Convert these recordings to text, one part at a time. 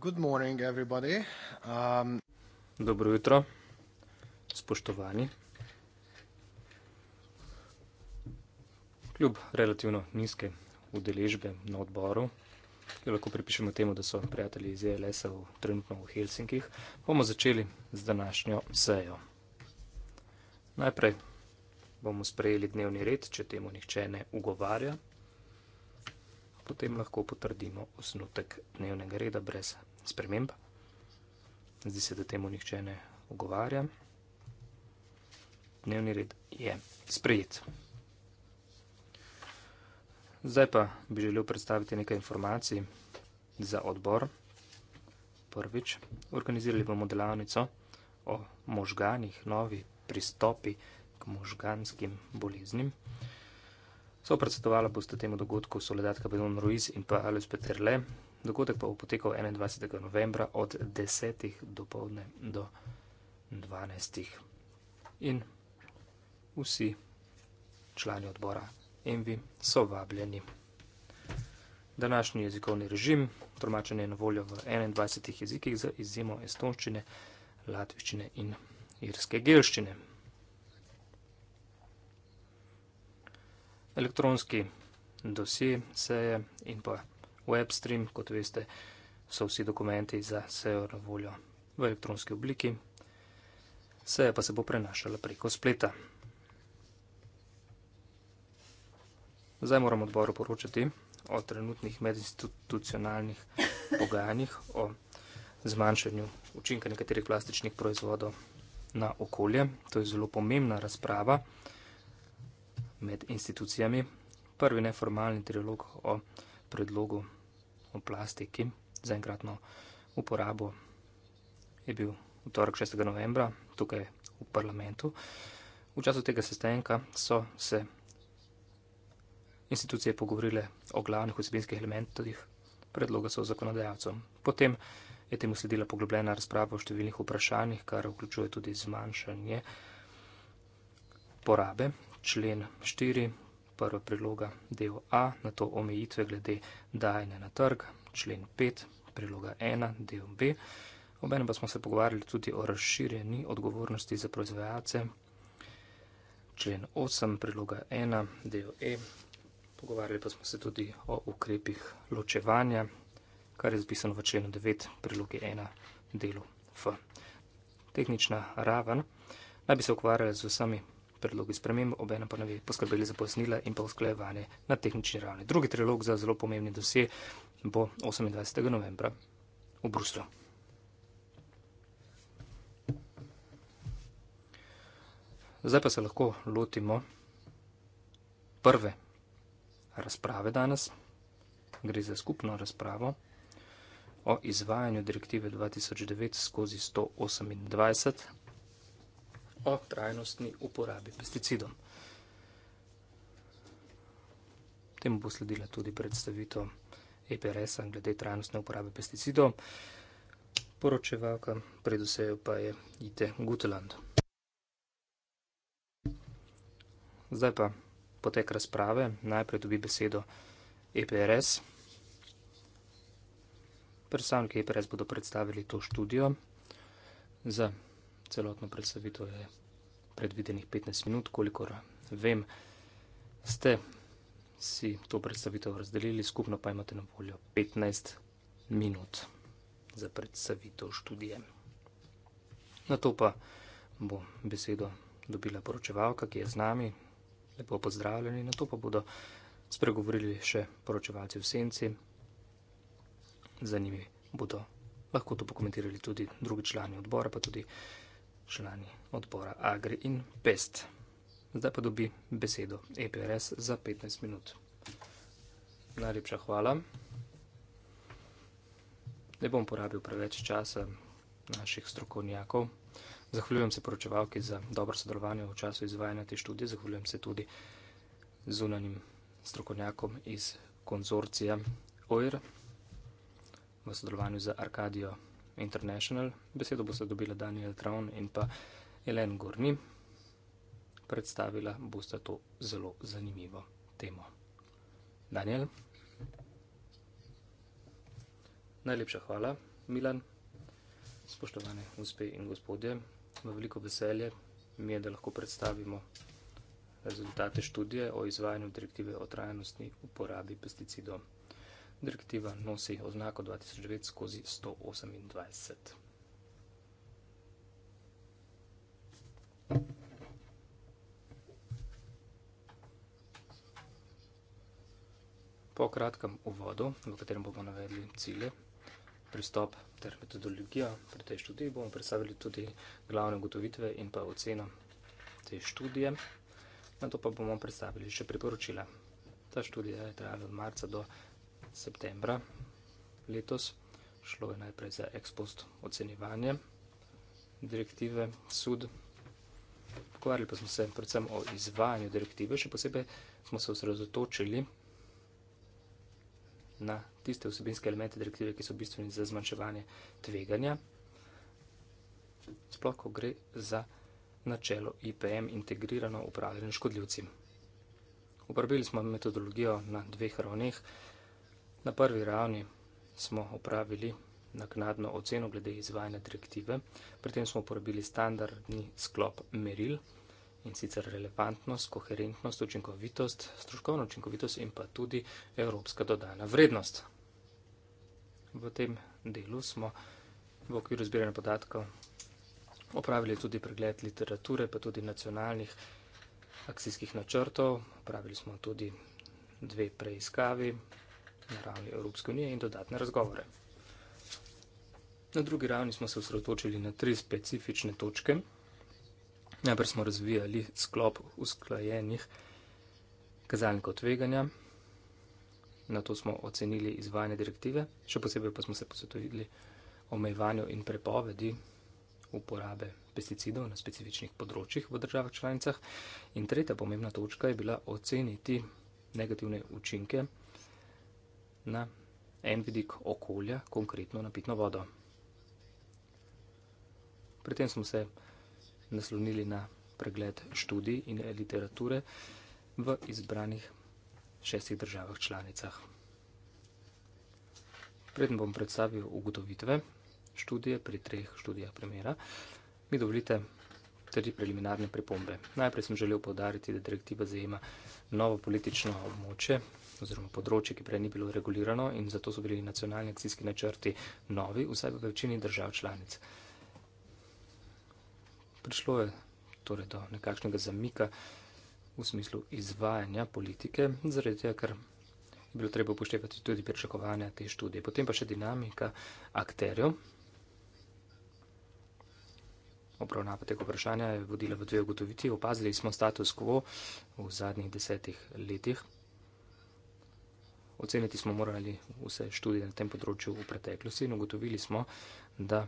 Good morning, everybody. Um... Dobro jutro, spoštovani. Kljub relativno nizke udeležbe na odboru, ki lahko pripišemo temu, da so prijatelji iz ELS-a trenutno v Helsinkih, bomo začeli z današnjo sejo. Najprej bomo sprejeli dnevni red, če temu nihče ne ugovarja. Potem lahko potrdimo osnutek dnevnega reda brez sprememb. Zdi se, da temu nihče ne ogovarja. Dnevni red je sprejet. Zdaj pa bi želel predstaviti nekaj informacij za odbor. Prvič, organizirali bomo delavnico o možganih, novi pristopi k možganskim boleznim. So predsedovala boste temu dogodku Soledatka Bedon Ruiz in pa Alice Peterle, Dogodek pa bo potekal 21. novembra od 10. do povdne do 12. In vsi člani odbora Envi so vabljeni. Današnji jezikovni režim, tromačenje je na voljo v 21 jezikih z izjemo estonščine, latviščine in irske gelščine. Elektronski dosje se je in pa WebStream, kot veste, so vsi dokumenti za sejo na voljo v elektronski obliki, seja pa se bo prenašala preko spleta. Zdaj moram odboru poročati o trenutnih medinstitucionalnih pogajanjih o zmanjšanju učinka nekaterih plastičnih proizvodov na okolje. To je zelo pomembna razprava med institucijami. Prvi neformalni trilog o predlogu v plastiki za enkratno uporabo, je bil v torek 6. novembra tukaj v parlamentu. V času tega sestanka so se institucije pogovorile o glavnih vsebinskih elementih predloga so zakonodajalcem. Potem je temu sledila poglobljena razprava o številnih vprašanjih, kar vključuje tudi zmanjšanje porabe. Člen 4 prva priloga del A, na to omejitve glede dajanja na trg, člen 5, priloga 1, del B. Obenem pa smo se pogovarjali tudi o razširjeni odgovornosti za proizvajalce, člen 8, priloga 1, del E. Pogovarjali pa smo se tudi o ukrepih ločevanja, kar je zapisano v členu 9, priloge 1, delu F. Tehnična raven naj bi se ukvarjala z vsemi predlogi sprememb, obenem pa ne bi poskrbeli za pojasnila in pa usklajevanje na tehnični ravni. Drugi trilog za zelo pomembni dosje bo 28. novembra v Bruslju. Zdaj pa se lahko lotimo prve razprave danes. Gre za skupno razpravo o izvajanju direktive 2009 skozi 128 o trajnostni uporabi pesticidom. Temu bo sledila tudi predstavitev EPRS-a glede trajnostne uporabe pesticidov. Poročevalka predvsej pa je Ite Guteland. Zdaj pa potek razprave. Najprej dobi besedo EPRS. Predstavniki EPRS bodo predstavili to študijo za EPRS celotno predstavitev je predvidenih 15 minut, kolikor vem, ste si to predstavitev razdelili, skupno pa imate na voljo 15 minut za predstavitev študije. Na to pa bo besedo dobila poročevalka, ki je z nami, lepo pozdravljeni, na to pa bodo spregovorili še poročevalci v senci, za njimi bodo lahko to pokomentirali tudi drugi člani odbora, pa tudi člani odbora Agri in Pest. Zdaj pa dobi besedo EPRS za 15 minut. Najlepša hvala. Ne bom porabil preveč časa naših strokovnjakov. Zahvaljujem se poročevalki za dobro sodelovanje v času izvajanja te študije. Zahvaljujem se tudi zunanim strokovnjakom iz konzorcija OIR v sodelovanju z Arkadijo. International. Besedo boste dobila Daniel Traun in pa Elen Gorni. Predstavila boste to zelo zanimivo temo. Daniel. Najlepša hvala, Milan. Spoštovane gospe in gospodje, me veliko veselje mi je, da lahko predstavimo rezultate študije o izvajanju direktive o trajnostni uporabi pesticidov. Direktiva nosi oznako 2009 skozi 128. Po kratkem uvodu, v katerem bomo navedli cilje, pristop ter metodologijo pri tej študiji, bomo predstavili tudi glavne ugotovitve in pa oceno te študije. Na to pa bomo predstavili še priporočila. Ta študija je trajala od marca do septembra letos. Šlo je najprej za ekspost ocenjevanje direktive SUD. Pogovarjali pa smo se predvsem o izvajanju direktive, še posebej smo se osredotočili na tiste vsebinske elemente direktive, ki so bistveni za zmanjševanje tveganja. Sploh, ko gre za načelo IPM integrirano upravljanje škodljivci. Uporabili smo metodologijo na dveh ravneh. Na prvi ravni smo opravili naknadno oceno glede izvajanja direktive, pri tem smo uporabili standardni sklop meril in sicer relevantnost, koherentnost, učinkovitost, stroškovno učinkovitost in pa tudi evropska dodana vrednost. V tem delu smo v okviru zbiranja podatkov opravili tudi pregled literature, pa tudi nacionalnih akcijskih načrtov, opravili smo tudi dve preiskavi, na ravni Evropske unije in dodatne razgovore. Na drugi ravni smo se osredotočili na tri specifične točke. Najprej smo razvijali sklop usklajenih kazalnikov tveganja, na to smo ocenili izvajanje direktive, še posebej pa smo se posvetili omejevanju in prepovedi uporabe pesticidov na specifičnih področjih v državah članicah. In tretja pomembna točka je bila oceniti negativne učinke na en vidik okolja, konkretno na pitno vodo. Pri tem smo se naslonili na pregled študij in literature v izbranih šestih državah članicah. Preden bom predstavil ugotovitve študije pri treh študijah primera, mi dovolite tri preliminarne pripombe. Najprej sem želel podariti, da direktiva zajema novo politično območje oziroma področje, ki prej ni bilo regulirano in zato so bili nacionalni akcijski načrti novi, vsaj v večini držav članic. Prišlo je torej do nekakšnega zamika v smislu izvajanja politike, zaradi tega, ker je bilo treba upoštevati tudi pričakovanja te študije. Potem pa še dinamika akterjev. Obravnava tega vprašanja je vodila v dve ugotovitvi. Opazili smo status quo v zadnjih desetih letih oceniti smo morali vse študije na tem področju v preteklosti in ugotovili smo, da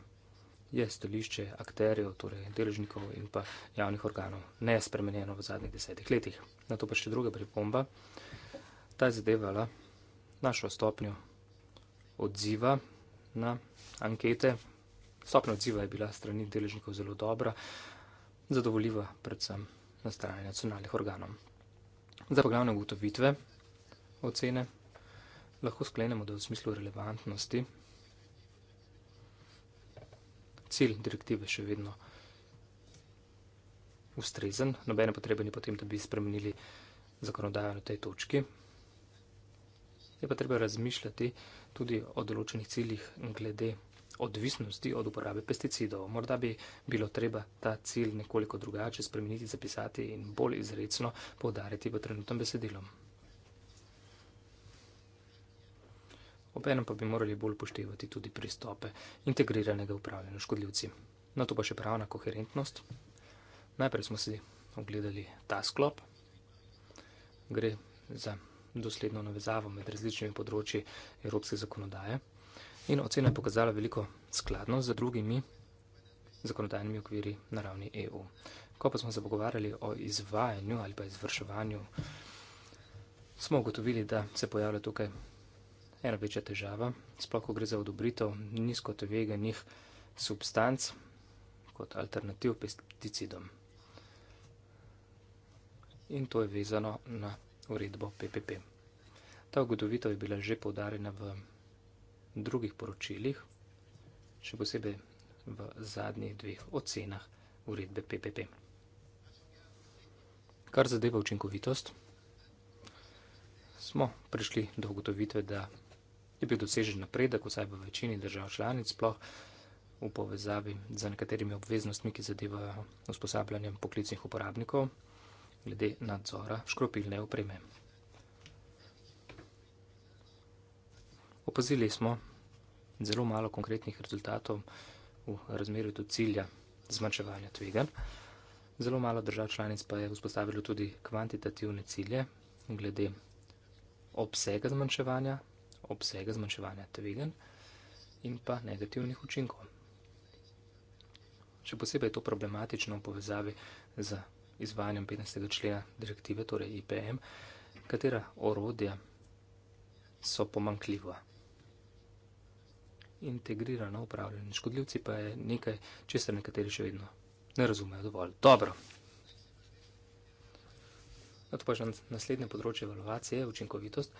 je stališče akterjev, torej deležnikov in pa javnih organov nespremenjeno v zadnjih desetih letih. Na to pa še druga pripomba. Ta je zadevala našo stopnjo odziva na ankete. Stopnja odziva je bila strani deležnikov zelo dobra, zadovoljiva predvsem na strani nacionalnih organov. Zdaj pa glavne ugotovitve ocene lahko sklenemo, da v smislu relevantnosti cilj direktive še vedno ustrezen, nobene potrebe ni potem, da bi spremenili zakonodajo na tej točki. Je pa treba razmišljati tudi o določenih ciljih glede odvisnosti od uporabe pesticidov. Morda bi bilo treba ta cilj nekoliko drugače spremeniti, zapisati in bolj izrecno povdariti v trenutnem besedilom. ob enem pa bi morali bolj poštevati tudi pristope integriranega upravljanja škodljivci. Na to pa še pravna koherentnost. Najprej smo si ogledali ta sklop. Gre za dosledno navezavo med različnimi področji evropske zakonodaje in ocena je pokazala veliko skladnost z drugimi zakonodajnimi okviri na ravni EU. Ko pa smo se pogovarjali o izvajanju ali pa izvrševanju, smo ugotovili, da se pojavlja tukaj ena večja težava, sploh ko gre za odobritev nizko tveganih substanc kot alternativ pesticidom. In to je vezano na uredbo PPP. Ta ugotovitev je bila že povdarjena v drugih poročilih, še posebej v zadnjih dveh ocenah uredbe PPP. Kar zadeva učinkovitost, smo prišli do ugotovitve, da je bil dosežen napredek, vsaj v večini držav članic, sploh v povezavi z nekaterimi obveznostmi, ki zadevajo usposabljanjem poklicnih uporabnikov glede nadzora škropilne opreme. Opazili smo zelo malo konkretnih rezultatov v razmerju do cilja zmanjševanja tvegan. Zelo malo držav članic pa je vzpostavilo tudi kvantitativne cilje glede obsega zmanjševanja obsega zmanjševanja tveganj in pa negativnih učinkov. Še posebej je to problematično v povezavi z izvajanjem 15. člena direktive, torej IPM, katera orodja so pomankljiva. Integrirano upravljanje škodljivci pa je nekaj, česar nekateri še vedno ne razumejo dovolj. Dobro. Na to pa že naslednje področje evaluacije je učinkovitost.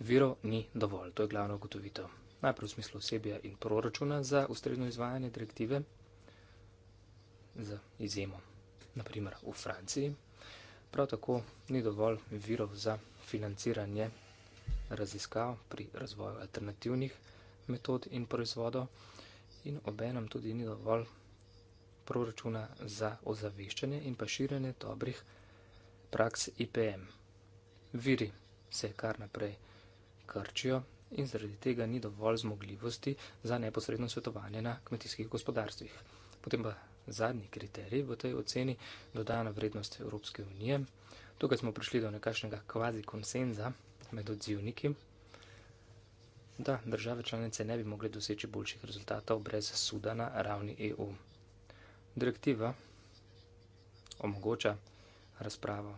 Viro ni dovolj, to je glavno ugotovitev. Najprej v smislu osebja in proračuna za ustrezno izvajanje direktive, z izjemo, naprimer v Franciji. Prav tako ni dovolj virov za financiranje raziskav pri razvoju alternativnih metod in proizvodov, in obenem tudi ni dovolj proračuna za ozaveščanje in pa širjenje dobrih praks IPM. Viri se kar naprej krčijo in zaradi tega ni dovolj zmogljivosti za neposredno svetovanje na kmetijskih gospodarstvih. Potem pa zadnji kriterij v tej oceni dodana vrednost Evropske unije. Tukaj smo prišli do nekašnega kvazi konsenza med odzivniki, da države članice ne bi mogli doseči boljših rezultatov brez suda na ravni EU. Direktiva omogoča razpravo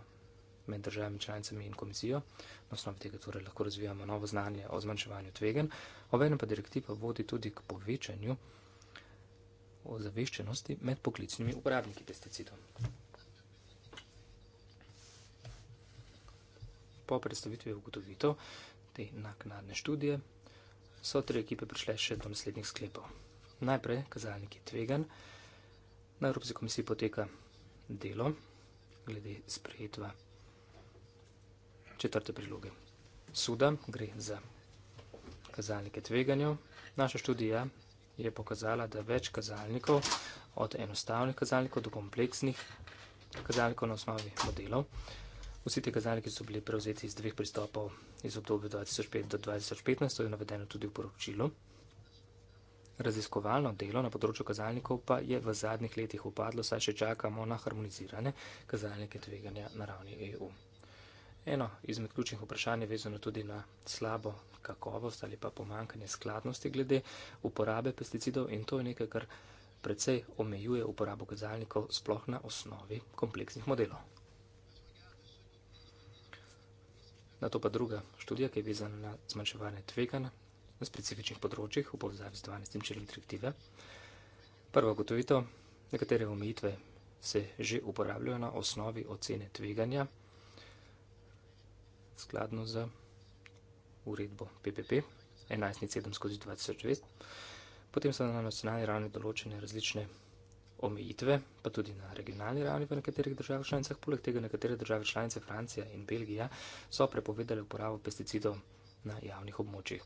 med državami članicami in komisijo, na osnovi tega torej lahko razvijamo novo znanje o zmanjševanju tvegen, obenem pa direktiva vodi tudi k povečanju ozaveščenosti med poklicnimi uporabniki pesticidov. Po predstavitvi ugotovitev te naknadne študije so tri ekipe prišle še do naslednjih sklepov. Najprej kazalniki tvegan. Na Evropski komisiji poteka delo glede sprejetva četrte priloge. Suda gre za kazalnike tveganja. Naša študija je pokazala, da več kazalnikov, od enostavnih kazalnikov do kompleksnih kazalnikov na osnovi modelov, vsi te kazalniki so bili prevzeti iz dveh pristopov iz obdobja 2005 do 2015, to je navedeno tudi v poročilu. Raziskovalno delo na področju kazalnikov pa je v zadnjih letih upadlo, saj še čakamo na harmonizirane kazalnike tveganja na ravni EU. Eno izmed ključnih vprašanj je vezano tudi na slabo kakovost ali pa pomankanje skladnosti glede uporabe pesticidov in to je nekaj, kar predvsej omejuje uporabo kazalnikov sploh na osnovi kompleksnih modelov. Na to pa druga študija, ki je vezana na zmanjševanje tveganja na specifičnih področjih v povezavi z 12. členom direktive. Prva gotovitev, nekatere omejitve se že uporabljajo na osnovi ocene tveganja skladno z uredbo PPP 11.7.2006. Potem so na nacionalni ravni določene različne omejitve, pa tudi na regionalni ravni v nekaterih državah članicah. Poleg tega nekatere države članice, Francija in Belgija, so prepovedale uporabo pesticidov na javnih območjih.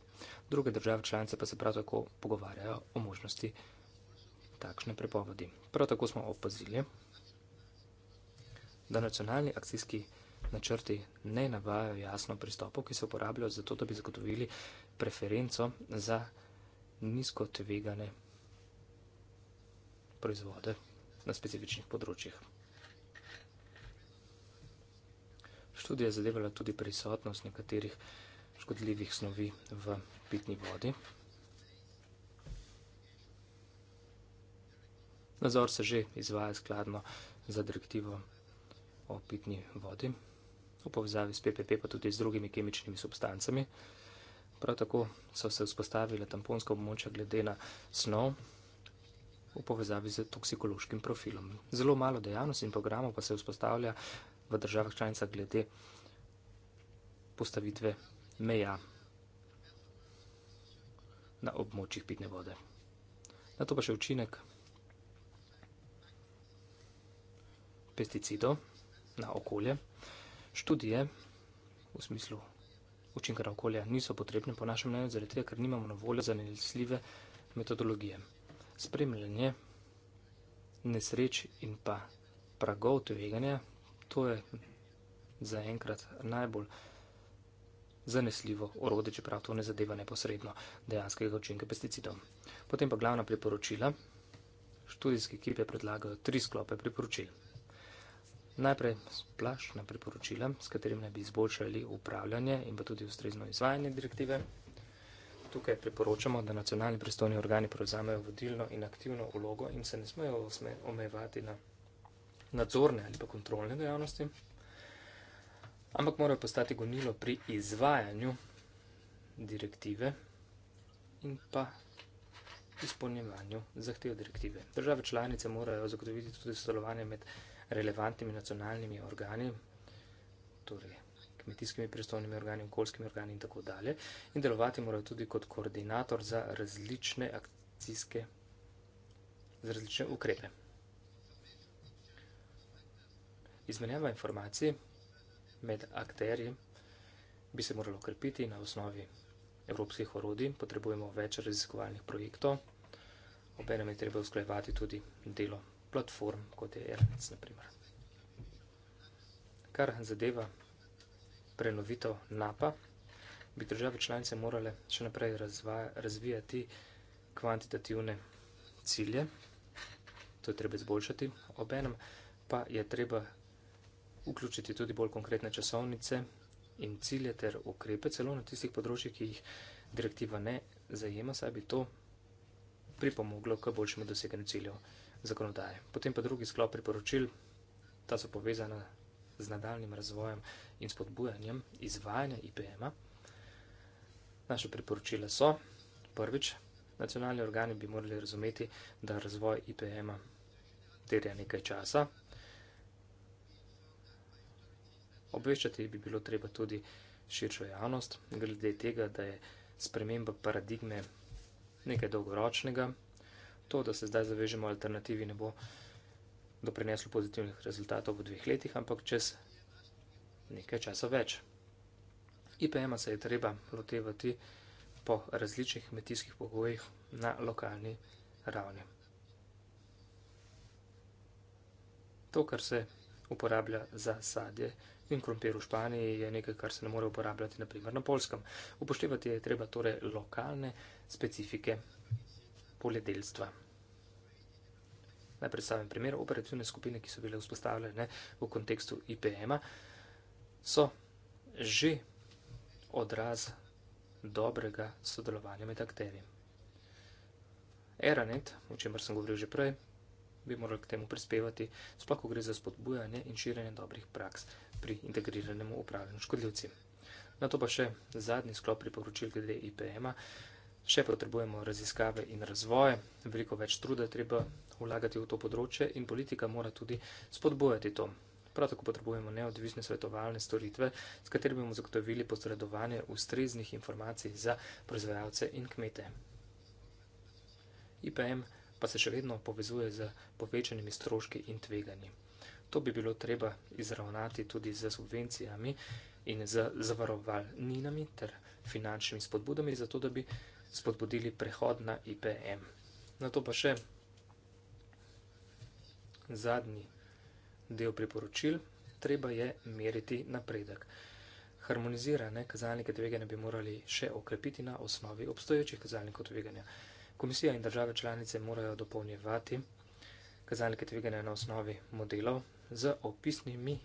Druge države članice pa se prav tako pogovarjajo o možnosti takšne prepovedi. Prav tako smo opazili, da nacionalni akcijski načrti ne navajajo jasno pristopov, ki se uporabljajo za to, da bi zagotovili preferenco za nizko tvegane proizvode na specifičnih področjih. Študija je zadevala tudi prisotnost nekaterih škodljivih snovi v pitni vodi. Nazor se že izvaja skladno za direktivo o pitni vodi v povezavi s PPP, pa tudi z drugimi kemičnimi substancami. Prav tako so se vzpostavile tamponska območja glede na snov v povezavi z toksikološkim profilom. Zelo malo dejavnosti in programov pa se vzpostavlja v državah članicah glede postavitve meja na območjih pitne vode. Na to pa še učinek pesticidov na okolje študije v smislu učinka na okolje niso potrebne, po našem mnenju, zaradi tega, ker nimamo na voljo zanesljive metodologije. Spremljanje nesreč in pa pragov tveganja, to je zaenkrat najbolj zanesljivo orode, čeprav to ne zadeva neposredno dejanskega učinka pesticidov. Potem pa glavna priporočila. Študijske ekipe predlagajo tri sklope priporočil. Najprej splaš na priporočila, s katerim naj bi izboljšali upravljanje in pa tudi ustrezno izvajanje direktive. Tukaj priporočamo, da nacionalni pristojni organi prevzamejo vodilno in aktivno vlogo in se ne smejo omejevati na nadzorne ali pa kontrolne dejavnosti, ampak morajo postati gonilo pri izvajanju direktive in pa izpolnjevanju zahtev direktive. Države članice morajo zagotoviti tudi sodelovanje med relevantnimi nacionalnimi organi, torej kmetijskimi pristojnimi organi, okoljskimi organi in tako dalje. In delovati morajo tudi kot koordinator za različne akcijske, za različne ukrepe. Izmenjava informacij med akterji bi se moralo krepiti na osnovi evropskih orodij. Potrebujemo več raziskovalnih projektov. Obenem je treba usklajevati tudi delo platform, kot je Ernec, naprimer. Kar zadeva prenovitev NAPA, bi države članice morale še naprej razvaja, razvijati kvantitativne cilje, to je treba izboljšati, obenem pa je treba vključiti tudi bolj konkretne časovnice in cilje ter ukrepe, celo na tistih področjih, ki jih direktiva ne zajema, saj bi to pripomoglo k boljšemu doseganju ciljev zakonodaje. Potem pa drugi sklop priporočil, ta so povezana z nadaljnim razvojem in spodbujanjem izvajanja IPM-a. Naše priporočila so, prvič, nacionalni organi bi morali razumeti, da razvoj IPM-a terja nekaj časa. Obveščati bi bilo treba tudi širšo javnost, glede tega, da je sprememba paradigme nekaj dolgoročnega to, da se zdaj zavežemo alternativi, ne bo doprineslo pozitivnih rezultatov v dveh letih, ampak čez nekaj časa več. IPM-a se je treba lotevati po različnih kmetijskih pogojih na lokalni ravni. To, kar se uporablja za sadje in krompir v Španiji, je nekaj, kar se ne more uporabljati naprimer na polskem. Upoštevati je treba torej lokalne specifike poljedelstva. Naj predstavim primer operativne skupine, ki so bile vzpostavljene v kontekstu IPM-a, so že odraz dobrega sodelovanja med akterji. Eranet, o čemer sem govoril že prej, bi moral k temu prispevati, sploh ko gre za spodbujanje in širjenje dobrih praks pri integriranem upravljanju škodljivci. Na to pa še zadnji sklop priporočil glede IPM-a, še potrebujemo raziskave in razvoje, veliko več truda treba vlagati v to področje in politika mora tudi spodbujati to. Prav tako potrebujemo neodvisne svetovalne storitve, s katerimi bomo zagotovili posredovanje ustreznih informacij za proizvajalce in kmete. IPM pa se še vedno povezuje z povečanimi stroški in tveganji. To bi bilo treba izravnati tudi z subvencijami in z zavarovalninami ter finančnimi spodbudami, zato da bi spodbudili prehod na IPM. Na to pa še zadnji del priporočil. Treba je meriti napredek. Harmonizirane kazalnike tveganja bi morali še okrepiti na osnovi obstoječih kazalnikov tveganja. Komisija in države članice morajo dopolnjevati kazalnike tveganja na osnovi modelov z opisnimi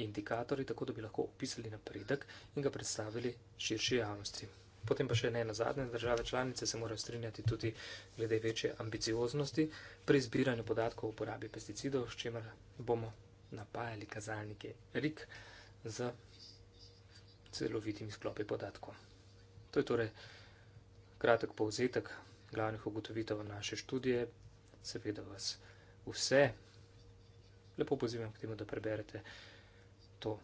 indikatorji, tako da bi lahko opisali napredek in ga predstavili širši javnosti. Potem pa še ne na zadnje, države članice se morajo strinjati tudi glede večje ambicioznosti pri zbiranju podatkov o uporabi pesticidov, s čimer bomo napajali kazalnike RIK z celovitimi sklopi podatkov. To je torej kratek povzetek glavnih ugotovitev naše študije. Seveda vas vse lepo pozivam k temu, da preberete to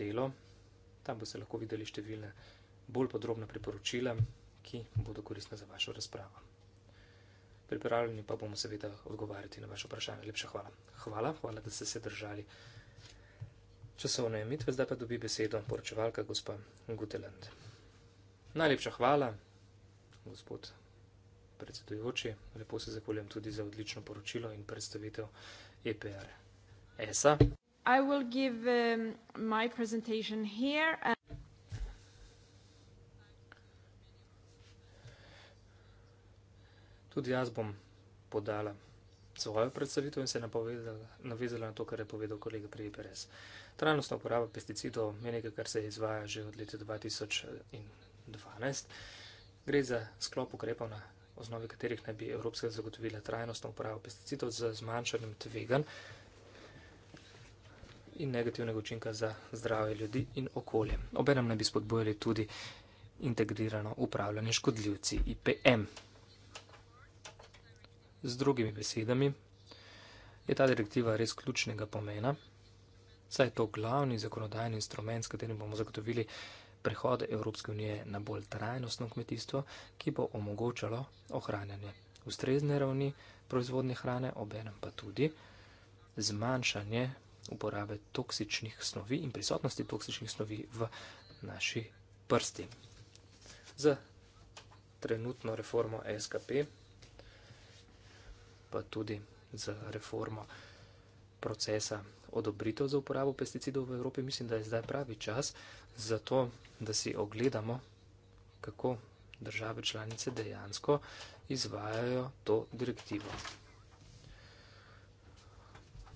delo. Tam boste lahko videli številne bolj podrobna priporočila, ki bodo koristna za vašo razpravo. Pripravljeni pa bomo seveda odgovarjati na vaše vprašanje. Lepša hvala. Hvala, hvala, da ste se držali časovne emitve, zdaj pa dobi besedo poročevalka gospa Guteland. Najlepša hvala, gospod predsedujoči. Lepo se zahvaljujem tudi za odlično poročilo in predstavitev EPR-ESA. Tudi jaz bom podala svojo predstavitev in se navezala na to, kar je povedal kolega prej Perez. Trajnostna uporaba pesticidov je nekaj, kar se izvaja že od leta 2012. Gre za sklop ukrepov, na osnovi katerih naj bi Evropska zagotovila trajnostno uporabo pesticidov z zmanjšanjem tvegan in negativnega učinka za zdrave ljudi in okolje. Obenem naj bi spodbojali tudi integrirano upravljanje škodljivci IPM. Z drugimi besedami je ta direktiva res ključnega pomena, saj je to glavni zakonodajni instrument, s katerim bomo zagotovili prehod Evropske unije na bolj trajnostno kmetijstvo, ki bo omogočalo ohranjanje ustrezne ravni proizvodne hrane, obenem pa tudi zmanjšanje uporabe toksičnih snovi in prisotnosti toksičnih snovi v naši prsti. Z trenutno reformo SKP pa tudi z reformo procesa odobritev za uporabo pesticidov v Evropi, mislim, da je zdaj pravi čas za to, da si ogledamo, kako države članice dejansko izvajajo to direktivo.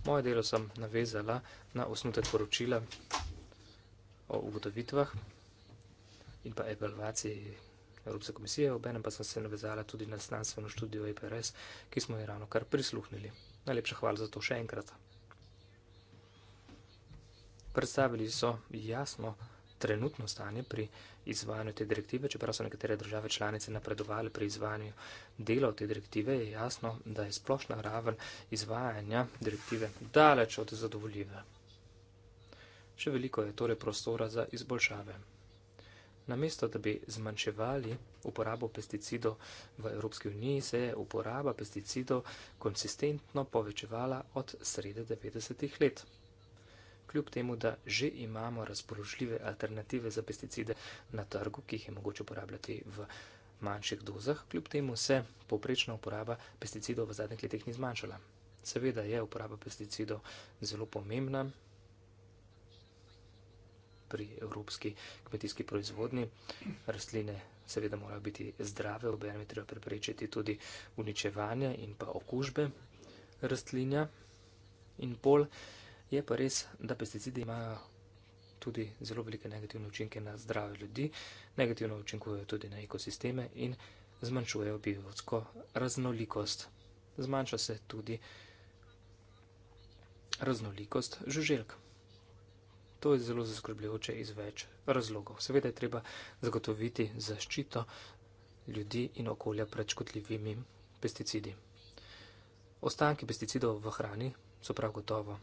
Moje delo sem navezala na osnutek poročila o ugotovitvah in pa evalvaciji Evropske komisije, obenem pa sem se navezala tudi na znanstveno študijo EPRS, ki smo ji ravno kar prisluhnili. Najlepša hvala za to še enkrat. Predstavili so jasno trenutno stanje pri izvajanju te direktive, čeprav so nekatere države članice napredovali pri izvajanju delov te direktive, je jasno, da je splošna raven izvajanja direktive daleč od zadovoljive. Še veliko je torej prostora za izboljšave namesto da bi zmanjševali uporabo pesticidov v Evropski uniji, se je uporaba pesticidov konsistentno povečevala od srede 90-ih let. Kljub temu, da že imamo razpoložljive alternative za pesticide na trgu, ki jih je mogoče uporabljati v manjših dozah, kljub temu se povprečna uporaba pesticidov v zadnjih letih ni zmanjšala. Seveda je uporaba pesticidov zelo pomembna, pri evropski kmetijski proizvodnji. Rastline seveda morajo biti zdrave, obenem je treba preprečiti tudi uničevanje in pa okužbe rastlinja in pol. Je pa res, da pesticidi imajo tudi zelo velike negativne učinke na zdrave ljudi, negativno učinkujejo tudi na ekosisteme in zmanjšujejo biotsko raznolikost. Zmanjša se tudi raznolikost žuželk. To je zelo zaskrbljujoče iz več razlogov. Seveda je treba zagotoviti zaščito ljudi in okolja pred škodljivimi pesticidi. Ostanki pesticidov v hrani so prav gotovo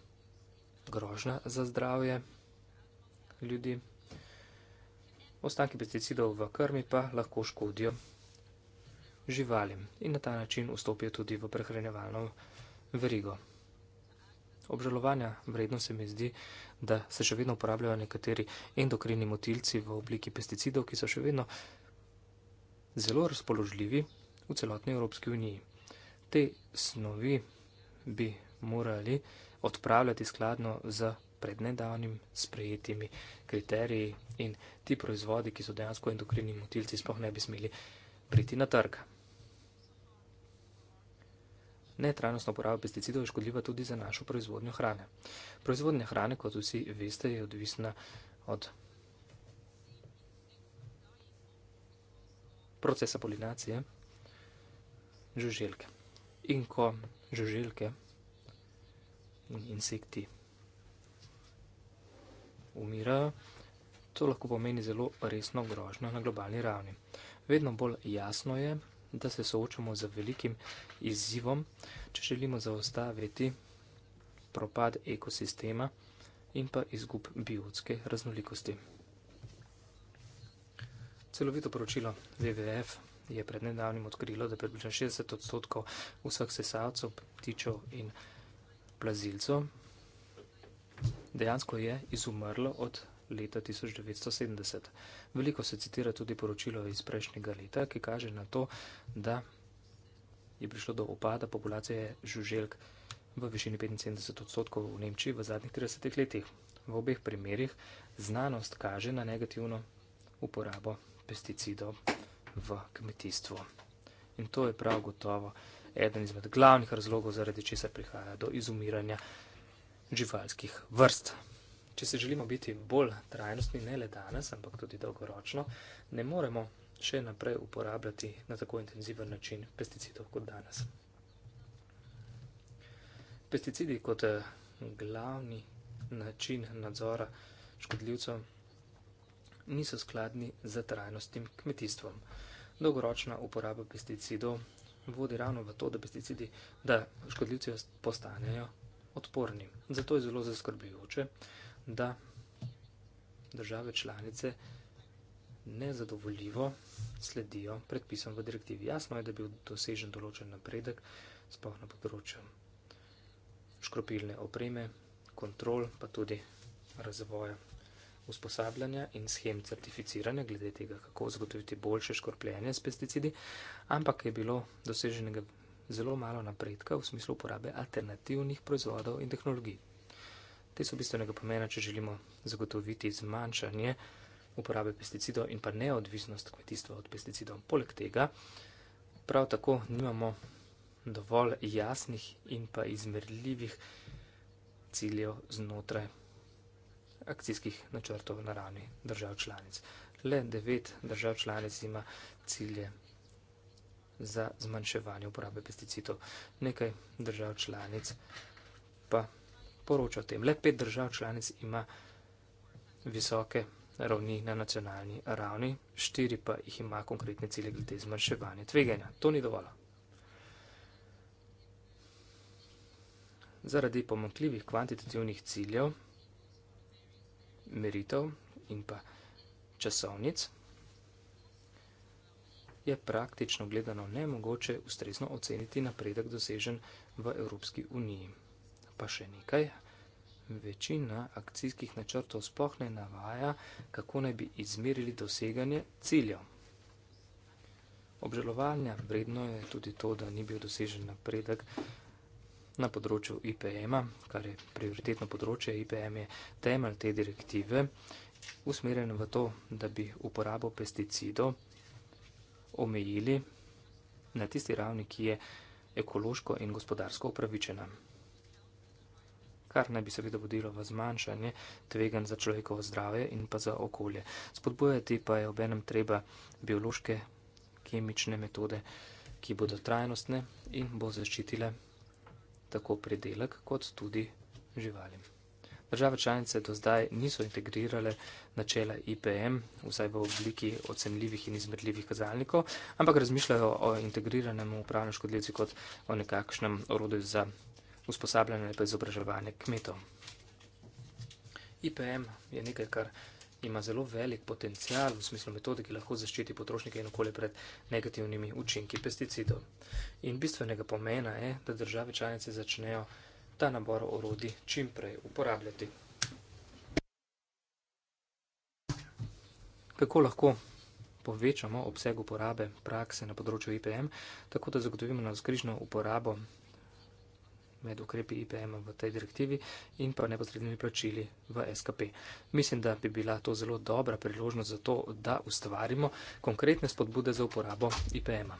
grožna za zdravje ljudi. Ostanki pesticidov v krmi pa lahko škodijo živalim in na ta način vstopijo tudi v prehranjevalno verigo. Obžalovanja vredno se mi zdi, da se še vedno uporabljajo nekateri endokrini motilci v obliki pesticidov, ki so še vedno zelo razpoložljivi v celotni Evropski uniji. Te snovi bi morali odpravljati skladno z prednedavnim sprejetimi kriteriji in ti proizvodi, ki so dejansko endokrini motilci, sploh ne bi smeli priti na trg. Netrajnostna uporaba pesticidov je škodljiva tudi za našo proizvodnjo hrane. Proizvodnja hrane, kot vsi veste, je odvisna od procesa polinacije žuželke. In ko žuželke in insekti umirajo, to lahko pomeni zelo resno grožnjo na globalni ravni. Vedno bolj jasno je, da se soočamo z velikim izzivom, če želimo zaustaviti propad ekosistema in pa izgub biotske raznolikosti. Celovito poročilo WWF je pred nedavnim odkrilo, da približno 60 odstotkov vseh sesalcev, ptičev in plazilcev dejansko je izumrlo od leta 1970. Veliko se citira tudi poročilo iz prejšnjega leta, ki kaže na to, da je prišlo do upada populacije žuželk v višini 75 odstotkov v Nemčiji v zadnjih 30 letih. V obeh primerjih znanost kaže na negativno uporabo pesticidov v kmetijstvu. In to je prav gotovo eden izmed glavnih razlogov, zaradi česar prihaja do izumiranja živalskih vrst če se želimo biti bolj trajnostni, ne le danes, ampak tudi dolgoročno, ne moremo še naprej uporabljati na tako intenziven način pesticidov kot danes. Pesticidi kot eh, glavni način nadzora škodljivcev niso skladni z trajnostnim kmetijstvom. Dolgoročna uporaba pesticidov vodi ravno v to, da pesticidi, da škodljivci postanejo odporni. Zato je zelo zaskrbljujoče, da države članice nezadovoljivo sledijo predpisom v direktivi. Jasno je, da bi bil dosežen določen napredek, sploh na področju škropilne opreme, kontrol, pa tudi razvoja usposabljanja in schem certificiranja glede tega, kako zagotoviti boljše škropljenje s pesticidi, ampak je bilo doseženega zelo malo napredka v smislu uporabe alternativnih proizvodov in tehnologij. Te so bistvenega pomena, če želimo zagotoviti zmanjšanje uporabe pesticidov in pa neodvisnost kmetijstva od pesticidov. Poleg tega, prav tako nimamo dovolj jasnih in pa izmerljivih ciljev znotraj akcijskih načrtov na ravni držav članic. Le devet držav članic ima cilje za zmanjševanje uporabe pesticidov. Nekaj držav članic pa poroča o tem. Le pet držav članic ima visoke ravni na nacionalni ravni, štiri pa jih ima konkretne cilje glede zmanjševanja tveganja. To ni dovolj. Zaradi pomankljivih kvantitativnih ciljev, meritev in pa časovnic je praktično gledano nemogoče ustrezno oceniti napredek dosežen v Evropski uniji pa še nekaj. Večina akcijskih načrtov sploh ne navaja, kako naj bi izmerili doseganje ciljev. Obžalovanja vredno je tudi to, da ni bil dosežen napredek na področju IPM-a, kar je prioritetno področje. IPM je temelj te direktive, usmerjen v to, da bi uporabo pesticidov omejili na tisti ravni, ki je ekološko in gospodarsko upravičena kar naj bi seveda vodilo v zmanjšanje tvegan za človekovo zdravje in pa za okolje. Spodbojati pa je obenem treba biološke, kemične metode, ki bodo trajnostne in bo zaščitile tako predelek kot tudi živali. Države članice do zdaj niso integrirale načela IPM, vsaj v obliki ocenljivih in izmerljivih kazalnikov, ampak razmišljajo o integriranem upravljanju škodljivci kot o nekakšnem orodju za usposabljanje in izobraževanje kmetov. IPM je nekaj, kar ima zelo velik potencial v smislu metode, ki lahko zaščiti potrošnike in okolje pred negativnimi učinki pesticidov. In bistvenega pomena je, da države članice začnejo ta nabor orodij čim prej uporabljati. Kako lahko povečamo obseg uporabe prakse na področju IPM, tako da zagotovimo na skrižno uporabo med ukrepi IPM v tej direktivi in pa neposrednimi plačili v SKP. Mislim, da bi bila to zelo dobra priložnost za to, da ustvarimo konkretne spodbude za uporabo IPM. -a.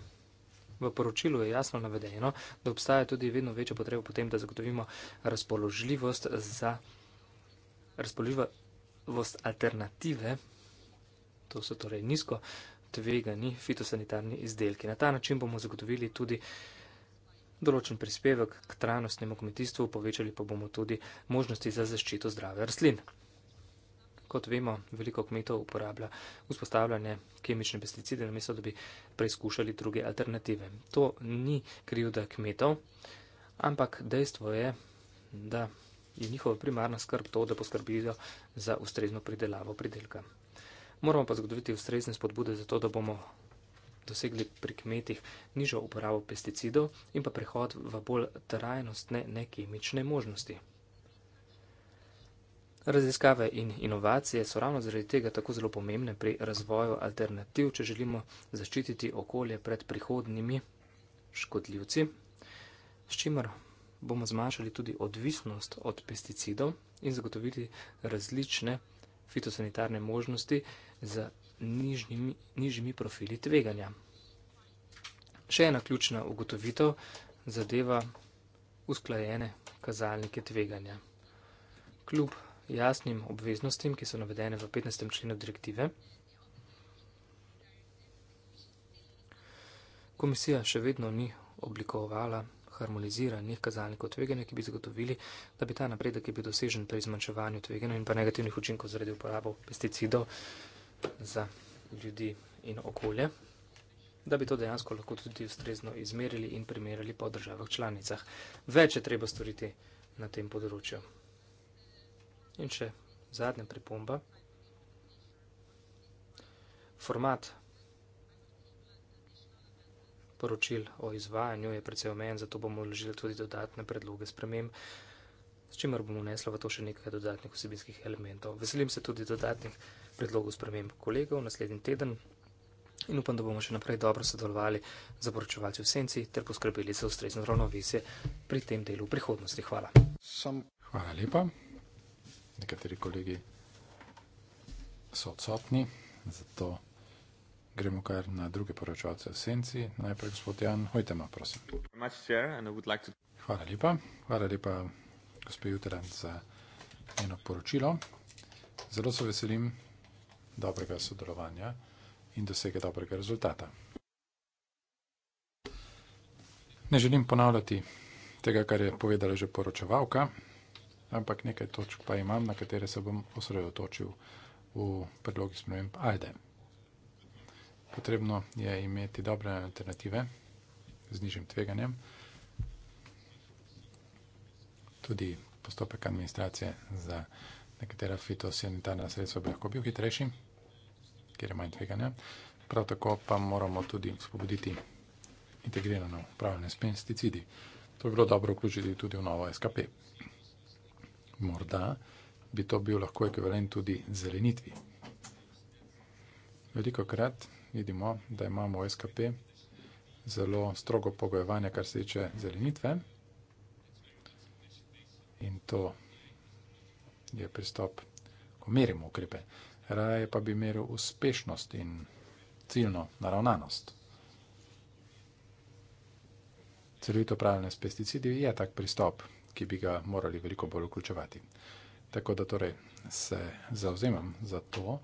V poročilu je jasno navedeno, da obstaja tudi vedno večja potreba potem, da zagotovimo razpoložljivost za razpoložljivost alternative, to so torej nizko tvegani fitosanitarni izdelki. Na ta način bomo zagotovili tudi določen prispevek k trajnostnemu kmetijstvu, povečali pa bomo tudi možnosti za zaščito zdrave rastlin. Kot vemo, veliko kmetov uporablja vzpostavljanje kemične pesticide, namesto da bi preizkušali druge alternative. To ni krivda kmetov, ampak dejstvo je, da je njihova primarna skrb to, da poskrbijo za ustrezno pridelavo pridelka. Moramo pa zagotoviti ustrezne spodbude za to, da bomo dosegli pri kmetih nižjo uporabo pesticidov in pa prehod v bolj trajnostne nekemične možnosti. Raziskave in inovacije so ravno zaradi tega tako zelo pomembne pri razvoju alternativ, če želimo zaščititi okolje pred prihodnimi škodljivci, s čimer bomo zmanjšali tudi odvisnost od pesticidov in zagotovili različne fitosanitarne možnosti za nižjimi, nižjimi profili tveganja. Še ena ključna ugotovitev zadeva usklajene kazalnike tveganja. Kljub jasnim obveznostim, ki so navedene v 15. členu direktive, komisija še vedno ni oblikovala harmoniziranih kazalnikov tveganja, ki bi zagotovili, da bi ta napredek, ki bi dosežen pri zmanjševanju tveganja in pa negativnih učinkov zaradi uporabo pesticidov, za ljudi in okolje, da bi to dejansko lahko tudi ustrezno izmerili in primerjali po državah članicah. Več je treba storiti na tem področju. In še zadnja pripomba. Format poročil o izvajanju je predvsej omejen, zato bomo vložili tudi dodatne predloge spremem s čimer bomo vneslo v to še nekaj dodatnih vsebinskih elementov. Veselim se tudi dodatnih predlogov sprememb kolegov naslednji teden in upam, da bomo še naprej dobro sodelovali z poročevalci v senci ter poskrbeli za ustrezno ravnovesje pri tem delu v prihodnosti. Hvala. Sem... Hvala lepa. Nekateri kolegi so odsotni, zato gremo kar na druge poročevalce v senci. Najprej gospod Jan, hojte ma, prosim. Hvala lepa. Hvala lepa gospe Jutran za njeno poročilo. Zelo se veselim dobrega sodelovanja in dosega dobrega rezultata. Ne želim ponavljati tega, kar je povedala že poročevalka, ampak nekaj točk pa imam, na katere se bom osredotočil v predlogi sprememb AJDE. Potrebno je imeti dobre alternative z nižjim tveganjem tudi postopek administracije za nekatera fitosanitarna sredstva bi lahko bil hitrejši, kjer je manj tveganja. Prav tako pa moramo tudi spobuditi integrirano upravljanje s pesticidi. To je bilo dobro vključiti tudi v novo SKP. Morda bi to bil lahko ekvivalent tudi zelenitvi. Veliko krat vidimo, da imamo v SKP zelo strogo pogojevanje, kar se tiče zelenitve. In to je pristop, ko merimo ukrepe. Raje pa bi meril uspešnost in ciljno naravnanost. Celovito pravljanje s pesticidi je tak pristop, ki bi ga morali veliko bolj vključevati. Tako da torej se zauzemam za to,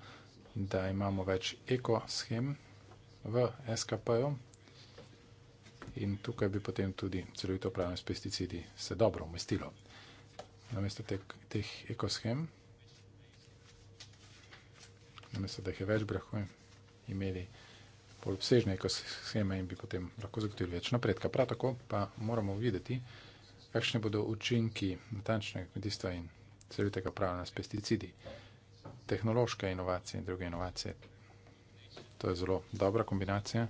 da imamo več ekoshem v SKP-ju in tukaj bi potem tudi celovito pravljanje s pesticidi se dobro umestilo namesto te, teh ekoshem, namesto da jih je več, bi lahko imeli bolj obsežne ekosheme in bi potem lahko zagotovili več napredka. Prav tako pa moramo videti, kakšne bodo učinki natančnega kmetijstva in celitega pravila s pesticidi, tehnološke inovacije in druge inovacije. To je zelo dobra kombinacija,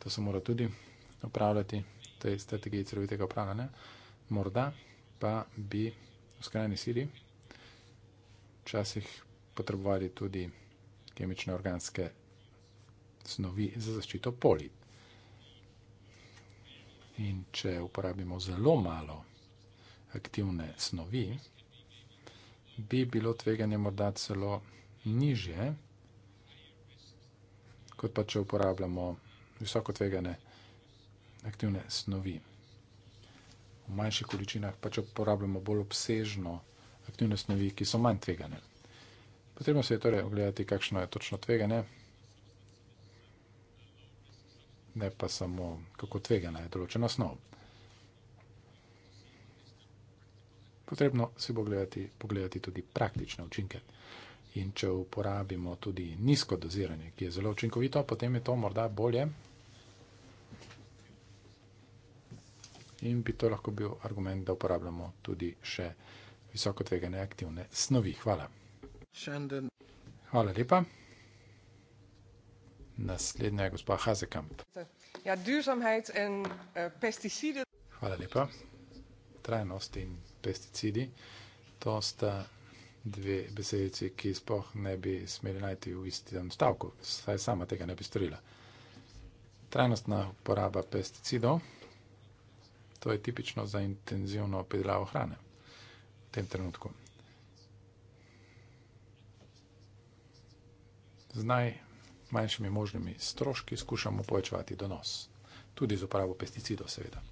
to se mora tudi upravljati, to je strategija celovitega upravljanja. Morda pa bi v skrajni sili, včasih potrebovali tudi kemične organske snovi za zaščito polit. In če uporabimo zelo malo aktivne snovi, bi bilo tveganje morda celo nižje, kot pa če uporabljamo visoko tvegane aktivne snovi v manjših količinah, pa če uporabljamo bolj obsežno aktivne snovi, ki so manj tvegane. Potrebno se je torej ogledati, kakšno je točno tveganje, ne pa samo, kako tvegana je določena snov. Potrebno se bo gledati, pogledati tudi praktične učinke. In če uporabimo tudi nizko doziranje, ki je zelo učinkovito, potem je to morda bolje, in bi to lahko bil argument, da uporabljamo tudi še visoko tvegane aktivne snovi. Hvala. Šenden. Hvala lepa. Naslednja je gospod Hazekamp. Ja, duzamheid in uh, eh, pesticide. Hvala lepa. Trajnost in pesticidi. To sta dve besedici, ki spoh ne bi smeli najti v istem stavku. Saj sama tega ne bi storila. Trajnostna uporaba pesticidov. To je tipično za intenzivno pridelavo hrane v tem trenutku. Z najmanjšimi možnimi stroški skušamo povečevati donos, tudi z uporabo pesticidov, seveda,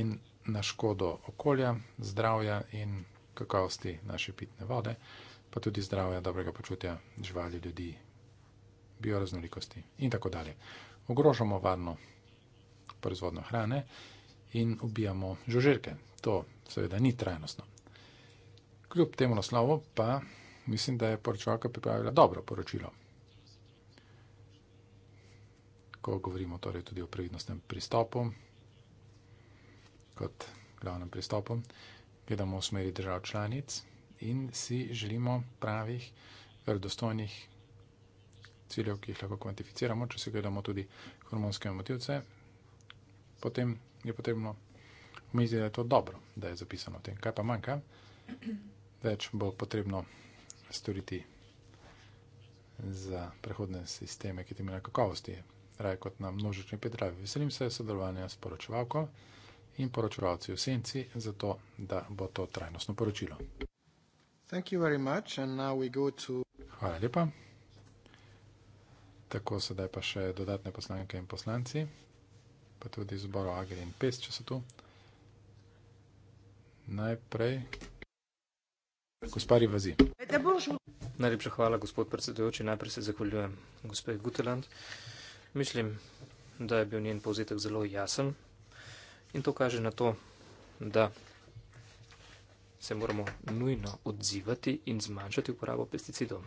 in na škodo okolja, zdravja in kakovosti naše pitne vode, pa tudi zdravja, dobrega počutja živali, ljudi, bioraznolikosti in tako dalje. Ogrožamo varno proizvodno hrane in ubijamo žuželke. To seveda ni trajnostno. Kljub temu naslovu pa mislim, da je poročevalka pripravila dobro poročilo. Ko govorimo torej tudi o previdnostnem pristopu, kot glavnem pristopu, gledamo v smeri držav članic in si želimo pravih, verodostojnih ciljev, ki jih lahko kvantificiramo, če si gledamo tudi hormonske motivce, potem je potrebno umeti, da je to dobro, da je zapisano v tem. Kaj pa manjka, več bo potrebno storiti za prehodne sisteme, ki temeljijo kakovosti, raje kot na množični pedravi. Veselim se sodelovanja s poročevalko in poročevalci v senci, zato da bo to trajnostno poročilo. Hvala lepa. Tako sedaj pa še dodatne poslanke in poslanci pa tudi zbor Agri in Pest, če so tu. Najprej. Gospari vazi. Najlepša hvala, gospod predsedujoči. Najprej se zahvaljujem gospe Guteland. Mislim, da je bil njen povzetek zelo jasen in to kaže na to, da se moramo nujno odzivati in zmanjšati uporabo pesticidov.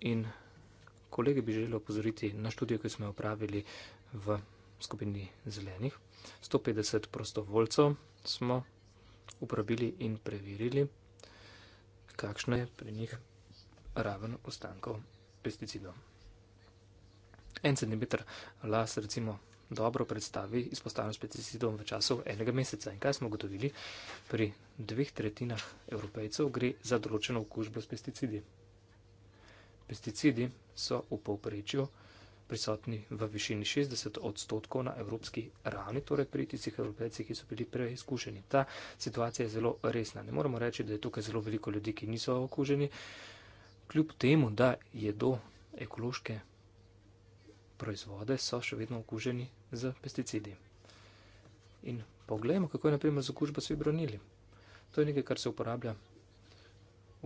In kolege bi želel opozoriti na študijo, ki smo jo upravili v skupini zelenih. 150 prostovoljcev smo uporabili in preverili, kakšna je pri njih raven ostankov pesticidov. En centimeter las recimo dobro predstavi izpostavljenost pesticidom v času enega meseca. In kaj smo ugotovili? Pri dveh tretjinah evropejcev gre za določeno okužbo s pesticidi. Pesticidi so v povprečju prisotni v višini 60 odstotkov na evropski ravni, torej pri tistih evropejcih, ki so bili preizkušeni. Ta situacija je zelo resna. Ne moremo reči, da je tukaj zelo veliko ljudi, ki niso okuženi. Kljub temu, da jedo ekološke proizvode, so še vedno okuženi z pesticidi. In poglejmo, kako je naprimer z okužbo svi bronili. To je nekaj, kar se uporablja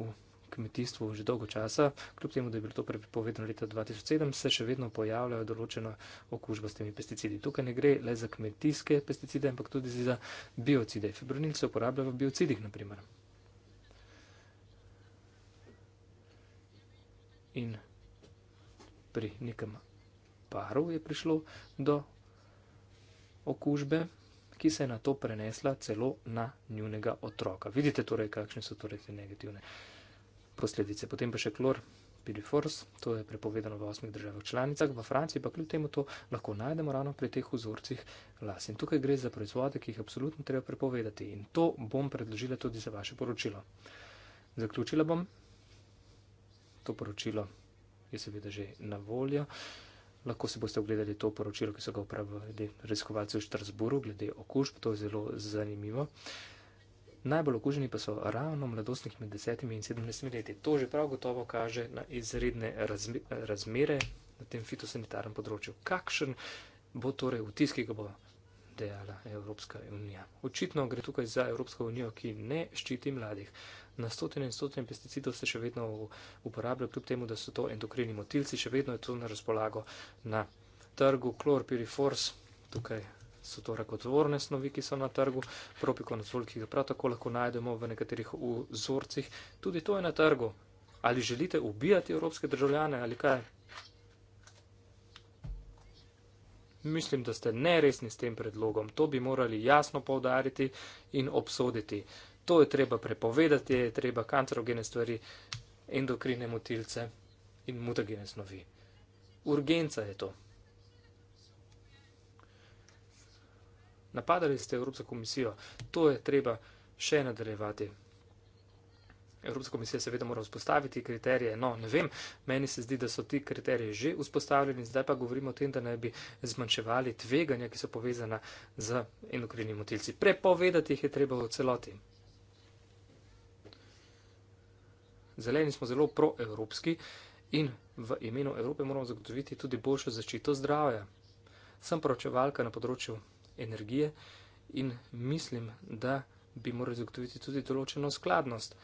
v kmetijstvu že dolgo časa, kljub temu, da je bilo to prepovedano leta 2007, se še vedno pojavljajo določena okužba s temi pesticidi. Tukaj ne gre le za kmetijske pesticide, ampak tudi za biocide. Fibronil se uporablja v biocidih, naprimer. In pri nekem paru je prišlo do okužbe, ki se je na to prenesla celo na njunega otroka. Vidite torej, kakšne so torej te negativne posledice. Potem pa še klor, piriforz, to je prepovedano v osmih državah članicah, v Franciji pa kljub temu to lahko najdemo ravno pri teh vzorcih las. In tukaj gre za proizvode, ki jih absolutno treba prepovedati in to bom predložila tudi za vaše poročilo. Zaključila bom, to poročilo je seveda že na voljo. Lahko si boste ogledali to poročilo, ki so ga upravili raziskovalci v Štrasburu glede okužb, to je zelo zanimivo. Najbolj okuženi pa so ravno mladostnih med 10 in 17 leti. To že prav gotovo kaže na izredne razme, razmere na tem fitosanitarnem področju. Kakšen bo torej vtis, ki ga bo dejala Evropska unija? Očitno gre tukaj za Evropsko unijo, ki ne ščiti mladih. Na stotine in stotine pesticidov se še vedno uporablja, kljub temu, da so to endokrini motilci, še vedno je to na razpolago na trgu klorpiriforce. Tukaj so to rakotvorne snovi, ki so na trgu, propikonosol, ki ga prav tako lahko najdemo v nekaterih vzorcih, tudi to je na trgu. Ali želite ubijati evropske državljane ali kaj? Mislim, da ste neresni s tem predlogom. To bi morali jasno povdariti in obsoditi. To je treba prepovedati, je treba kancerogene stvari, endokrine motilce in mutagene snovi. Urgenca je to. Napadali ste Evropsko komisijo, to je treba še nadaljevati. Evropska komisija seveda mora vzpostaviti kriterije, no ne vem, meni se zdi, da so ti kriteriji že vzpostavljeni, zdaj pa govorimo o tem, da naj bi zmanjševali tveganja, ki so povezana z endokrinimi motilci. Prepovedati jih je treba v celoti. Zeleni smo zelo proevropski in v imenu Evrope moramo zagotoviti tudi boljšo zaščito zdravja. Sem poročevalka na področju energije in mislim, da bi morali zagotoviti tudi določeno skladnost.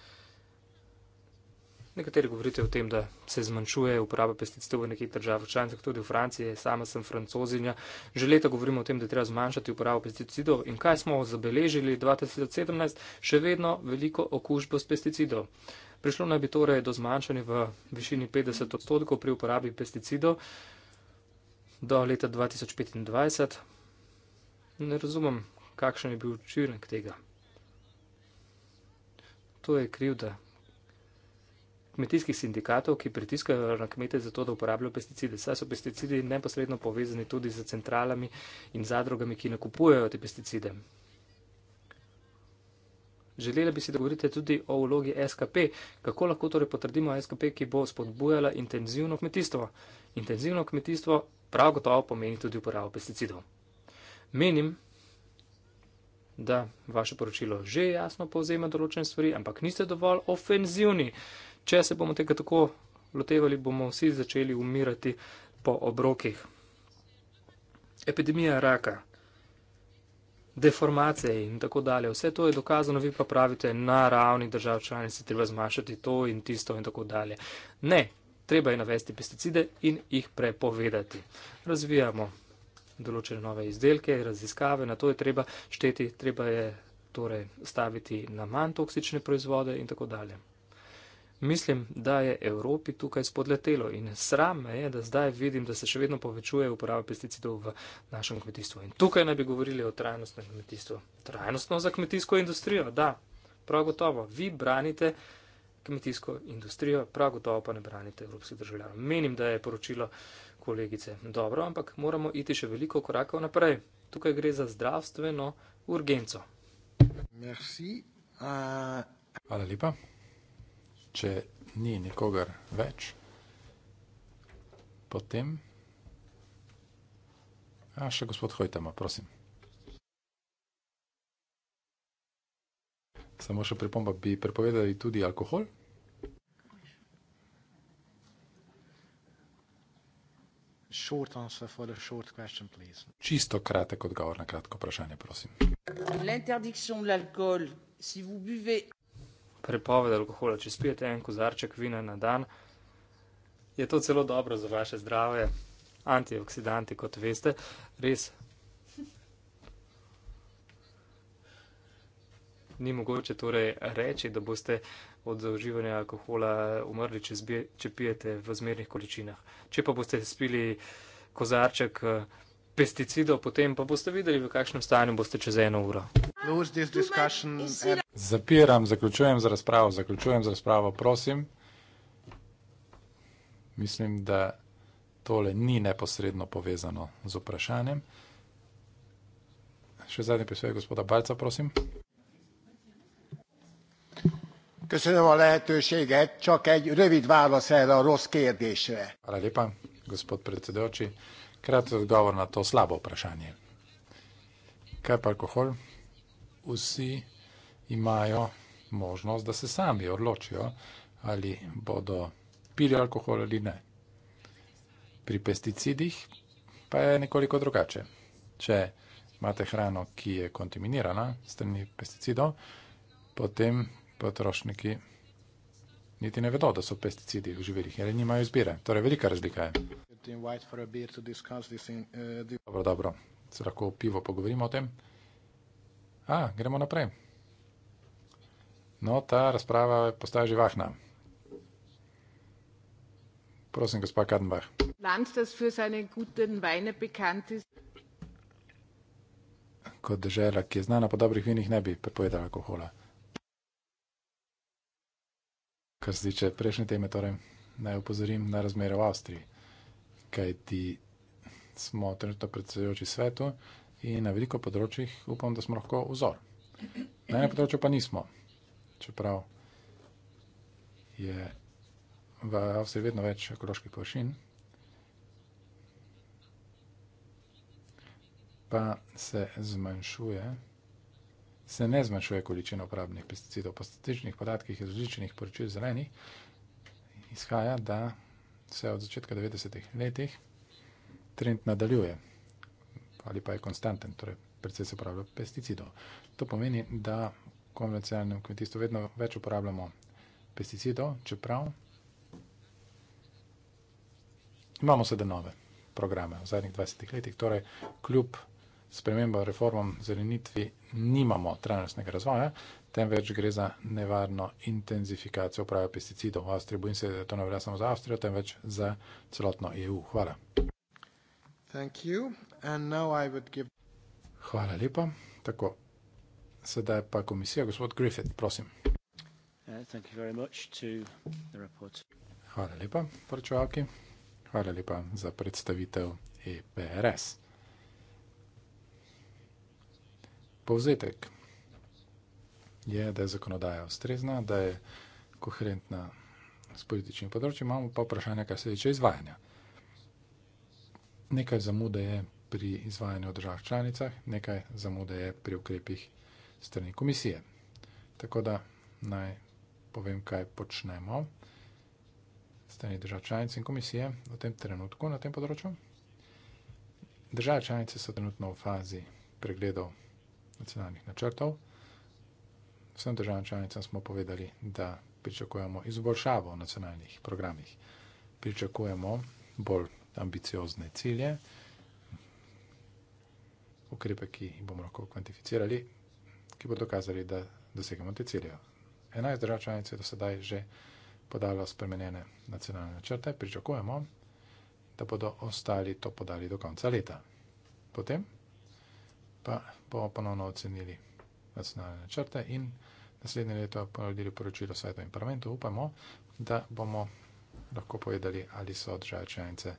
Nekateri govorite o tem, da se zmanjšuje uporaba pesticidov v nekih državah članicah, tudi v Franciji, sama sem francozinja. Že leta govorimo o tem, da treba zmanjšati uporabo pesticidov in kaj smo zabeležili 2017, še vedno veliko okužbo s pesticidov. Prišlo naj bi torej do zmanjšanja v višini 50 odstotkov pri uporabi pesticidov do leta 2025. Ne razumem, kakšen je bil učinek tega. To je krivda kmetijskih sindikatov, ki pritiskajo na kmete za to, da uporabljajo pesticide. Saj so pesticidi neposredno povezani tudi z centralami in zadrugami, ki nakupujejo te pesticide. Želela bi si, da govorite tudi o vlogi SKP. Kako lahko torej potrdimo SKP, ki bo spodbujala intenzivno kmetijstvo? Intenzivno kmetijstvo prav gotovo pomeni tudi uporabo pesticidov. Menim, da vaše poročilo že jasno povzema določene stvari, ampak niste dovolj ofenzivni. Če se bomo tega tako lotevali, bomo vsi začeli umirati po obrokih. Epidemija raka, deformacije in tako dalje, vse to je dokazano, vi pa pravite, na ravni držav članic je treba zmašati to in tisto in tako dalje. Ne, treba je navesti pesticide in jih prepovedati. Razvijamo določene nove izdelke, raziskave, na to je treba šteti, treba je torej staviti na manj toksične proizvode in tako dalje. Mislim, da je Evropi tukaj spodletelo in sram me je, da zdaj vidim, da se še vedno povečuje uporaba pesticidov v našem kmetijstvu. In tukaj naj bi govorili o trajnostnem kmetijstvu. Trajnostno za kmetijsko industrijo, da, prav gotovo. Vi branite kmetijsko industrijo, prav gotovo pa ne branite evropskih državljanov. Menim, da je poročilo. Uh, kolegice. Dobro, ampak moramo iti še veliko korakov naprej. Tukaj gre za zdravstveno urgenco. Merci. A... Hvala lepa. Če ni nikogar več, potem. A še gospod Hojtama, prosim. Samo še pripomba, bi prepovedali tudi alkohol. Short answer for the short question, please. Čisto kratek odgovor na kratko vprašanje, prosim. Prepoved alkohola, če spijete en kozarček vina na dan, je to celo dobro za vaše zdravje. Antioksidanti, kot veste, res ni mogoče torej reči, da boste od zauživanja alkohola umrli, če, zbi, če pijete v zmernih količinah. Če pa boste spili kozarček eh, pesticidov, potem pa boste videli, v kakšnem stanju boste čez eno uro. Zapiram, zaključujem z razpravo, zaključujem z razpravo, prosim. Mislim, da tole ni neposredno povezano z vprašanjem. Še zadnji prispevek gospoda Balca, prosim. Köszönöm a lehetőséget, csak egy rövid válasz erre a rossz kérdésre. Hvala lepa, gospod predsedujoči. Kratki odgovor na to slabo vprašanje. Kaj pa alkohol? Vsi imajo možnost, da se sami odločijo, ali bodo pili alkohol ali ne. Pri pesticidih pa je nekoliko drugače. Če imate hrano, ki je kontaminirana strani pesticidov, potem potrošniki niti ne vedo, da so pesticidi v živeljih, jer nimajo izbire. Torej, velika razlika je. Dobro, dobro. Se lahko o pivo pogovorimo o tem? A, gremo naprej. No, ta razprava postaja živahna. Prosim, gospa Kadenbach. Land, das für seine guten Weine bekannt ist. Kot dežela, ki je znana po dobrih vinih, ne bi prepovedala alkohola. Kar se tiče prejšnje teme, torej, naj upozorim na razmere v Avstriji, kaj ti smo trenutno predsedujoči svetu in na veliko področjih upam, da smo lahko vzor. Na enem področju pa nismo, čeprav je v Avstriji vedno več ekoloških površin, pa se zmanjšuje se ne zmanjšuje količina uporabnih pesticidov. Po statističnih podatkih iz različnih poročil zelenih izhaja, da se od začetka 90-ih letih trend nadaljuje ali pa je konstanten, torej predvsej se uporablja pesticidov. To pomeni, da v konvencionalnem kmetijstvu vedno več uporabljamo pesticidov, čeprav imamo sedaj nove programe v zadnjih 20 letih, torej kljub spremembam, reformam, zelenitvi nimamo trajnostnega razvoja, temveč gre za nevarno intenzifikacijo uporabe pesticidov v Avstriji. Bojim se, da to ne velja samo za Avstrijo, temveč za celotno EU. Hvala. Give... Hvala lepa. Tako. Sedaj pa komisija, gospod Griffith, prosim. Uh, Hvala lepa, poročevalki. Hvala lepa za predstavitev EPRS. Povzetek je, da je zakonodaja ustrezna, da je koherentna s političnim področjem, imamo pa vprašanje, kar se tiče izvajanja. Nekaj zamude je pri izvajanju v državah članicah, nekaj zamude je pri ukrepih strani komisije. Tako da naj povem, kaj počnemo strani držav članic in komisije v tem trenutku na tem področju. Države članice so trenutno v fazi pregledov nacionalnih načrtov. Vsem državam članicam smo povedali, da pričakujemo izboljšavo v nacionalnih programih. Pričakujemo bolj ambiciozne cilje, ukrepe, ki jih bomo lahko kvantificirali, ki bodo dokazali, da dosegamo te cilje. 11 držav članic je do sedaj že podalo spremenjene nacionalne načrte, pričakujemo, da bodo ostali to podali do konca leta. Potem pa bomo ponovno ocenili nacionalne načrte in naslednje leto ponudili poročilo svetu in parlamentu. Upamo, da bomo lahko povedali, ali so države članice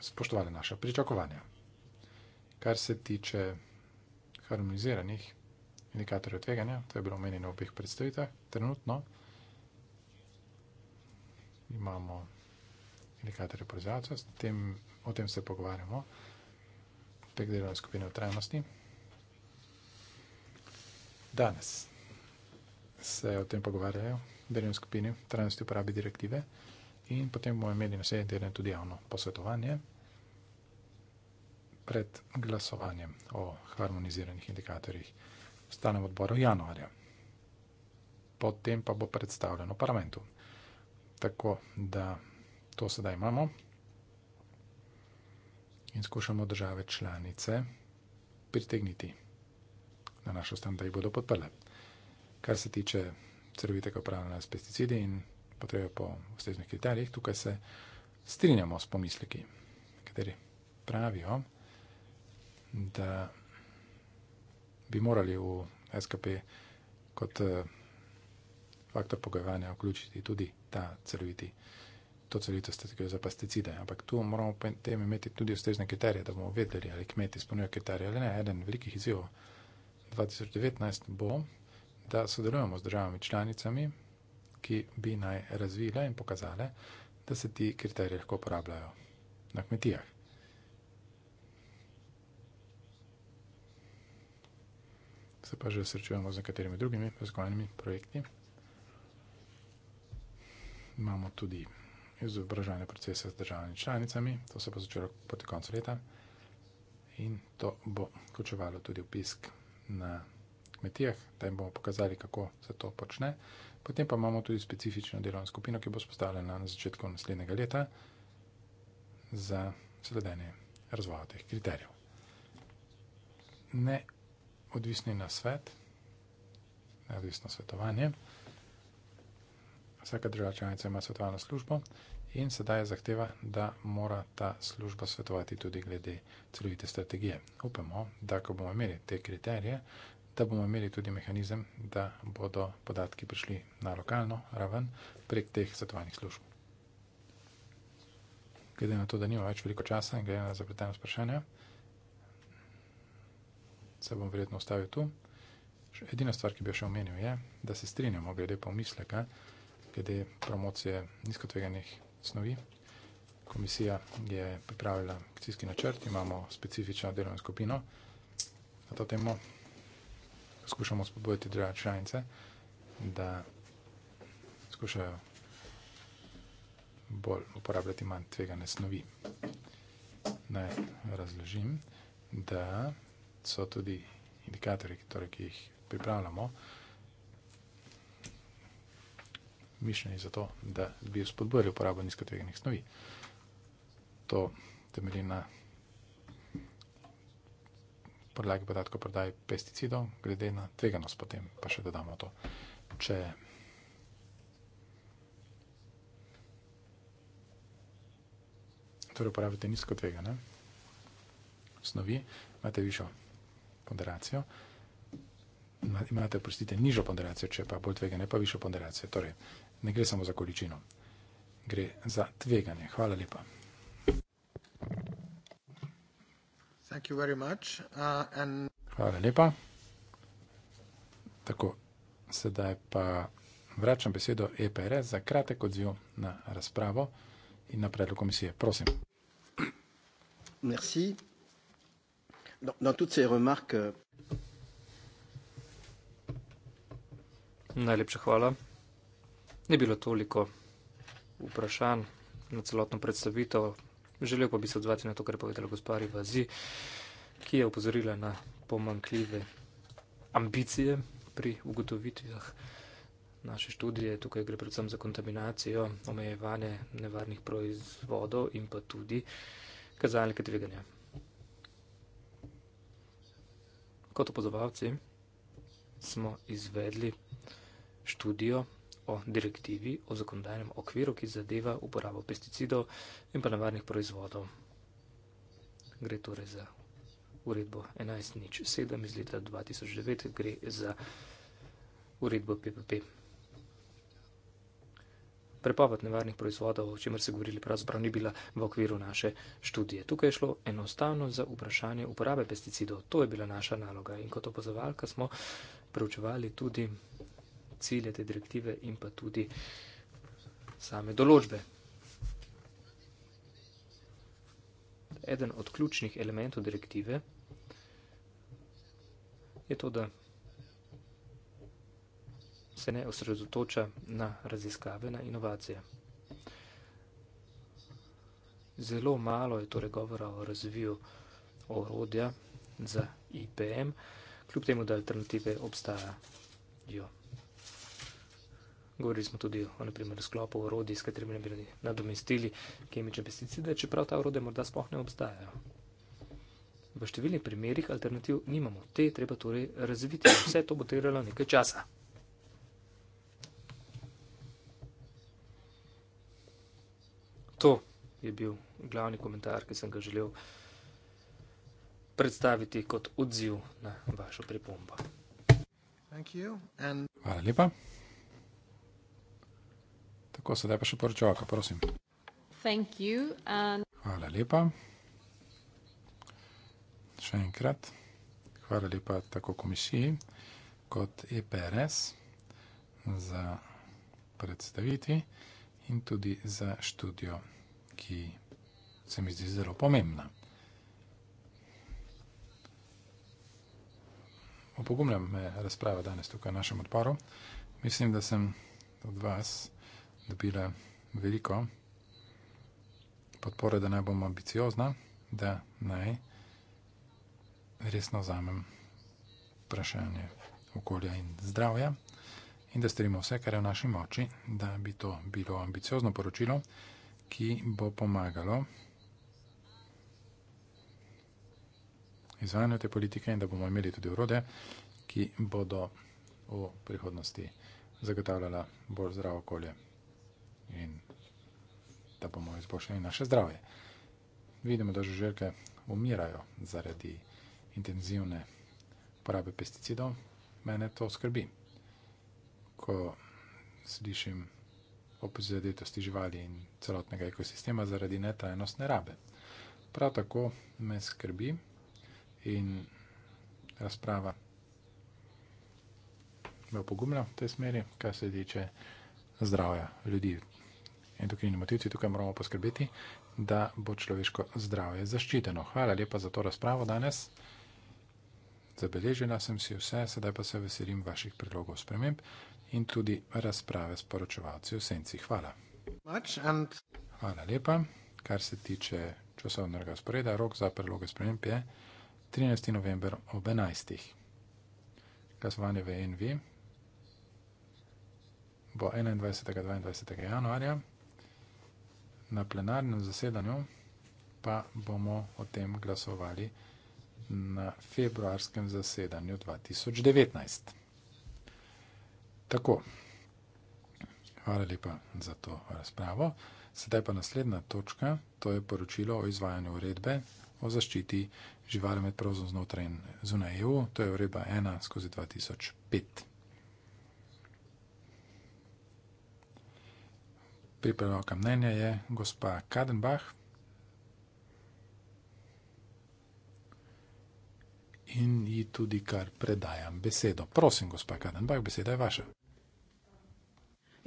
spoštovali naša pričakovanja. Kar se tiče harmoniziranih indikatorjev tveganja, to je bilo omenjeno v obih predstavitvah, trenutno imamo indikatorje proizvajalcev, o tem se pogovarjamo uspeh delovne skupine v trajnosti. Danes se o tem pogovarjajo delovne skupine v trajnosti uporabi direktive in potem bomo imeli naslednji teden tudi javno posvetovanje pred glasovanjem o harmoniziranih indikatorjih v stanem odboru januarja. Potem pa bo predstavljeno parlamentu. Tako da to sedaj imamo in skušamo države članice pritegniti na našo stran, da jih bodo podprle. Kar se tiče celovitega upravljanja s pesticidi in potrebe po ustreznih kriterijih, tukaj se strinjamo s pomisleki, kateri pravijo, da bi morali v SKP kot eh, faktor pogajanja vključiti tudi ta celoviti upravljanje to celito strategijo za pesticide. Ampak tu moramo tem imeti tudi ustrezne kriterije, da bomo vedeli, ali kmeti izpolnjujejo kriterije ali ne. Eden velikih izzivov 2019 bo, da sodelujemo z državami članicami, ki bi naj razvile in pokazale, da se ti kriteriji lahko uporabljajo na kmetijah. Se pa že srečujemo z nekaterimi drugimi razgojnimi projekti. Imamo tudi izobraževanje procese z državami članicami, to se bo začelo proti koncu leta in to bo vključevalo tudi obisk na kmetijah, da jim bomo pokazali, kako se to počne. Potem pa imamo tudi specifično delovno skupino, ki bo spostavljena na začetku naslednjega leta za sledenje razvoja teh kriterijev. Neodvisni na svet, neodvisno svetovanje vsaka država članica ima svetovalno službo in sedaj je zahteva, da mora ta služba svetovati tudi glede celovite strategije. Upamo, da ko bomo imeli te kriterije, da bomo imeli tudi mehanizem, da bodo podatki prišli na lokalno raven prek teh svetovalnih služb. Glede na to, da nima več veliko časa in glede na zapleteno vprašanje, se bom verjetno ustavil tu. Edina stvar, ki bi jo še omenil, je, da se strinjamo glede pomisleka, glede promocije nizkotveganih snovi. Komisija je pripravila akcijski načrt, imamo specifično delovno skupino na to temo. Skušamo spodbujati druge članice, da skušajo bolj uporabljati manj tvegane snovi. Naj razložim, da so tudi indikatorji, torej, ki jih pripravljamo, uh, mišljeni za to, da bi spodbojali uporabo nizkotveganih snovi. To temelji na podlagi podatkov prodaje pesticidov, glede na tveganost potem, pa še dodamo to. Če torej uporabite nizkotvegane snovi, imate višjo ponderacijo, imate, prostite, nižjo ponderacijo, če pa bolj tvegane, pa višjo ponderacijo. Torej, ne gre samo za količino, gre za tveganje. Hvala lepa. Uh, and... Hvala lepa. Tako, sedaj pa vračam besedo EPRS za kratek odziv na razpravo in na predlog komisije. Prosim. Merci. Dans toutes ces remarques. Euh, Najlepša hvala ni bilo toliko vprašanj na celotno predstavitev. Želel pa bi se odzvati na to, kar je povedala gospa Rivazi, ki je upozorila na pomankljive ambicije pri ugotovitvah naše študije. Tukaj gre predvsem za kontaminacijo, omejevanje nevarnih proizvodov in pa tudi kazalnike tveganja. Kot opozovalci smo izvedli študijo o direktivi o zakonodajnem okviru, ki zadeva uporabo pesticidov in pa navadnih proizvodov. Gre torej za uredbo 11.07 iz leta 2009, gre za uredbo PPP. Prepoved nevarnih proizvodov, o čemer se govorili, pravzaprav ni bila v okviru naše študije. Tukaj je šlo enostavno za vprašanje uporabe pesticidov. To je bila naša naloga in kot opozovalka smo preučevali tudi cilje te direktive in pa tudi same določbe. Eden od ključnih elementov direktive je to, da se ne osredotoča na raziskave, na inovacije. Zelo malo je torej govora o razviju orodja za IPM, kljub temu, da alternative obstajajo. Govorili smo tudi o sklopu orodij, s katerimi bi nadomestili kemične pesticide, čeprav ta orodje morda sploh ne obstajajo. V številnih primerjih alternativ nimamo, te treba torej razviti. Vse to bo trebalo nekaj časa. To je bil glavni komentar, ki sem ga želel predstaviti kot odziv na vašo pripombo. Hvala lepa. Tako, sedaj pa še poročavka, prosim. You, and... Hvala lepa. Še enkrat. Hvala lepa tako komisiji kot EPRS za predstaviti in tudi za študijo, ki se mi zdi zelo pomembna. Opogumljam me razprava danes tukaj na našem odporu. Mislim, da sem od vas dobile veliko podpore, da naj bom ambiciozna, da naj resno vzamem vprašanje okolja in zdravja in da storimo vse, kar je v naši moči, da bi to bilo ambiciozno poročilo, ki bo pomagalo izvajanju te politike in da bomo imeli tudi urode, ki bodo v prihodnosti zagotavljala bolj zdravo okolje in da bomo izboljšali naše zdravje. Vidimo, da žuželke umirajo zaradi intenzivne porabe pesticidov. Mene to skrbi. Ko slišim opozeditosti živali in celotnega ekosistema zaradi netrajnostne rabe. Prav tako me skrbi in razprava me opogumlja v tej smeri, kar se tiče zdravja ljudi, endokrini motilci, tukaj moramo poskrbeti, da bo človeško zdravje zaščiteno. Hvala lepa za to razpravo danes. Zabeležila sem si vse, sedaj pa se veselim vaših predlogov sprememb in tudi razprave s poročevalci v senci. Hvala. Hvala lepa. Kar se tiče časovnega sporeda, rok za predloge sprememb je 13. november ob 11. Glasovanje v NV bo 21. 22. januarja na plenarnem zasedanju pa bomo o tem glasovali na februarskem zasedanju 2019. Tako. Hvala lepa za to razpravo. Sedaj pa naslednja točka, to je poročilo o izvajanju uredbe o zaščiti živali med prozom znotraj in zunaj EU, to je uredba 1 skozi 2005. Pripravljena mnenja je gospa Kadenbach in ji tudi kar predajam besedo. Prosim, gospa Kadenbach, beseda je vaša.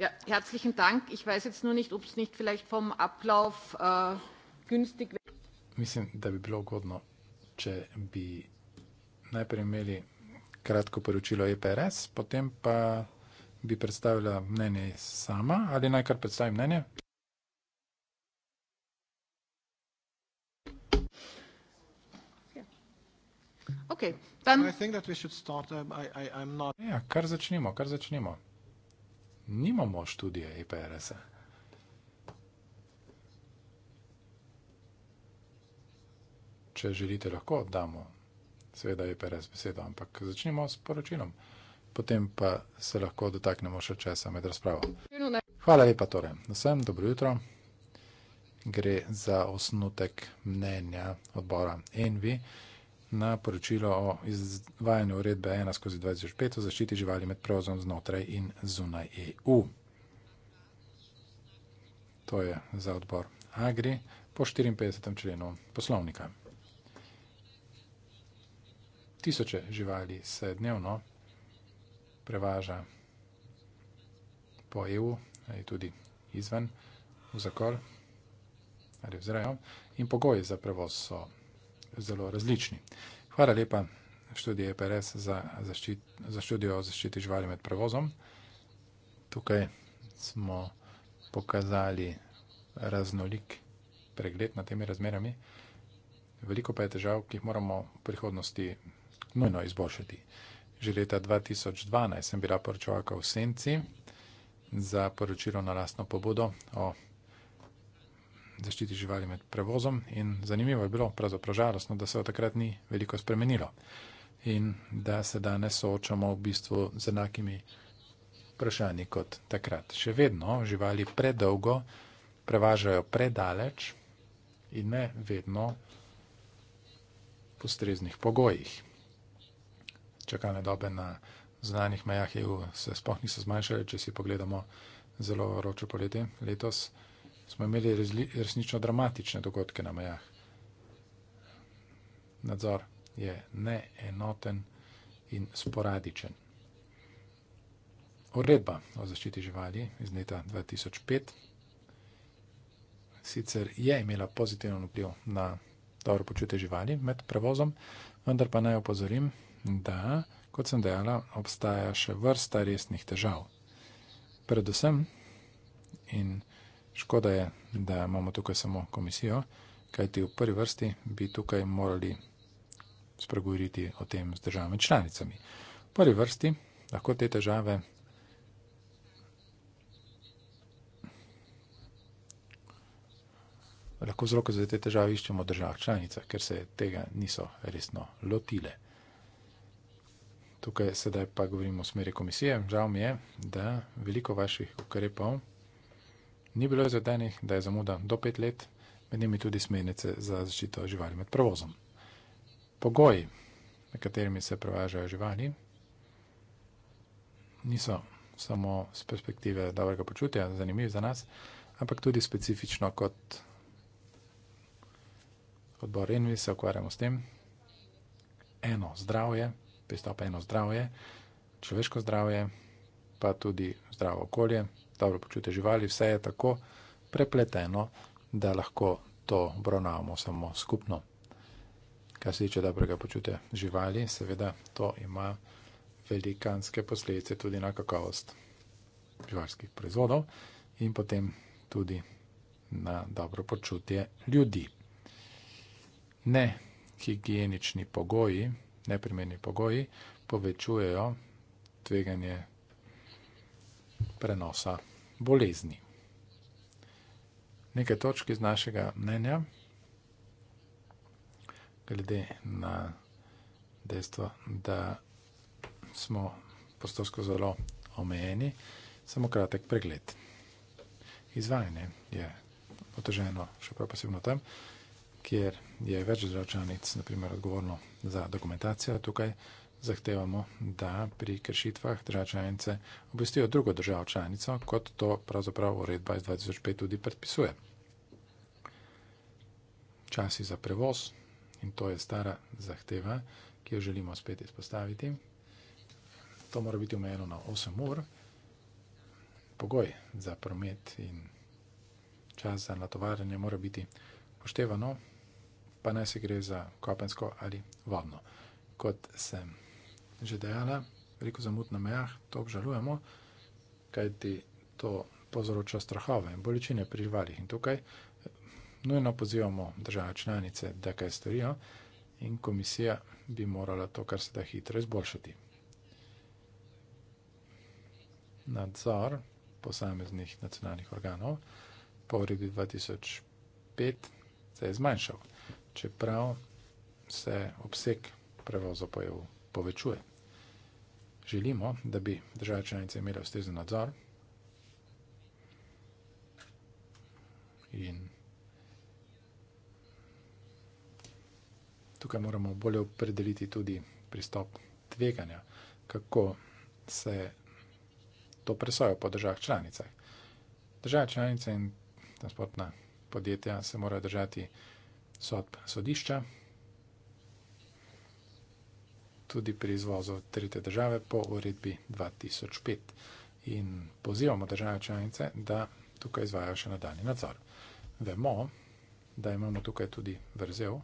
Ja, herzlichen Dank. Ich weiß jetzt nur nicht, ob es nicht vielleicht vom Ablauf äh, günstig wäre. Mislim, da bi bilo ugodno, če bi najprej imeli kratko poročilo EPRS, potem pa bi predstavila mnenje sama ali naj kar predstavim mnenje? Okay, um, ja, kar začnimo, kar začnimo. Nimamo študije IPRS-a. E Če želite, lahko damo, seveda, IPRS e besedo, ampak začnimo s poročilom potem pa se lahko dotaknemo še česa med razpravo. Hvala lepa torej vsem, dobro jutro. Gre za osnutek mnenja odbora ENVI na poročilo o izvajanju uredbe 1 skozi 2005 o zaščiti živali med prevozom znotraj in zunaj EU. To je za odbor Agri po 54. členu poslovnika. Tisoče živali se dnevno prevaža po EU ali tudi izven v zakol ali v zrajo in pogoji za prevoz so zelo različni. Hvala lepa študije EPRS za, zaščit, za študijo o zaščiti živali med prevozom. Tukaj smo pokazali raznolik pregled nad temi razmerami. Veliko pa je težav, ki jih moramo v prihodnosti nujno izboljšati. Že leta 2012 sem bila poročovalka v Senci za poročilo na lastno pobudo o zaščiti živali med prevozom in zanimivo je bilo, pravzaprav žalostno, da se od takrat ni veliko spremenilo in da se danes soočamo v bistvu z enakimi vprašanji kot takrat. Še vedno živali predolgo prevažajo predaleč in ne vedno v ustreznih pogojih čakalne dobe na zunanjih mejah EU se sploh niso zmanjšale, če si pogledamo zelo vroče poletje. Letos smo imeli resnično dramatične dogodke na mejah. Nadzor je neenoten in sporadičen. Uredba o zaščiti živali iz leta 2005 sicer je imela pozitiven vpliv na dobro počutje živali med prevozom, vendar pa naj opozorim, da, kot sem dejala, obstaja še vrsta resnih težav. Predvsem, in škoda je, da imamo tukaj samo komisijo, kajti v prvi vrsti bi tukaj morali spregovoriti o tem z državami članicami. V prvi vrsti lahko te težave. Lahko vzroke za te težave iščemo v državah članicah, ker se tega niso resno lotile. Tukaj sedaj pa govorimo o smeri komisije. Žal mi je, da veliko vaših ukrepov ni bilo izvedenih, da je zamuda do pet let, med njimi tudi smernice za zaščito živali med prevozom. Pogoji, na katerimi se prevažajo živali, niso samo z perspektive dobrega počutja zanimivi za nas, ampak tudi specifično kot odbor in mi se ukvarjamo s tem. Eno, zdravje pristal pa eno zdravje, človeško zdravje, pa tudi zdravo okolje, dobro počutje živali, vse je tako prepleteno, da lahko to obravnavamo samo skupno. Kar se tiče dobrega počutja živali, seveda to ima velikanske posledice tudi na kakovost živalskih proizvodov in potem tudi na dobro počutje ljudi. Ne higienični pogoji, neprimerni pogoji povečujejo tveganje prenosa bolezni. Nekaj točk iz našega mnenja glede na dejstvo, da smo postorsko zelo omejeni, samo kratek pregled. Izvajanje je oteženo še prav posebno tam, kjer je več državčanic, naprimer, odgovorno za dokumentacijo tukaj, zahtevamo, da pri kršitvah državčanice obvestijo drugo državčanico, kot to pravzaprav uredba iz 2005 tudi predpisuje. Časi za prevoz in to je stara zahteva, ki jo želimo spet izpostaviti. To mora biti omejeno na 8 ur. Pogoj za promet in čas za natovarjanje mora biti poštevano pa naj se gre za kopensko ali vodno. Kot sem že dejala, veliko zamud na mejah, to obžalujemo, kajti to povzroča strahove in bolečine pri živalih. In tukaj eh, nujno pozivamo države članice, da kaj storijo in komisija bi morala to, kar se da hitro izboljšati. Nadzor posameznih nacionalnih organov po uredbi 2005 se je zmanjšal čeprav se obseg prevozov po EU povečuje. Želimo, da bi države članice imele ustrezen nadzor in tukaj moramo bolje opredeliti tudi pristop tveganja, kako se to presoja po državah članicah. Države članice in transportna podjetja se morajo držati vsega, sodb sodišča, tudi pri izvozu tretje države po uredbi 2005. In pozivamo države članice, da tukaj izvajajo še nadaljni nadzor. Vemo, da imamo tukaj tudi vrzel,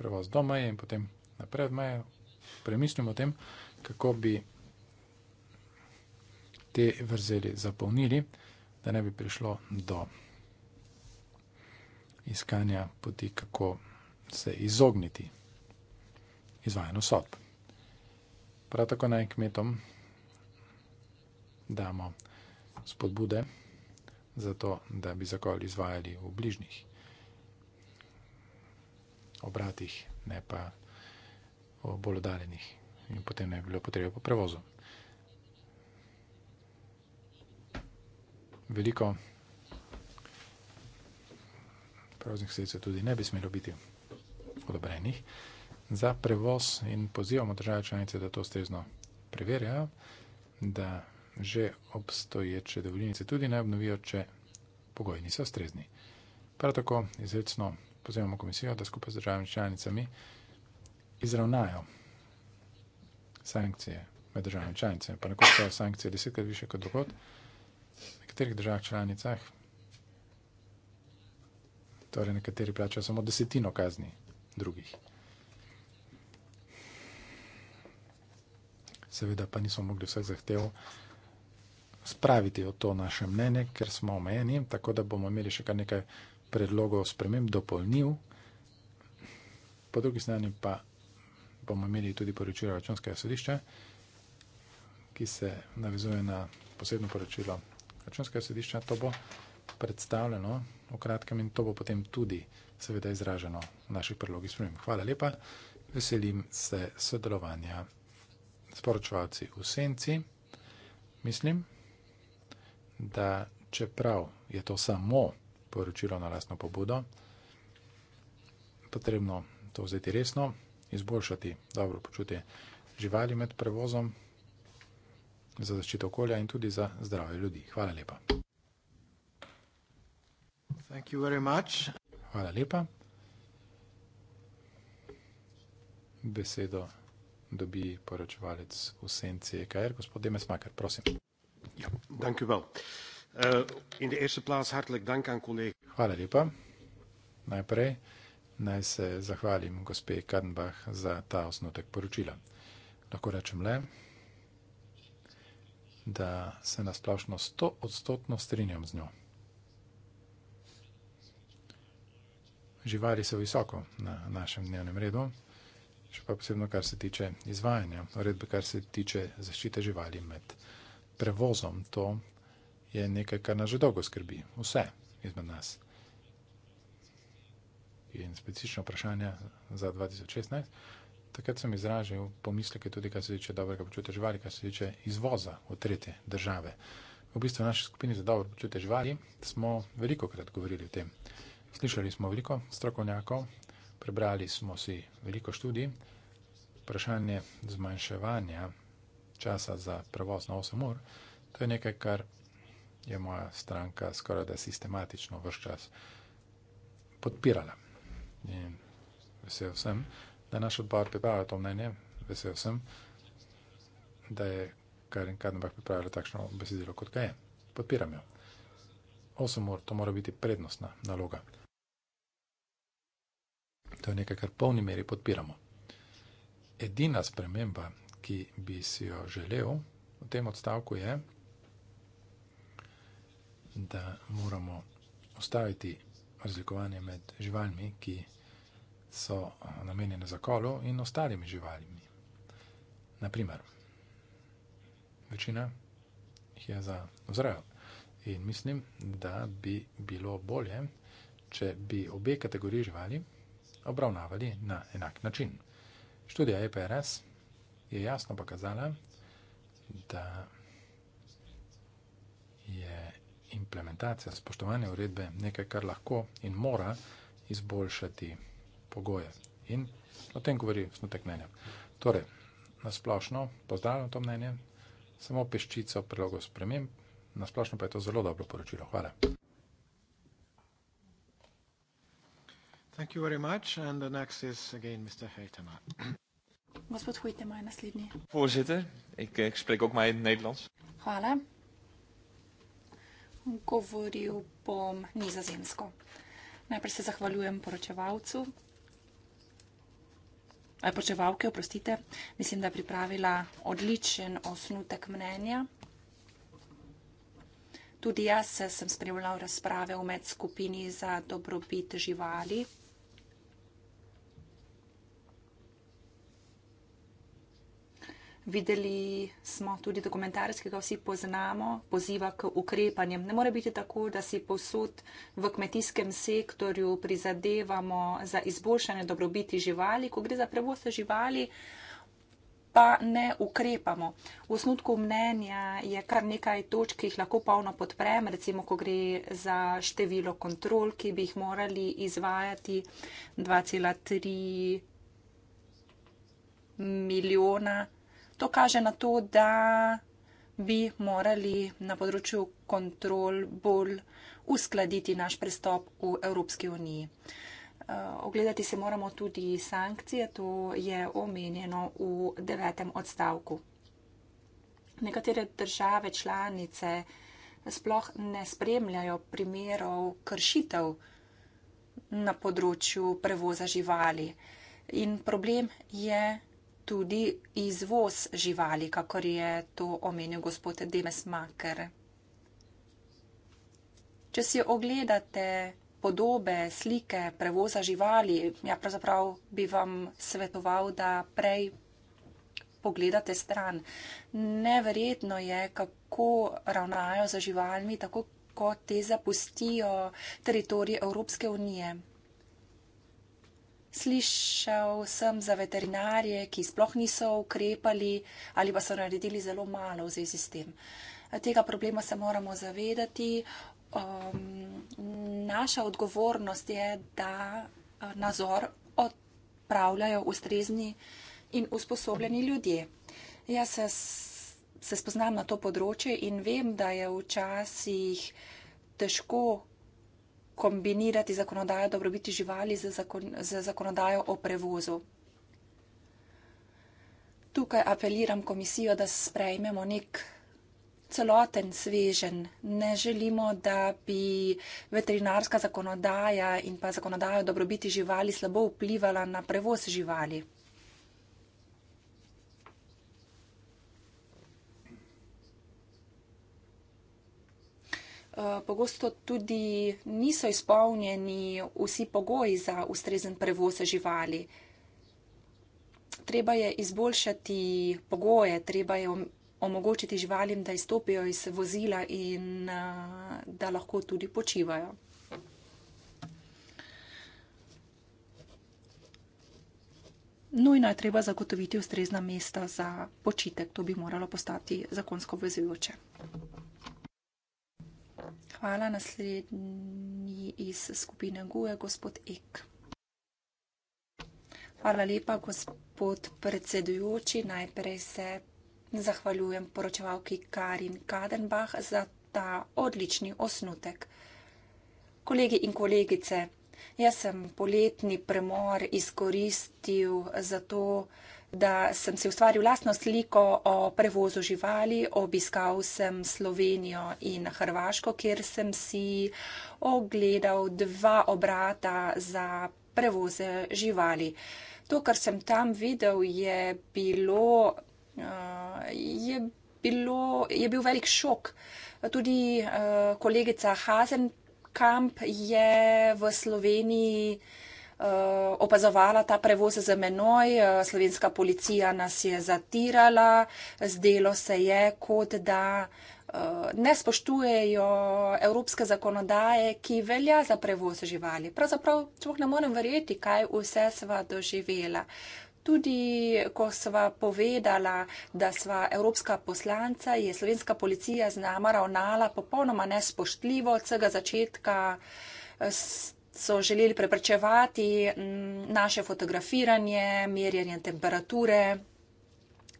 prevoz do meje in potem naprej v meje. Premislimo o tem, kako bi te vrzeli zapolnili, da ne bi prišlo do iskanja poti, kako se izogniti izvajanju sodb. Prav tako naj kmetom damo spodbude za to, da bi zakol izvajali v bližnjih obratih, ne pa v bolj oddaljenih in potem ne bi bilo potrebe po prevozu. Veliko prevoznih sredstev tudi ne bi smelo biti odobrenih za prevoz in pozivamo države članice, da to ustrezno preverjajo, da že obstoječe dovoljenice tudi ne obnovijo, če pogoji niso ustrezni. Prav tako izrecno pozivamo komisijo, da skupaj z državami članicami izravnajo sankcije med državami članicami, pa nekako so sankcije desetkrat više kot drugod. V nekaterih državah članicah Torej, nekateri plačajo samo desetino kazni drugih. Seveda pa nismo mogli vseh zahtev spraviti v to naše mnenje, ker smo omejeni, tako da bomo imeli še kar nekaj predlogov sprememb, dopolnil. Po drugi strani pa bomo imeli tudi poročilo računskega sodišča, ki se navizuje na posebno poročilo računskega sodišča. To bo predstavljeno v kratkem in to bo potem tudi seveda izraženo v naših prilogih. Hvala lepa, veselim se sodelovanja s poročevalci v senci. Mislim, da čeprav je to samo poročilo na lastno pobudo, potrebno to vzeti resno, izboljšati dobro počutje živali med prevozom za zaščito okolja in tudi za zdravje ljudi. Hvala lepa. Thank you very much. Hvala lepa. Besedo dobi poročevalec v senci EKR, gospod Demes Maker, prosim. Ja, dank u wel. Uh, in de eerste plaats hartelijk dank aan collega. Hvala lepa. Najprej naj se zahvalim gospe Kadenbach za ta osnotek poročila. Lahko rečem le, da se nasplošno sto odstotno strinjam z njo. živali so visoko na našem dnevnem redu, še pa posebno kar se tiče izvajanja uredbe, kar se tiče zaščite živali med prevozom. To je nekaj, kar nas že dolgo skrbi, vse izmed nas. In specifično vprašanje za 2016. Takrat sem izražal pomisleke tudi, kar se tiče dobrega počutja živali, kar se tiče izvoza v tretje države. V bistvu v naši skupini za dobro počutje živali smo veliko krat govorili o tem. Slišali smo veliko strokovnjakov, prebrali smo si veliko študij. Vprašanje zmanjševanja časa za prevoz na 8 ur, to je nekaj, kar je moja stranka skoraj da sistematično vse čas podpirala. In vesel sem, da naš odbor pripravlja to mnenje, vesel sem, da je Karen Kardenbach pripravila takšno besedilo, kot ga je. Podpiram jo. 8 ur, to mora biti prednostna naloga. To je nekaj, kar v polni meri podpiramo. Edina sprememba, ki bi si jo želel v tem odstavku, je, da moramo ustaviti razlikovanje med živalmi, ki so eh, namenjene za kolo, in ostalimi živalmi. Naprimer, večina jih je za vzrejo. In mislim, da bi bilo bolje, če bi obe kategoriji živali, obravnavali na enak način. Študija EPRS je jasno pokazala, da je implementacija spoštovanja uredbe nekaj, kar lahko in mora izboljšati pogoje. In o tem govori snotek mnenja. Torej, nasplošno pozdravljam to mnenje, samo peščico predlogov sprememb, nasplošno pa je to zelo dobro poročilo. Hvala. Thank you very much. And the next is again Mr. Huytema. Gospod Huytema je naslednji. Voorzitter, ik, eh, ik spreek ook maar in het Nederlands. Hvala. Govoril bom nizozemsko. Najprej se zahvaljujem poročevalcu. Eh, Poročevalke, oprostite. Mislim, da je pripravila odličen osnutek mnenja. Tudi jaz sem spremljal razprave v medskupini za dobrobit živali. Videli smo tudi dokumentarec, ki ga vsi poznamo, poziva k ukrepanjem. Ne more biti tako, da si posod v kmetijskem sektorju prizadevamo za izboljšanje dobrobiti živali, ko gre za prevoz živali, pa ne ukrepamo. V osnutku mnenja je kar nekaj točk, ki jih lahko polno podprem, recimo, ko gre za število kontrol, ki bi jih morali izvajati 2,3 milijona. To kaže na to, da bi morali na področju kontrol bolj uskladiti naš prestop v Evropski uniji. Eh, ogledati se moramo tudi sankcije, to je omenjeno v devetem odstavku. Nekatere države članice sploh ne spremljajo primerov kršitev na področju prevoza živali. In problem je tudi izvoz živali, kako je to omenil gospod Demes Maker. Če si ogledate podobe, slike prevoza živali, ja pravzaprav bi vam svetoval, da prej pogledate stran. Neverjetno je, kako ravnajo za živalmi, tako kot te zapustijo teritorij Evropske unije. Slišal sem za veterinarje, ki sploh niso ukrepali ali pa so naredili zelo malo v zvezi s tem. Tega problema se moramo zavedati. Um, naša odgovornost je, da nazor odpravljajo ustrezni in usposobljeni ljudje. Jaz se, se spoznam na to področje in vem, da je včasih težko kombinirati zakonodajo o dobrobiti živali z, zakon, z zakonodajo o prevozu. Tukaj apeliram komisijo, da sprejmemo nek celoten svežen. Ne želimo, da bi veterinarska zakonodaja in pa zakonodaja o dobrobiti živali slabo vplivala na prevoz živali. Eh, pogosto tudi niso izpolnjeni vsi pogoji za ustrezen prevoz živali. Treba je izboljšati pogoje, treba je omogočiti živalim, da izstopijo iz vozila in eh, da lahko tudi počivajo. Nujno je treba zagotoviti ustrezna mesta za počitek, to bi moralo postati zakonsko obvezujoče. Hvala, naslednji iz skupine GUE, gospod Ek. Hvala lepa, gospod predsedujoči. Najprej se zahvaljujem poročevalki Karin Kadenbach za ta odlični osnutek. Kolegi in kolegice, jaz sem poletni premor izkoristil za to, da sem da sem si ustvaril lastno sliko o prevozu živali, obiskal sem Slovenijo in Hrvaško, kjer sem si ogledal dva obrata za prevoze živali. To, kar sem tam videl, je bilo. Uh, je Bilo, je bil velik šok. Tudi uh, kolegica Hazenkamp je v Sloveniji uh, Eh, opazovala ta prevoz za menoj, eh, slovenska policija nas je zatirala, zdelo se je, kot da eh, ne spoštujejo evropske zakonodaje, ki velja za prevoz živali. Pravzaprav, čuh ne morem verjeti, kaj vse sva doživela. Tudi, ko sva povedala, da sva evropska poslanca, je slovenska policija z nama ravnala popolnoma nespoštljivo od vsega začetka so želeli preprečevati mm, naše fotografiranje, merjanje temperature,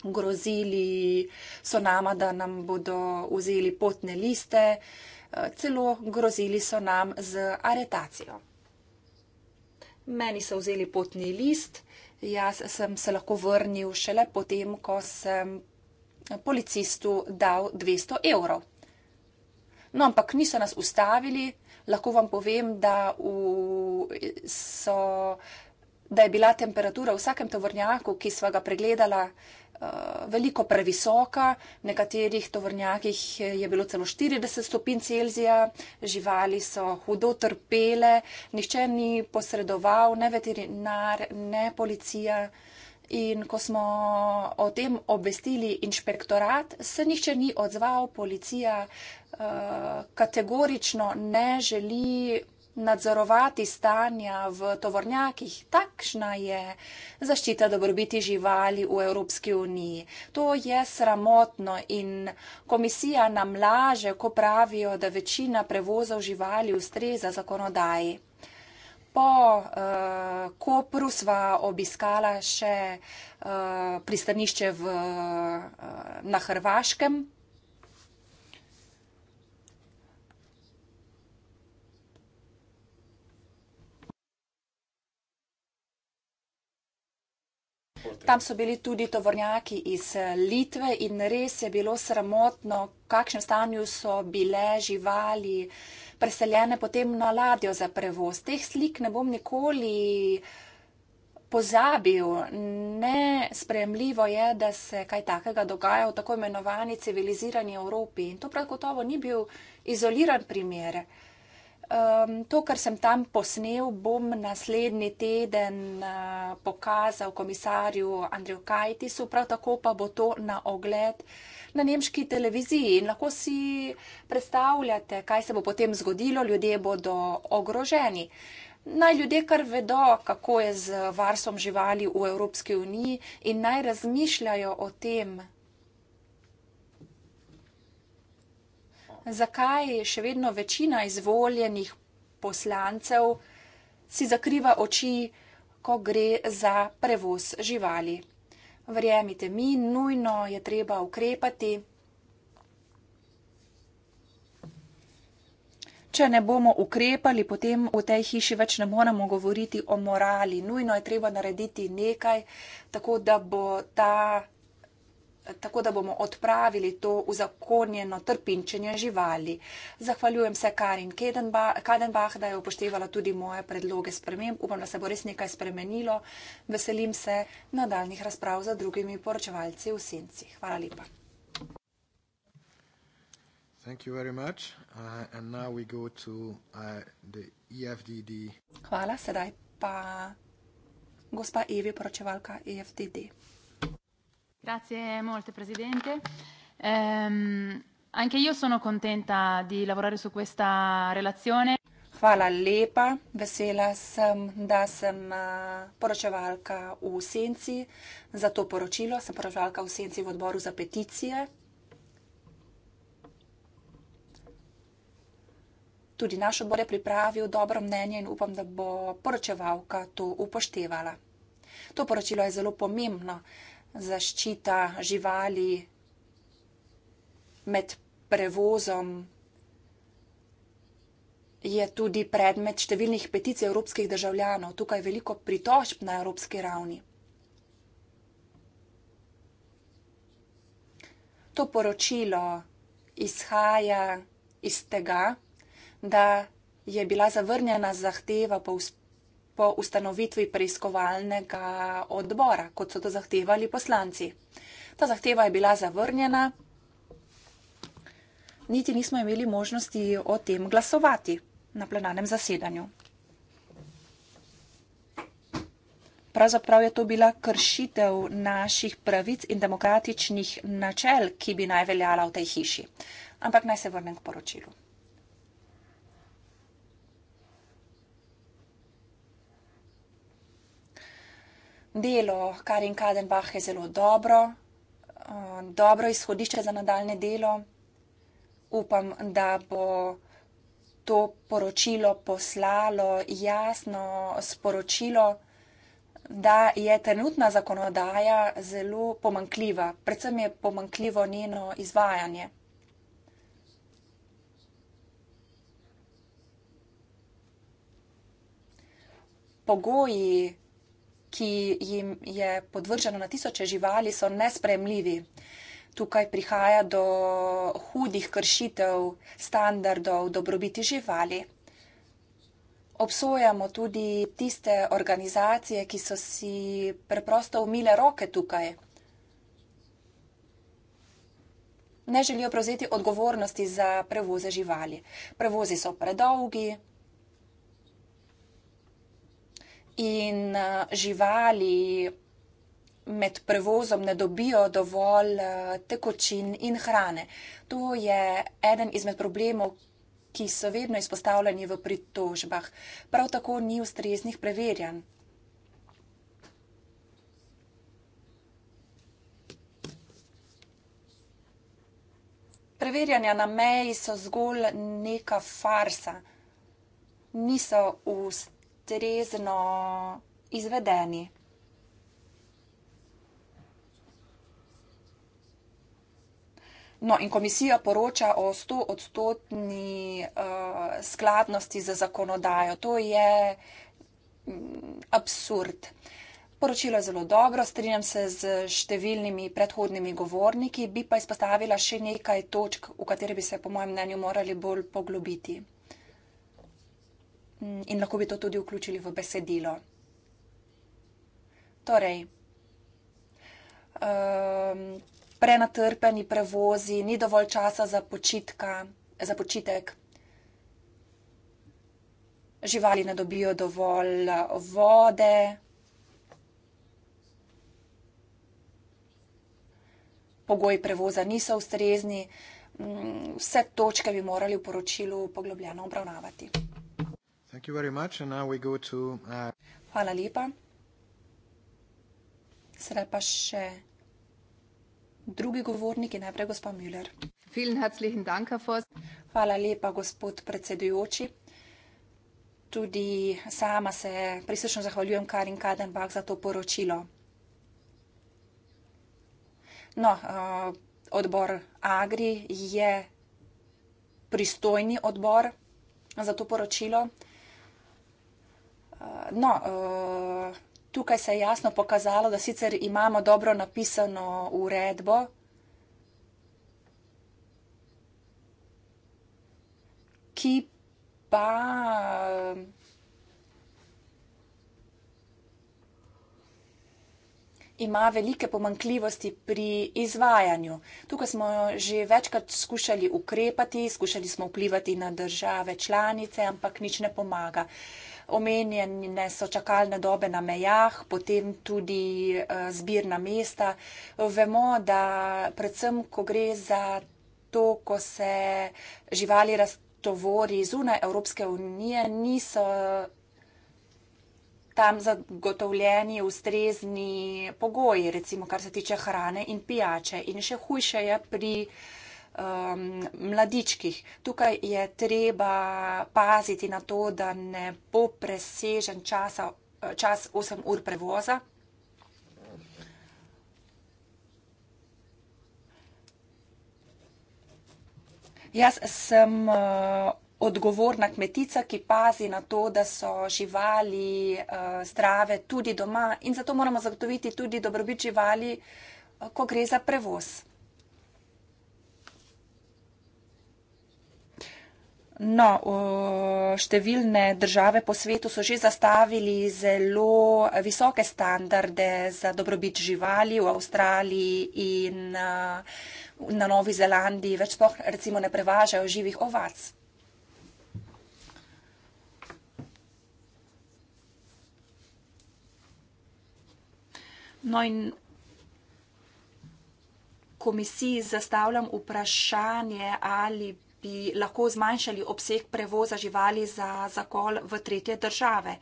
grozili so nama, da nam bodo vzeli potne liste, eh, celo grozili so nam z aretacijo. Meni so vzeli potni list, jaz sem se lahko vrnil šele potem, ko sem policistu dal 200 evrov. No, ampak niso nas ustavili, lahko vam povem, da, v, so, da je bila temperatura v vsakem tovornjaku, ki sva ga pregledala, eh, veliko previsoka. V nekaterih tovornjakih je bilo celo 40 stopinj Celzija, živali so hudo trpele, nihče ni posredoval, ne veterinar, ne policija. In ko smo o tem obvestili inšpektorat, se nihče ni odzval, policija uh, kategorično ne želi nadzorovati stanja v tovornjakih. Takšna je zaščita dobrobiti živali v Evropski uniji. To je sramotno in komisija nam laže, ko pravijo, da večina prevozov živali ustreza zakonodaji. Po uh, Kopru sva obiskala še uh, pristanišče v, uh, na Hrvaškem. Tam so bili tudi tovornjaki iz Litve in res je bilo sramotno, v kakšnem stanju so bile živali. Uh, preseljene potem na ladjo za prevoz. Teh slik ne bom nikoli pozabil. Nespremljivo je, da se kaj takega dogaja v tako imenovani civilizirani Evropi. In to prav gotovo ni bil izoliran primer. Um, to, kar sem tam posnel, bom naslednji teden uh, pokazal komisarju Andriju Kajtisu, prav tako pa bo to na ogled uh, na nemški televiziji in lahko si predstavljate, kaj se bo potem zgodilo, ljudje bodo ogroženi. Naj ljudje kar vedo, kako je z varstvom živali v Evropski uniji in naj razmišljajo o tem, zakaj še vedno večina izvoljenih poslancev si zakriva oči, ko gre za prevoz živali. Verjemite mi, nujno je treba ukrepati. Če ne bomo ukrepali, potem v tej hiši več ne moremo govoriti o morali. Nujno je treba narediti nekaj, tako da bo ta tako da bomo odpravili to uzakonjeno trpinčenje živali. Zahvaljujem se Karin Kadenbach, da je upoštevala tudi moje predloge sprememb. Upam, da se bo res nekaj spremenilo. Veselim se nadaljnih razprav za drugimi poročevalci v Senci. Hvala lepa. Uh, uh, e Hvala, sedaj pa gospa Evi, poročevalka EFDD. Grazie molte Presidente. Ehm, anche io sono contenta di lavorare su questa relazione. Hvala lepa, vesela sem, da sem eh, poročevalka v Senci za to poročilo. Sem poročevalka v Senci v odboru za peticije. Tudi naš odbor je pripravil dobro mnenje in upam, da bo poročevalka to upoštevala. To poročilo je zelo pomembno zaščita živali med prevozom je tudi predmet številnih peticij evropskih državljanov. Tukaj je veliko pritožb na evropski ravni. To poročilo izhaja iz tega, da je bila zavrnjena zahteva po uspešnosti po ustanovitvi preiskovalnega odbora, kot so to zahtevali poslanci. Ta zahteva je bila zavrnjena, niti nismo imeli možnosti o tem glasovati na plenarnem zasedanju. Pravzaprav je to bila kršitev naših pravic in demokratičnih načel, ki bi naj veljala v tej hiši. Ampak naj se vrnem k poročilu. delo Karin Kadenbach je zelo dobro, eh, dobro izhodišče za nadaljne delo. Upam, da bo to poročilo poslalo jasno sporočilo, da je trenutna zakonodaja zelo pomankljiva, predvsem je pomankljivo njeno izvajanje. Pogoji ki jim je podvrženo na tisoče živali, so nespremljivi. Tukaj prihaja do hudih kršitev standardov dobrobiti živali. Obsojamo tudi tiste organizacije, ki so si preprosto umile roke tukaj. Ne želijo prevzeti odgovornosti za prevoze živali. Prevozi so predolgi, in eh, živali med prevozom ne dobijo dovolj eh, tekočin in hrane. To je eden izmed problemov, ki so vedno izpostavljeni v pritožbah. Prav tako ni ustreznih preverjanj. Preverjanja na meji so zgolj neka farsa, niso ustreznih ustrezno izvedeni. No, in komisija poroča o 100 odstotni uh, eh, skladnosti za zakonodajo. To je mm, absurd. Poročilo je zelo dobro, strinjam se z številnimi predhodnimi govorniki, bi pa izpostavila še nekaj točk, v kateri bi se, po mojem mnenju, morali bolj poglobiti. Mm, in lahko bi to tudi vključili v besedilo. Torej, um, prenatrpeni prevozi, ni dovolj časa za, počitka, za počitek, živali ne dobijo dovolj eh, vode. Pogoji prevoza niso ustrezni, mm, vse točke bi morali v poročilu poglobljeno obravnavati. Thank you very much. And now we go to, uh... Hvala lepa. Sedaj pa še drugi govornik in najprej gospod Müller. Hvala lepa, gospod predsedujoči. Tudi sama se prisrčno zahvaljujem Karin Kadenbach za to poročilo. No, uh, odbor Agri je pristojni odbor za to poročilo no, eh, tukaj se je jasno pokazalo, da sicer imamo dobro napisano uredbo, ki pa. Eh, ima velike pomankljivosti pri izvajanju. Tukaj smo že večkrat skušali ukrepati, skušali smo vplivati na države članice, ampak nič ne pomaga. Uh, omenjene so čakalne dobe na mejah, potem tudi eh, zbirna mesta. Vemo, da predvsem, ko gre za to, ko se živali raztovori zunaj Evropske unije, niso tam zagotovljeni ustrezni pogoji, recimo kar se tiče hrane in pijače. In še hujše je pri um, mladičkih. Tukaj je treba paziti na to, da ne bo presežen časa, eh, čas 8 ur prevoza. Jaz sem uh, odgovorna kmetica, ki pazi na to, da so živali uh, zdrave tudi doma in zato moramo zagotoviti tudi dobrobit živali, uh, ko gre za prevoz. No, številne države po svetu so že zastavili zelo visoke standarde za dobrobit živali v Avstraliji in na Novi Zelandiji, več sploh recimo ne prevažajo živih ovac. No in komisiji zastavljam vprašanje, ali bi bi lahko zmanjšali obseg prevoza živali za zakol v tretje države.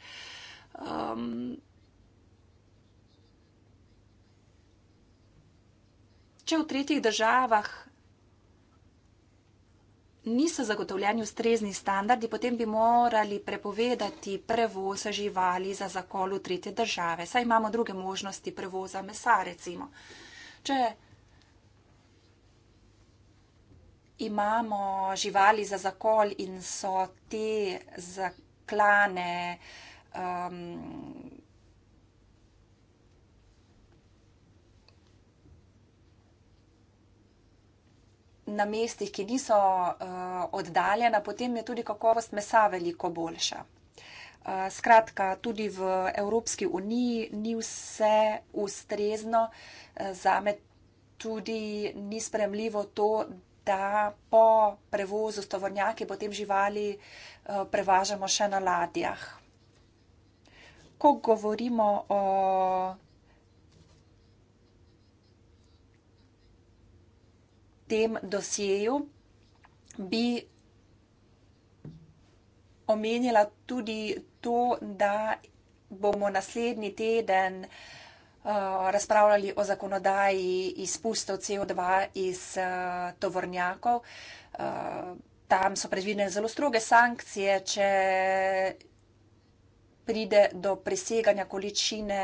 Um, če v tretjih državah niso zagotovljeni ustrezni standardi, potem bi morali prepovedati prevoz živali za zakol v tretje države. Saj imamo druge možnosti prevoza mesa, recimo. Če imamo živali za zakol in so te zaklane um, na mestih, ki niso uh, oddaljena, potem je tudi kakovost mesa veliko boljša. Uh, skratka, tudi v Evropski uniji ni vse ustrezno, uh, zame tudi ni spremljivo to, da po prevozu s tovornjaki potem živali eh, prevažamo še na ladjah. Ko govorimo o tem dosjeju, bi omenjala tudi to, da bomo naslednji teden uh, Eh, razpravljali o zakonodaji izpustov CO2 iz uh, tovornjakov. Uh, tam so predvidene zelo stroge sankcije, če pride do preseganja količine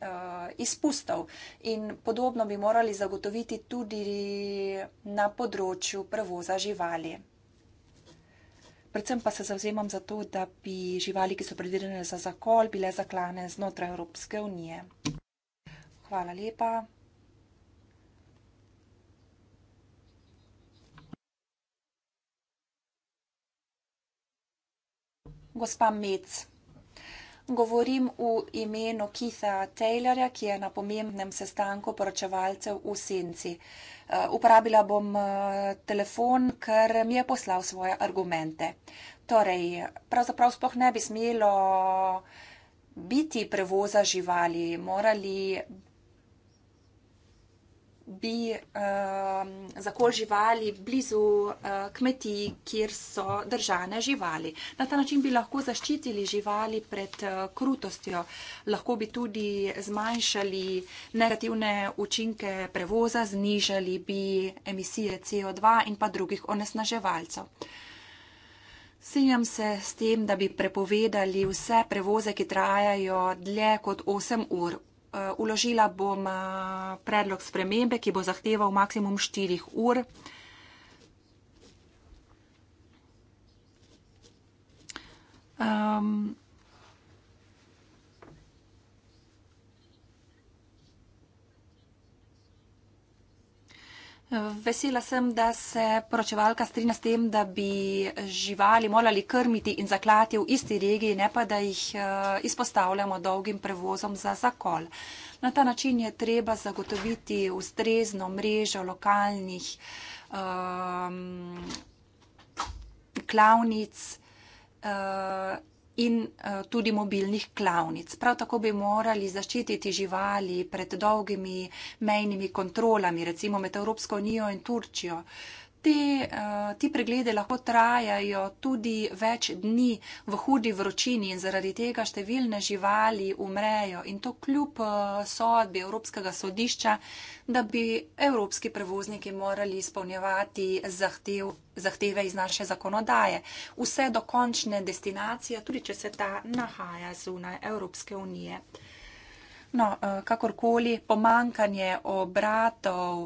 uh, izpustov. In podobno bi morali zagotoviti tudi na področju prevoza živali. Predvsem pa se zavzemam za to, da bi živali, ki so predvidene za zakol, bile zaklane znotraj Evropske unije. Hvala lepa. Gospa Mec, govorim v imenu Keitha Taylorja, ki je na pomembnem sestanku poročevalcev v Senci. Eh, uporabila bom eh, telefon, ker mi je poslal svoje argumente. Torej, pravzaprav sploh ne bi smelo biti prevoza živali, morali bi uh, um, zakol živali blizu uh, kmetij, kjer so držane živali. Na ta način bi lahko zaščitili živali pred uh, krutostjo, lahko bi tudi zmanjšali negativne učinke prevoza, znižali bi emisije CO2 in pa drugih onesnaževalcev. Sejam se s tem, da bi prepovedali vse prevoze, ki trajajo dlje kot 8 ur. Eh, uložila bom eh, predlog spremembe, ki bo zahteval maksimum 4 ur. Um, Vesela sem, da se poročevalka strina s tem, da bi živali morali krmiti in zaklati v isti regiji, ne pa da jih eh, izpostavljamo dolgim prevozom za zakol. Na ta način je treba zagotoviti ustrezno mrežo lokalnih um, klavnic. Uh, in uh, tudi mobilnih klavnic. Prav tako bi morali zaščititi živali pred dolgimi mejnimi kontrolami, recimo med Evropsko unijo in Turčijo. Uh, te, uh, ti preglede lahko trajajo tudi več dni v hudi vročini in zaradi tega številne živali umrejo in to kljub uh, sodbi Evropskega sodišča, da bi evropski prevozniki morali izpolnjevati zahtev, zahteve iz naše zakonodaje. Vse do končne destinacije, tudi če se ta nahaja zunaj Evropske unije. Uh, No, eh, kakorkoli pomankanje obratov,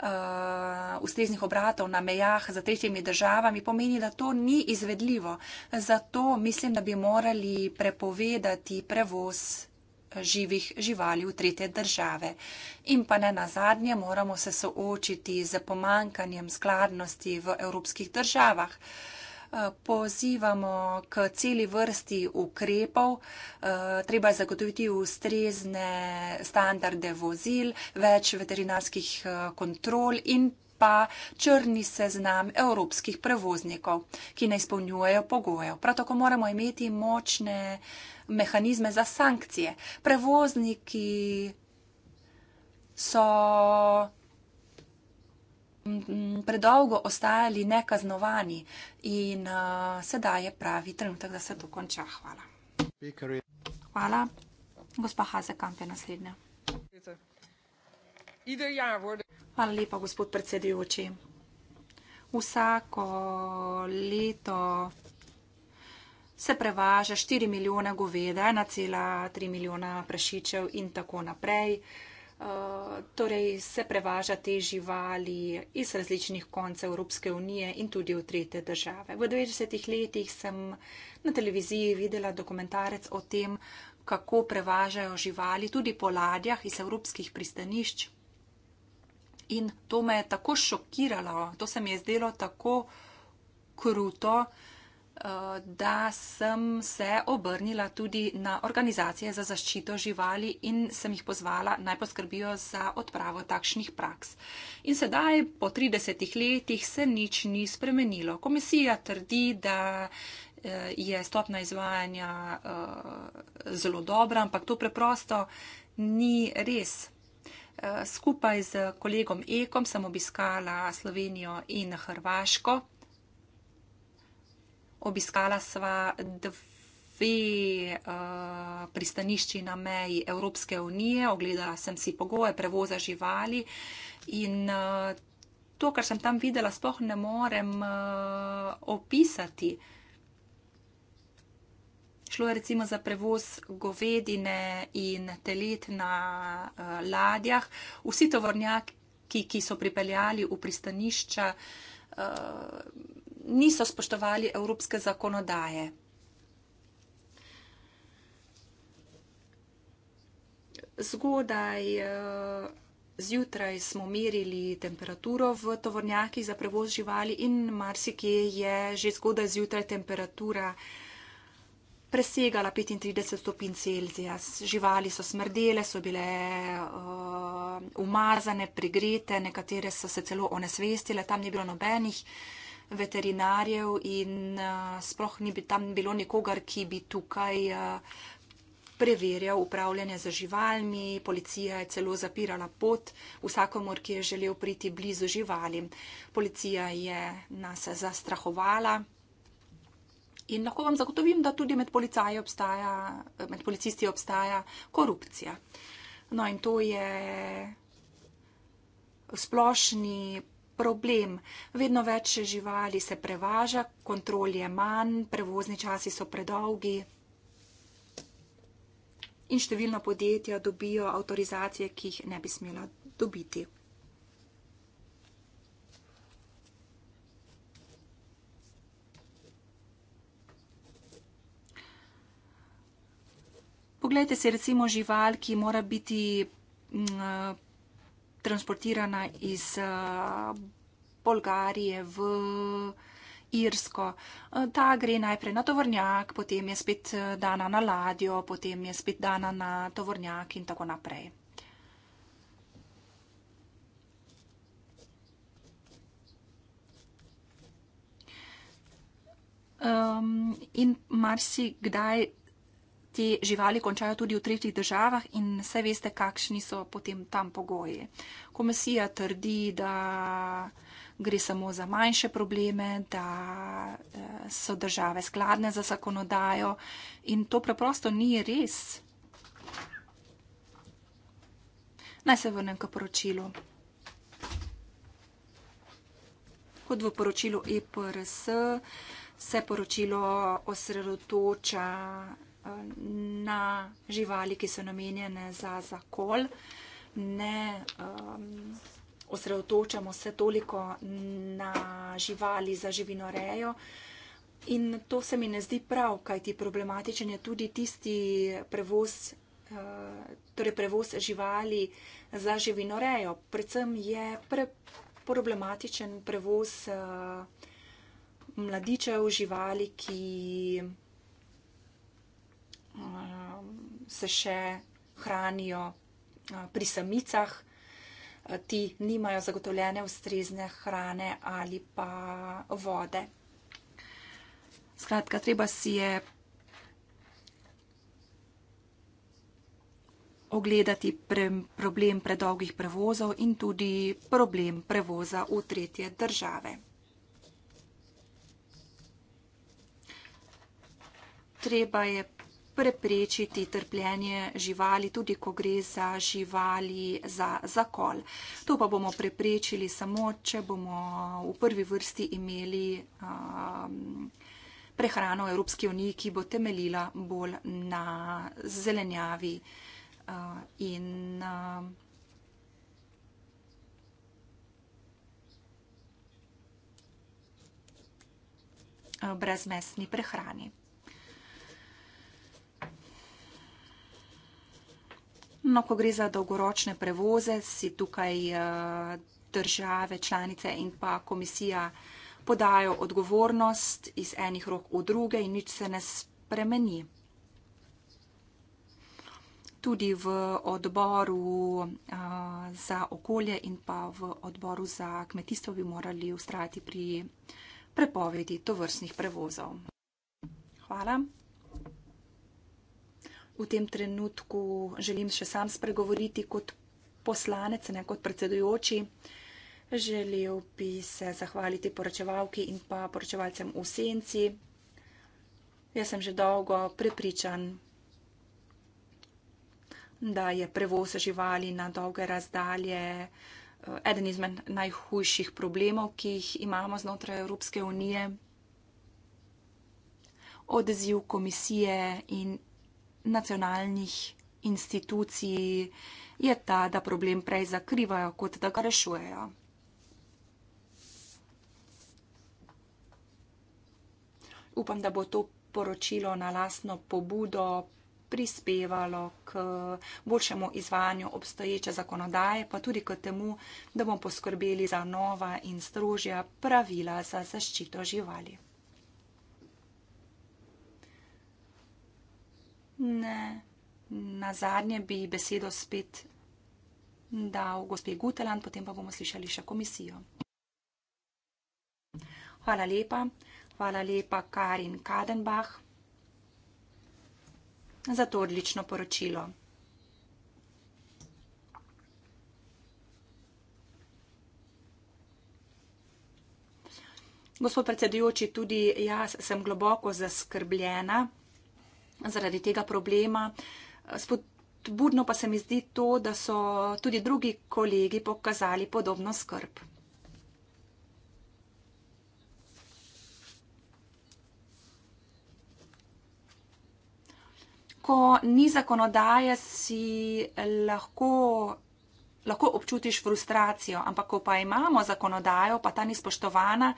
eh, ustreznih obratov na mejah za tretjimi državami pomeni, da to ni izvedljivo. Zato mislim, da bi morali prepovedati prevoz eh, živih živali v tretje države. In pa ne na zadnje, moramo se soočiti z pomankanjem skladnosti v evropskih državah pozivamo k celi vrsti ukrepov. Eh, treba je zagotoviti ustrezne standarde vozil, več veterinarskih eh, kontrol in pa črni seznam evropskih prevoznikov, ki ne izpolnjujejo pogojev. Prav tako moramo imeti močne mehanizme za sankcije. Prevozniki so predolgo ostajali nekaznovani in uh, sedaj je pravi trenutek, da se to konča. Hvala. Hvala. Gospa Hazekamp je naslednja. Hvala lepa, gospod predsedujoči. Vsako leto se prevaža 4 milijone goveda, 1,3 milijona prašičev in tako naprej. Uh, Eh, torej se prevaža te živali iz različnih koncev Evropske unije in tudi v trete države. V 90. letih sem na televiziji videla dokumentarec o tem, kako prevažajo živali tudi po ladjah iz evropskih pristanišč. In to me je tako šokiralo, to se mi je zdelo tako kruto, uh, Eh, da sem se obrnila tudi na organizacije za zaščito živali in sem jih pozvala naj poskrbijo za odpravo takšnih praks. In sedaj, po 30 letih, se nič ni spremenilo. Komisija trdi, da eh, je stopna izvajanja eh, zelo dobra, ampak to preprosto ni res. Skupaj z kolegom Ekom sem obiskala Slovenijo in Hrvaško. Obiskala sva dve uh, pristanišči na meji Evropske unije, ogledala sem si pogoje prevoza živali in uh, to, kar sem tam videla, sploh ne morem uh, opisati. Šlo je recimo za prevoz govedine in telet na uh, ladjah. Vsi tovornjaki, ki so pripeljali v pristanišča, uh, niso spoštovali evropske zakonodaje. Zgodaj eh, zjutraj smo merili temperaturo v tovornjakih za prevoz živali in marsikje je že zgodaj zjutraj temperatura presegala 35 stopinj Celzija. Živali so smrdele, so bile uh, umazane, prigrete, nekatere so se celo onesvestile, tam ni bilo nobenih uh, veterinarjev in eh, sploh ni bi tam bilo nikogar, ki bi tukaj eh, preverjal upravljanje za živalmi. Policija je celo zapirala pot vsakomor, ki je želel priti blizu živalim. Policija je nas zastrahovala. In lahko vam zagotovim, da tudi med, obstaja, med policisti obstaja korupcija. No in to je splošni problem. Vedno več živali se prevaža, kontrol je manj, prevozni časi so predolgi in številna podjetja dobijo avtorizacije, ki jih ne bi smela dobiti. Poglejte si recimo žival, ki mora biti mm, transportirana iz eh, Bolgarije v Irsko. Eh, ta gre najprej na tovornjak, potem je spet eh, dana na ladjo, potem je spet dana na tovornjak in tako naprej. Um, in marsikdaj te živali končajo tudi v tretjih državah in vse veste, kakšni so potem tam pogoji. Komisija trdi, da gre samo za manjše probleme, da eh, so države skladne za zakonodajo in to preprosto ni res. Naj se vrnem k poročilu. Kot v poročilu EPRS se poročilo osredotoča na živali, ki so namenjene za zakol, ne um, osredotočamo se toliko na živali za živinorejo. In to se mi ne zdi prav, kajti problematičen je tudi tisti prevoz, uh, torej prevoz živali za živinorejo. Predvsem je pre, problematičen prevoz uh, mladičev živali, ki. Eh, se še hranijo eh, pri samicah, eh, ti nimajo zagotovljene ustrezne hrane ali pa vode. Skratka, treba si je ogledati pre, problem predolgih prevozov in tudi problem prevoza v tretje države. Treba je preprečiti trpljenje živali, tudi ko gre za živali za zakol. To pa bomo preprečili samo, če bomo v prvi vrsti imeli um, prehrano v Evropski uniji, ki bo temeljila bolj na zelenjavi uh, in. Uh, brezmesni prehrani. No, ko gre za dolgoročne prevoze, si tukaj eh, države, članice in pa komisija podajo odgovornost iz enih rok v druge in nič se ne spremeni. Tudi v odboru eh, za okolje in pa v odboru za kmetijstvo bi morali ustrajati pri prepovedi tovrstnih prevozov. Hvala v tem trenutku želim še sam spregovoriti kot poslanec, ne kot predsedujoči. Želel bi se zahvaliti poročevalki in pa poročevalcem v senci. Jaz sem že dolgo prepričan, da je prevoz živali na dolge razdalje eh, eden izmed najhujših problemov, ki jih imamo znotraj Evropske unije. Odziv komisije in nacionalnih institucij je ta, da problem prej zakrivajo, kot da ga rešujejo. Upam, da bo to poročilo na lasno pobudo prispevalo k boljšemu izvajanju obstoječe zakonodaje, pa tudi k temu, da bomo poskrbeli za nova in strožja pravila za zaščito živali. Ne. Na zadnje bi besedo spet dal gospe Gutelan, potem pa bomo slišali še komisijo. Hvala lepa. Hvala lepa Karin Kadenbach za to odlično poročilo. Gospod predsedujoči, tudi jaz sem globoko zaskrbljena zaradi tega problema. Spodbudno pa se mi zdi to, da so tudi drugi kolegi pokazali podobno skrb. Ko ni zakonodaje, si lahko, lahko občutiš frustracijo, ampak ko pa imamo zakonodajo, pa ta ni spoštovana,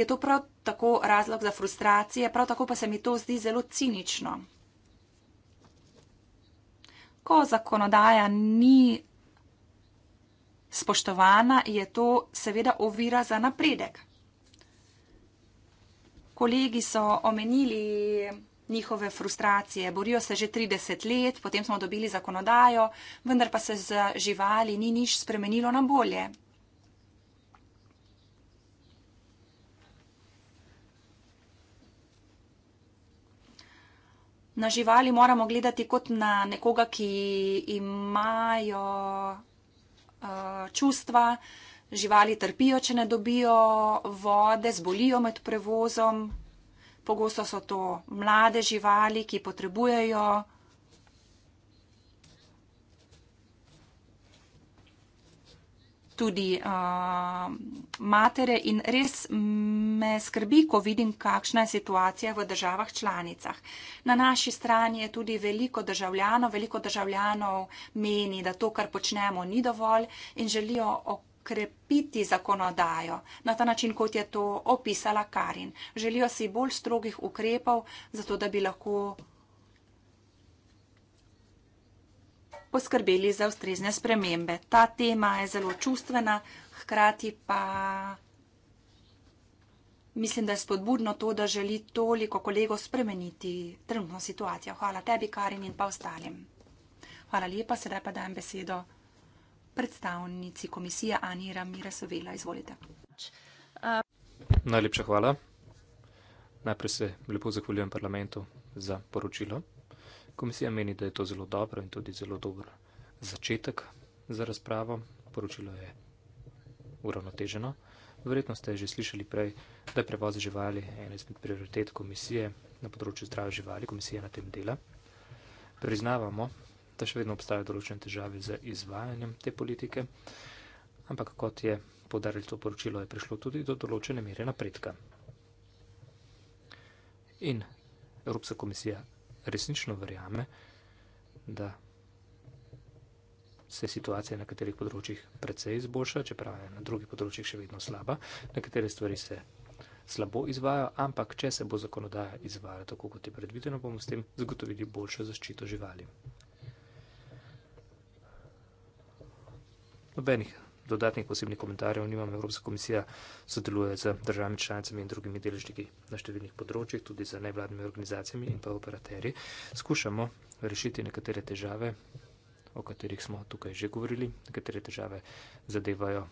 je to prav tako razlog za frustracije, prav tako pa se mi to zdi zelo cinično. Ko zakonodaja ni spoštovana, je to seveda ovira za napredek. Kolegi so omenili njihove frustracije, borijo se že 30 let, potem smo dobili zakonodajo, vendar pa se z živali ni nič spremenilo na bolje. na živali moramo gledati kot na nekoga, ki imajo uh, čustva. Živali trpijo, če ne dobijo vode, zbolijo med prevozom. Pogosto so to mlade živali, ki potrebujejo tudi uh, matere in res me skrbi, ko vidim, kakšna je situacija v državah članicah. Na naši strani je tudi veliko državljanov, veliko državljanov meni, da to, kar počnemo, ni dovolj in želijo okrepiti zakonodajo na ta način, kot je to opisala Karin. Želijo si bolj strogih ukrepov, zato da bi lahko poskrbeli za ustrezne spremembe. Ta tema je zelo čustvena, hkrati pa mislim, da je spodbudno to, da želi toliko kolegov spremeniti trenutno situacijo. Hvala tebi, Karin, in pa ostalim. Hvala lepa, sedaj pa dajem besedo predstavnici komisije Ani Ramira Sovela. Izvolite. Najlepša hvala. Najprej se lepo zahvaljujem parlamentu za poročilo. Komisija meni, da je to zelo dobro in tudi zelo dober začetek za razpravo. Poročilo je uravnoteženo. Verjetno ste že slišali prej, da je prevoz živali ena izmed prioritet komisije na področju zdrave živali. Komisija na tem dela. Priznavamo, da še vedno obstajajo določene težave z izvajanjem te politike, ampak kot je podarili to poročilo, je prišlo tudi do določene mere napredka. In Evropska komisija resnično verjame, da se situacija na nekaterih področjih precej izboljša, čeprav je na drugih področjih še vedno slaba, nekatere stvari se slabo izvajo, ampak če se bo zakonodaja izvajala tako, kot je predvideno, bomo s tem zagotovili boljšo zaščito živali. Nobenih dodatnih posebnih komentarjev nimam. Evropska komisija sodeluje z državami članicami in drugimi deležniki na številnih področjih, tudi z nevladnimi organizacijami in pa operaterji. Skušamo rešiti nekatere težave, o katerih smo tukaj že govorili. Nekatere težave zadevajo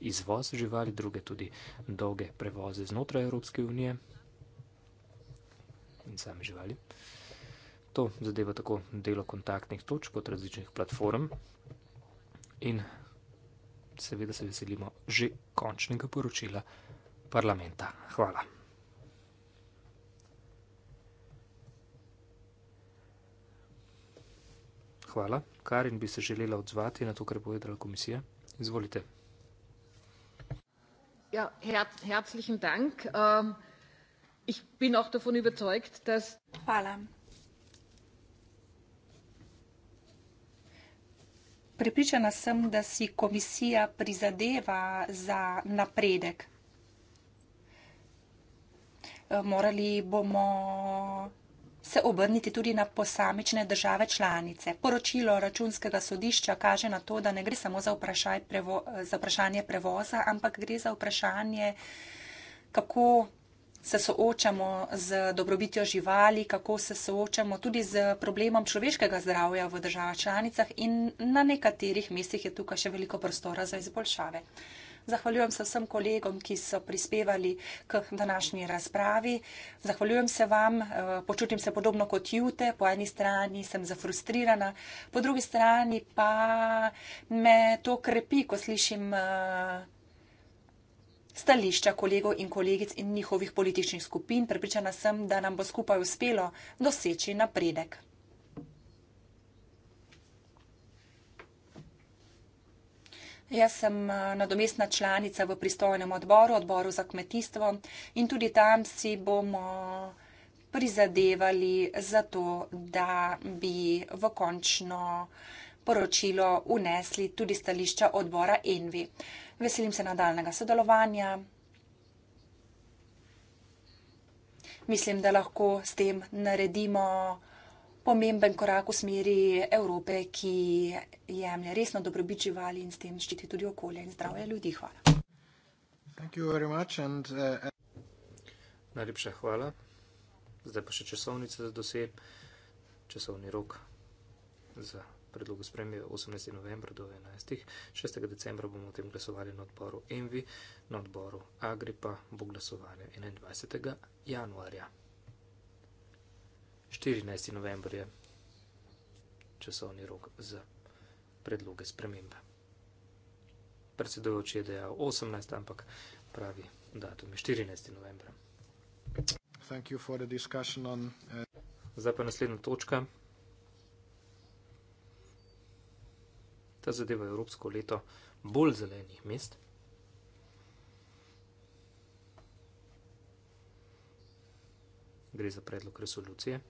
izvoz živali, druge tudi dolge prevoze znotraj Evropske unije in same živali. To zadeva tako delo kontaktnih točk kot različnih platform in seveda se veselimo že končnega poročila parlamenta. Hvala. Hvala. Karin bi se želela odzvati na to, kar je povedala komisija. Izvolite. Ja, herzlichen dank. Ähm, ich bin auch davon überzeugt, dass... Hvala. Pripričana sem, da si komisija prizadeva za napredek. Eh, morali bomo se obrniti tudi na posamične države članice. Poročilo računskega sodišča kaže na to, da ne gre samo za, prevo za vprašanje prevoza, ampak gre za vprašanje, kako se soočamo z dobrobitjo živali, kako se soočamo tudi z problemom človeškega zdravja v državah članicah in na nekaterih mestih je tukaj še veliko prostora za izboljšave. Zahvaljujem se vsem kolegom, ki so prispevali k današnji razpravi. Zahvaljujem se vam, eh, počutim se podobno kot jute, po eni strani sem zafrustrirana, po drugi strani pa me to krepi, ko slišim eh, stališča kolegov in kolegic in njihovih političnih skupin. Prepričana sem, da nam bo skupaj uspelo doseči napredek. Jaz sem eh, nadomestna članica v pristojnem odboru, odboru za kmetijstvo in tudi tam si bomo prizadevali za to, da bi v končno poročilo unesli tudi stališča odbora Envi. Veselim se nadaljnega sodelovanja. Mislim, da lahko s tem naredimo pomemben korak v smeri Evrope, ki jemlje resno dobrobit živali in s tem ščiti tudi okolje in zdravje ljudi. Hvala. Uh, Najlepša hvala. Zdaj pa še časovnica za dosje, časovni rok za predlogu spremlje 18. novembra do 11. 6. decembra bomo o tem glasovali na odboru Envi, na odboru Agripa bo glasovanje 21. januarja. 14. november je časovni rok za predloge spremembe. Predsedujoči je dejal 18, ampak pravi datum je 14. november. Uh, Zdaj pa naslednja točka. ta zadeva Evropsko leto bolj zelenih mest. Gre za predlog resolucije.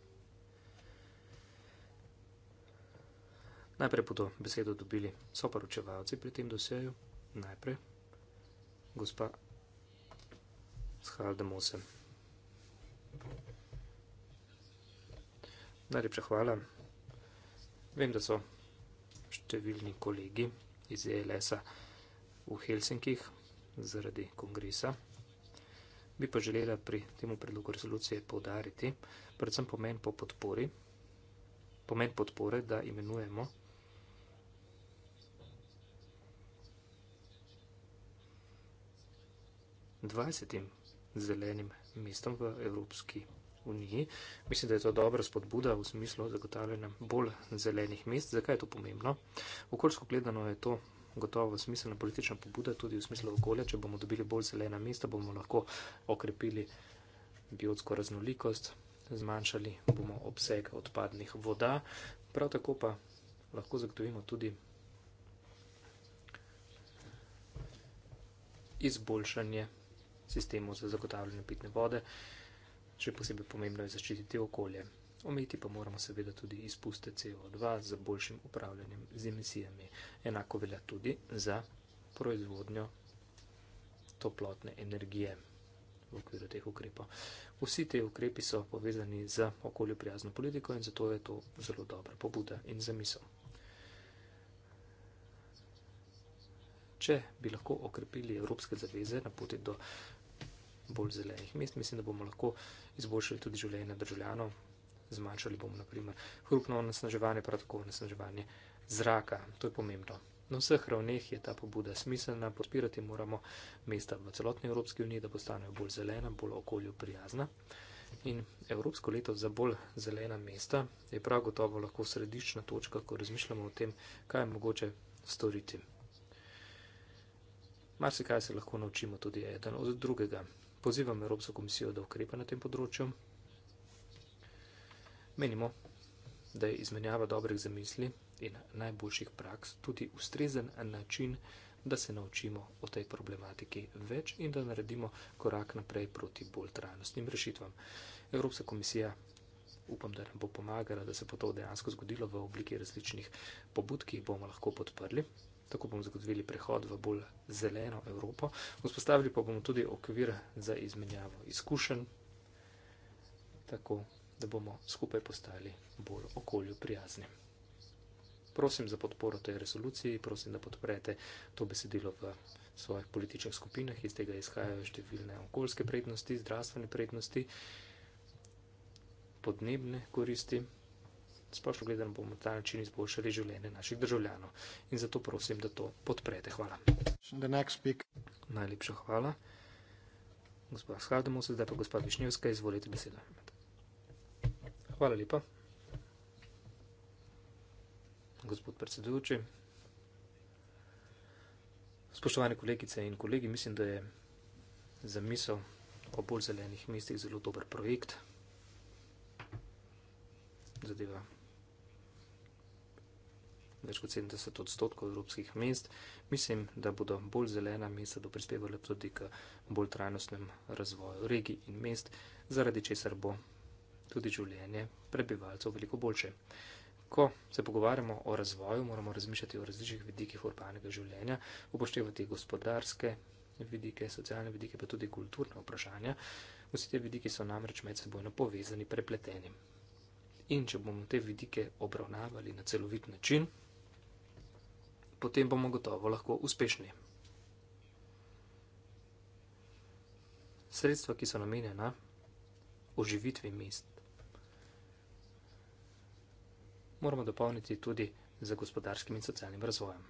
Najprej bodo besedo dobili soporočevalci pri tem dosjeju. Najprej gospa Schaldemose. Najlepša hvala. Vem, da so številni kolegi iz ELS-a v Helsinkih zaradi kongresa. Bi pa želela pri tem predlogu rezolucije povdariti predvsem pomen po podpori, pomen podpore, da imenujemo dvajsetim zelenim mestom v Evropski uniji uniji. Mislim, da je to dobra spodbuda v smislu zagotavljanja bolj zelenih mest. Zakaj je to pomembno? Okoljsko gledano je to gotovo smiselna politična pobuda, tudi v smislu okolja. Če bomo dobili bolj zelena mesta, bomo lahko okrepili biotsko raznolikost, zmanjšali bomo obseg odpadnih voda, prav tako pa lahko zagotovimo tudi izboljšanje sistemov za zagotavljanje pitne vode še posebej pomembno je zaščititi okolje. Omejiti pa moramo seveda tudi izpuste CO2 z boljšim upravljanjem z emisijami. Enako velja tudi za proizvodnjo toplotne energije v okviru teh ukrepov. Vsi te ukrepi so povezani z okolju prijazno politiko in zato je to zelo dobra pobuda in zamisel. Če bi lahko okrepili evropske zaveze na poti do bolj zelenih mest. Mislim, da bomo lahko izboljšali tudi življenje državljanov, zmanjšali bomo naprimer hrupno onesnaževanje, prav tako onesnaževanje zraka. To je pomembno. Na vseh ravneh je ta pobuda smiselna, podpirati moramo mesta v celotni Evropski uniji, da postanejo bolj zelena, bolj okolju prijazna. In Evropsko leto za bolj zelena mesta je prav gotovo lahko središčna točka, ko razmišljamo o tem, kaj je mogoče storiti. Marsikaj se lahko naučimo tudi eden od drugega pozivam Evropsko komisijo, da ukrepa na tem področju. Menimo, da je izmenjava dobrih zamisli in najboljših praks tudi ustrezen način, da se naučimo o tej problematiki več in da naredimo korak naprej proti bolj trajnostnim rešitvam. Evropska komisija. Upam, da nam bo pomagala, da se bo to dejansko zgodilo v obliki različnih pobud, ki jih bomo lahko podprli tako bomo zagotovili prehod v bolj zeleno Evropo, vzpostavili pa bomo tudi okvir za izmenjavo izkušenj, tako da bomo skupaj postali bolj okolju prijazni. Prosim za podporo tej resoluciji, prosim, da podprete to besedilo v svojih političnih skupinah, iz tega izhajajo številne okoljske prednosti, zdravstvene prednosti, podnebne koristi splošno gledano bomo na ta način izboljšali življenje naših državljanov. In zato prosim, da to podprete. Hvala. Najlepša hvala. Gospod Skaldemo, sedaj pa gospod Višnjevska, izvolite besedo. Hvala lepa. Gospod predsedujoči, spoštovane kolegice in kolegi, mislim, da je za misel o bolj zelenih mestih zelo dober projekt. Zadeva več kot 70 odstotkov evropskih mest. Mislim, da bodo bolj zelena mesta doprispevala tudi k bolj trajnostnem razvoju regij in mest, zaradi česar bo tudi življenje prebivalcev veliko boljše. Ko se pogovarjamo o razvoju, moramo razmišljati o različnih vidikih urbanega življenja, upoštevati gospodarske vidike, socialne vidike, pa tudi kulturne vprašanja. Vsi te vidiki so namreč med sebojno povezani, prepleteni. In če bomo te vidike obravnavali na celovit način, potem bomo gotovo lahko uspešni. Sredstva, ki so namenjena oživitvi mest, moramo dopolniti tudi z gospodarskim in socialnim razvojem.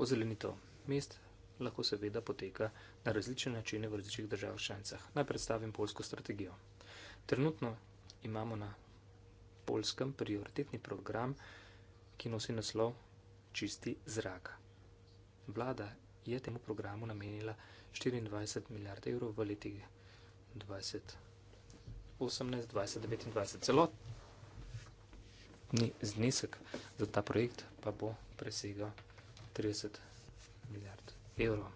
Ozelenitev mest lahko seveda poteka na različne načine v različnih državah članicah. Naj predstavim polsko strategijo. Trenutno imamo na Polskem prioritetni program, ki nosi naslov Čisti zrak. Vlada je temu programu namenila 24 milijard evrov v letih 2018-2029. Celotni znesek za ta projekt pa bo presegal 30 milijard evrov.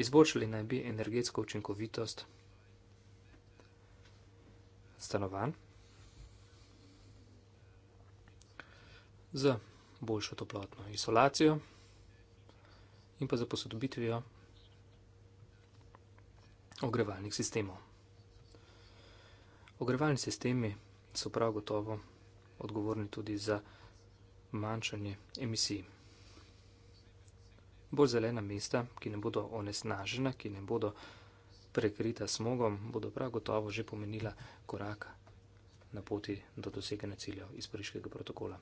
Izboljšali naj bi energetsko učinkovitost stanovanj. z boljšo toplotno izolacijo in pa za posodobitvijo ogrevalnih sistemov. Ogrevalni sistemi so prav gotovo odgovorni tudi za manjšanje emisij. Bolj zelena mesta, ki ne bodo onesnažena, ki ne bodo prekrita smogom, bodo prav gotovo že pomenila korak na poti do doseganja ciljev iz Pariškega protokola.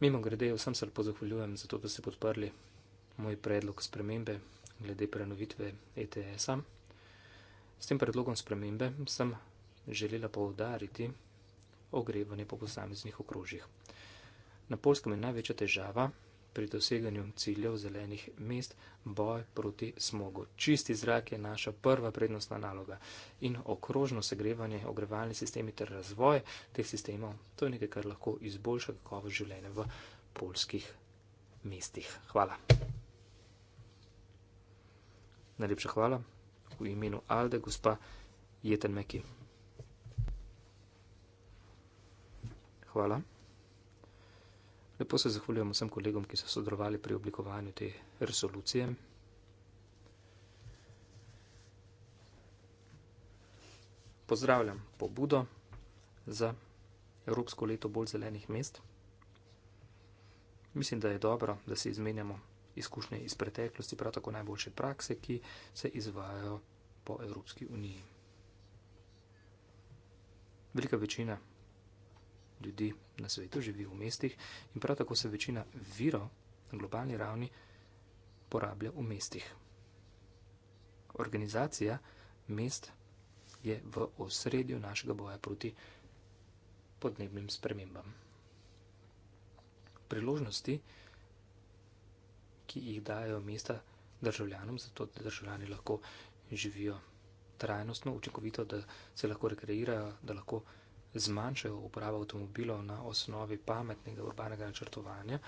Mimo grede, vsem se lepo zahvaljujem za to, da ste podprli moj predlog spremembe glede prenovitve ETS-a. S tem predlogom spremembe sem želela povdariti ogrevanje po posameznih okrožjih. Na polskem je največja težava pri doseganju ciljev zelenih mest, boj proti smogu. Čisti zrak je naša prva prednostna naloga in okrožno segrevanje, ogrevalni sistemi ter razvoj teh sistemov, to je nekaj, kar lahko izboljša kakovost življenja v polskih mestih. Hvala. Najlepša hvala v imenu Alde, gospa Jeten Meki. Hvala. Lepo se zahvaljujem vsem kolegom, ki so sodelovali pri oblikovanju te resolucije. Pozdravljam pobudo za Evropsko leto bolj zelenih mest. Mislim, da je dobro, da si izmenjamo izkušnje iz preteklosti, prav tako najboljše prakse, ki se izvajajo po Evropski uniji. Velika večina ljudi na svetu živi v mestih in prav tako se večina virov na globalni ravni porablja v mestih. Organizacija mest je v osredju našega boja proti podnebnim spremembam. Priložnosti, ki jih dajo mesta državljanom, zato da državljani lahko živijo trajnostno, učinkovito, da se lahko rekreirajo, da lahko zmanjšajo uporabo avtomobilov na osnovi pametnega urbanega načrtovanja.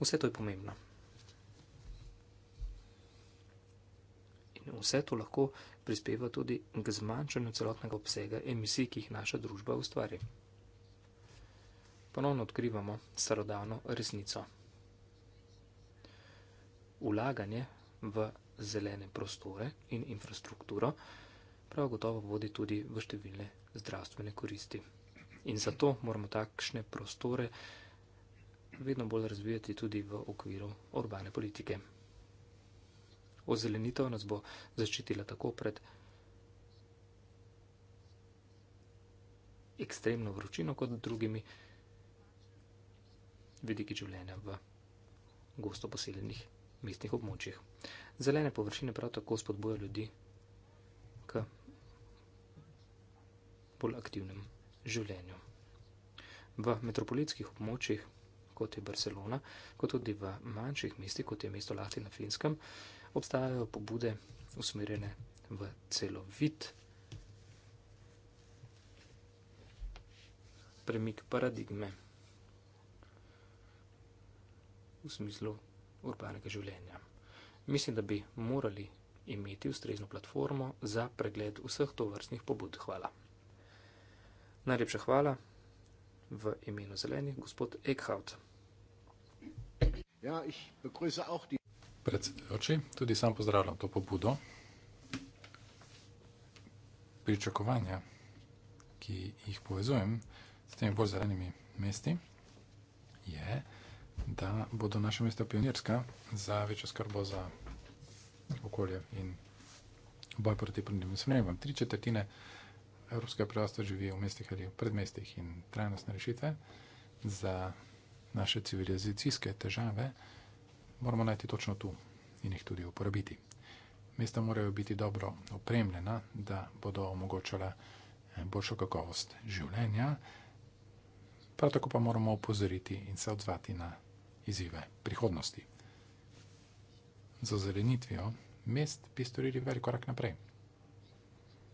Vse to je pomembno. In vse to lahko prispeva tudi k zmanjšanju celotnega obsega emisij, ki jih naša družba ustvari. Ponovno odkrivamo starodavno resnico. Ulaganje v zelene prostore in infrastrukturo prav gotovo vodi tudi v številne zdravstvene koristi. In zato moramo takšne prostore vedno bolj razvijati tudi v okviru urbane politike. Ozelenitev nas bo zaščitila tako pred ekstremno vročino kot drugimi vidiki življenja v gosto poseljenih mestnih območjih. Zelene površine prav tako spodbojajo ljudi bolj aktivnem življenju. V metropolitskih območjih, kot je Barcelona, kot tudi v manjših mestih, kot je mesto Lahti na Finskem, obstajajo pobude usmerjene v celovit premik paradigme v smislu urbanega življenja. Mislim, da bi morali imeti ustrezno platformo za pregled vseh tovrstnih pobud. Hvala. Najlepša hvala v imenu zelenih, gospod Eckhout. Ja, Predsedujoči, tudi sam pozdravljam to pobudo. Pričakovanja, ki jih povezujem s temi bolj zelenimi mesti, je, da bodo naše mesta pionirska za večjo skrbo za okolje in boj proti podnebnim spremembam. Tri četrtine evropskega prebivalstva živi v mestih ali v predmestih in trajnostne rešitve za naše civilizacijske težave, moramo najti točno tu in jih tudi uporabiti. Mesta morajo biti dobro opremljena, da bodo omogočala eh, boljšo kakovost življenja, prav tako pa moramo opozoriti in se odzvati na izzive prihodnosti. Z ozelenitvijo mest bi storili velik korak naprej.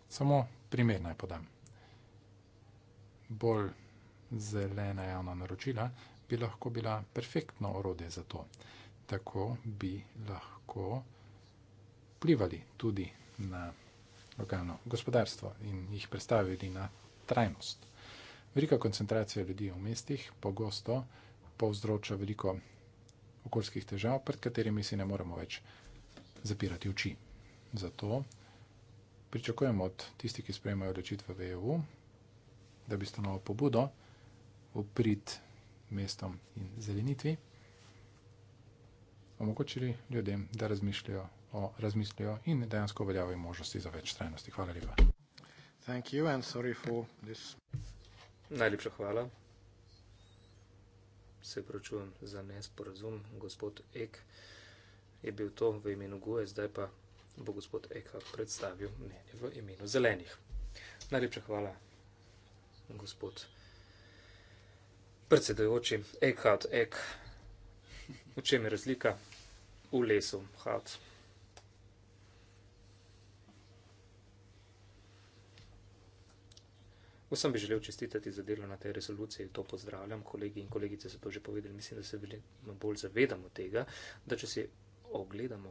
Samo primer naj podam. Bolj zelena javna naročila bi lahko bila perfektno orodje za to. Tako bi lahko plivali tudi na lokalno gospodarstvo in jih predstavili na trajnost. Velika koncentracija ljudi v mestih pogosto povzroča veliko okoljskih težav, pred katerimi si ne moremo več zapirati oči. Zato pričakujemo od tistih, ki sprejmajo odločitve v EU, da bi stano pobudo oprit mestom in zelenitvi omogočili ljudem, da razmišljajo, o, razmišljajo in dejansko veljavajo možnosti za več trajnosti. Hvala lepa. Thank you and sorry for this. Najlepša hvala. Se pročujem za nesporazum. Gospod Ek je bil to v imenu GUE, zdaj pa bo gospod Ekhart predstavil mnenje v imenu zelenih. Najlepša hvala, gospod predsedujoči Ekhart Ek. V čem je razlika v lesu Hart? Vsem bi želel čestitati za delo na tej resoluciji, to pozdravljam, kolegi in kolegice so to že povedali, mislim, da se bolj zavedamo tega, da če si ogledamo,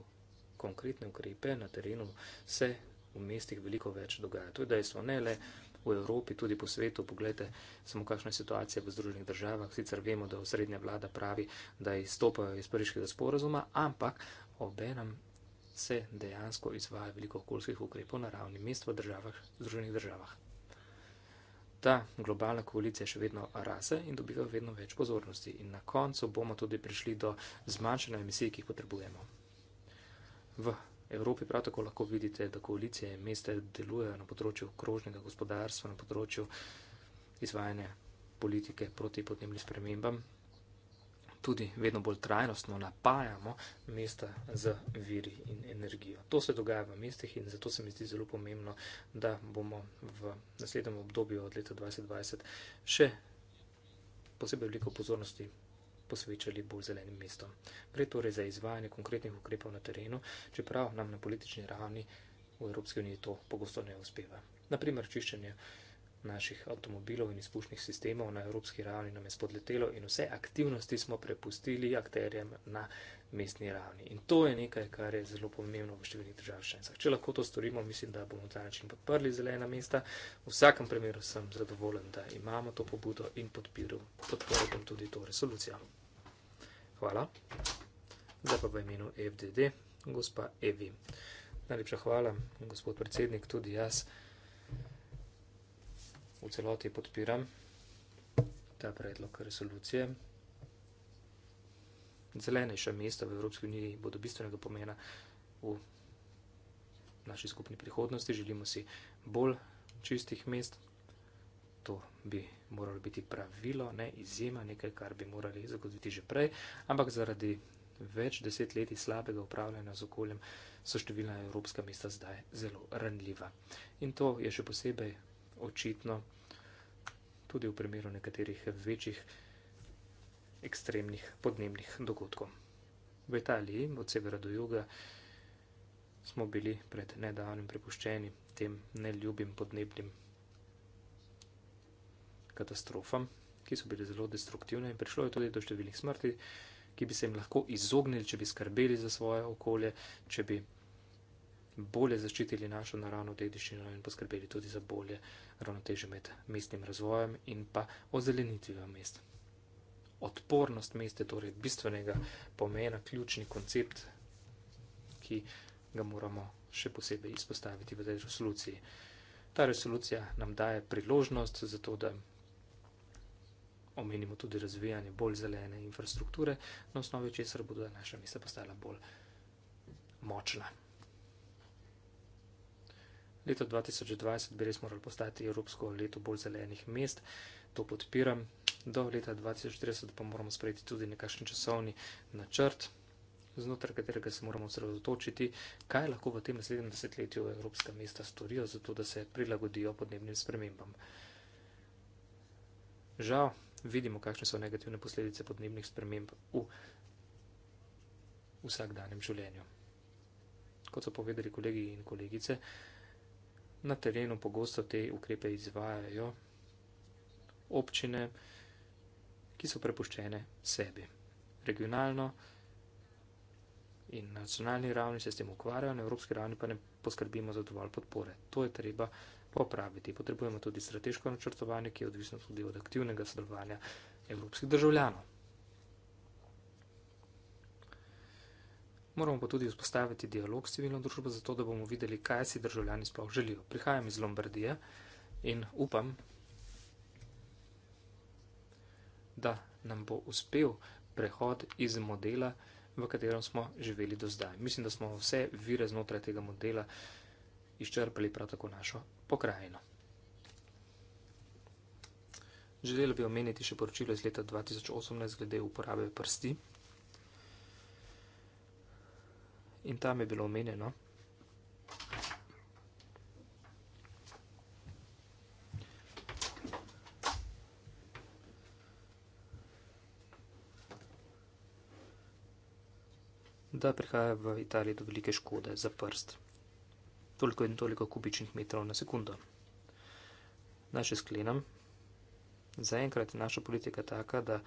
konkretne ukrepe na terenu, se v mestih veliko več dogaja. To je dejstvo ne le v Evropi, tudi po svetu. Poglejte samo, kakšna je situacija v Združenih državah. Sicer vemo, da osrednja vlada pravi, da izstopajo iz pariškega sporazuma, ampak obenem se dejansko izvaja veliko okoljskih ukrepov na ravni mest v državah, Združenih državah. Ta globalna koalicija še vedno rase in dobiva vedno več pozornosti. In na koncu bomo tudi prišli do zmanjšanja emisij, ki jih potrebujemo. V Evropi prav tako lahko vidite, da koalicije in meste delujejo na področju krožnega gospodarstva, na področju izvajanja politike proti podnebnim spremembam. Tudi vedno bolj trajnostno napajamo mesta z viri in energijo. To se dogaja v mestih in zato se mi zdi zelo pomembno, da bomo v naslednjem obdobju od leta 2020 še posebej veliko pozornosti posvečali bolj zelenim mestom. Gre torej za izvajanje konkretnih ukrepov na terenu, čeprav nam na politični ravni v Evropski uniji to pogosto ne uspeva. Naprimer, čiščenje naših avtomobilov in izpušnih sistemov na evropski ravni nam je spodletelo in vse aktivnosti smo prepustili akterjem na mestni ravni. In to je nekaj, kar je zelo pomembno v številnih držav šencah. Če lahko to storimo, mislim, da bomo v ta način podprli zelena mesta. V vsakem primeru sem zadovoljen, da imamo to pobudo in podpiril bom tudi to resolucijo. Hvala. Zdaj pa v imenu FDD, gospa Evi. Najlepša hvala, gospod predsednik, tudi jaz v celoti podpiram ta predlog resolucije zelenejša mesta v Evropski uniji bodo bistvenega pomena v naši skupni prihodnosti. Želimo si bolj čistih mest. To bi moralo biti pravilo, ne izjema, nekaj, kar bi morali zagotoviti že prej, ampak zaradi več desetletij slabega upravljanja z okoljem so številna evropska mesta zdaj zelo ranljiva. In to je še posebej očitno tudi v primeru nekaterih večjih ekstremnih podnebnih dogodkov. V Italiji, od severa do juga, smo bili pred nedavnim prepuščeni tem neljubim podnebnim katastrofam, ki so bile zelo destruktivne in prišlo je tudi do številnih smrti, ki bi se jim lahko izognili, če bi skrbeli za svoje okolje, če bi bolje zaščitili našo naravno dediščino in poskrbeli tudi za bolje ravnoteže med mestnim razvojem in pa ozelenitvijo mesta odpornost mesta, torej bistvenega pomena, ključni koncept, ki ga moramo še posebej izpostaviti v tej resoluciji. Ta resolucija nam daje priložnost za to, da omenimo tudi razvijanje bolj zelene infrastrukture, na osnovi česar bodo naša mesta postala bolj močna. Leto 2020 bi res moralo postati Evropsko leto bolj zelenih mest, to podpiram do leta 2040 pa moramo sprejeti tudi nekakšen časovni načrt, znotraj katerega se moramo sredotočiti, kaj lahko v tem naslednjem desetletju evropska mesta storijo, zato da se prilagodijo podnebnim spremembam. Žal, vidimo, kakšne so negativne posledice podnebnih sprememb v vsakdanjem življenju. Kot so povedali kolegi in kolegice, na terenu pogosto te ukrepe izvajajo občine, ki so prepuščene sebi. Regionalno in nacionalni ravni se s tem ukvarjajo, na evropski ravni pa ne poskrbimo za dovolj podpore. To je treba popraviti. Potrebujemo tudi strateško načrtovanje, ki je odvisno tudi od aktivnega sodelovanja evropskih državljanov. Moramo pa tudi vzpostaviti dialog s civilno družbo, zato da bomo videli, kaj si državljani sploh želijo. Prihajam iz Lombardije in upam, da nam bo uspel prehod iz modela, v katerem smo živeli do zdaj. Mislim, da smo vse vire znotraj tega modela izčrpali, prav tako našo pokrajino. Želel bi omeniti še poročilo iz leta 2018 glede uporabe prsti. In tam je bilo omenjeno, da prihaja v Italiji do velike škode za prst. Toliko in toliko kubičnih metrov na sekundo. Naj še sklenem. Zaenkrat je naša politika taka, da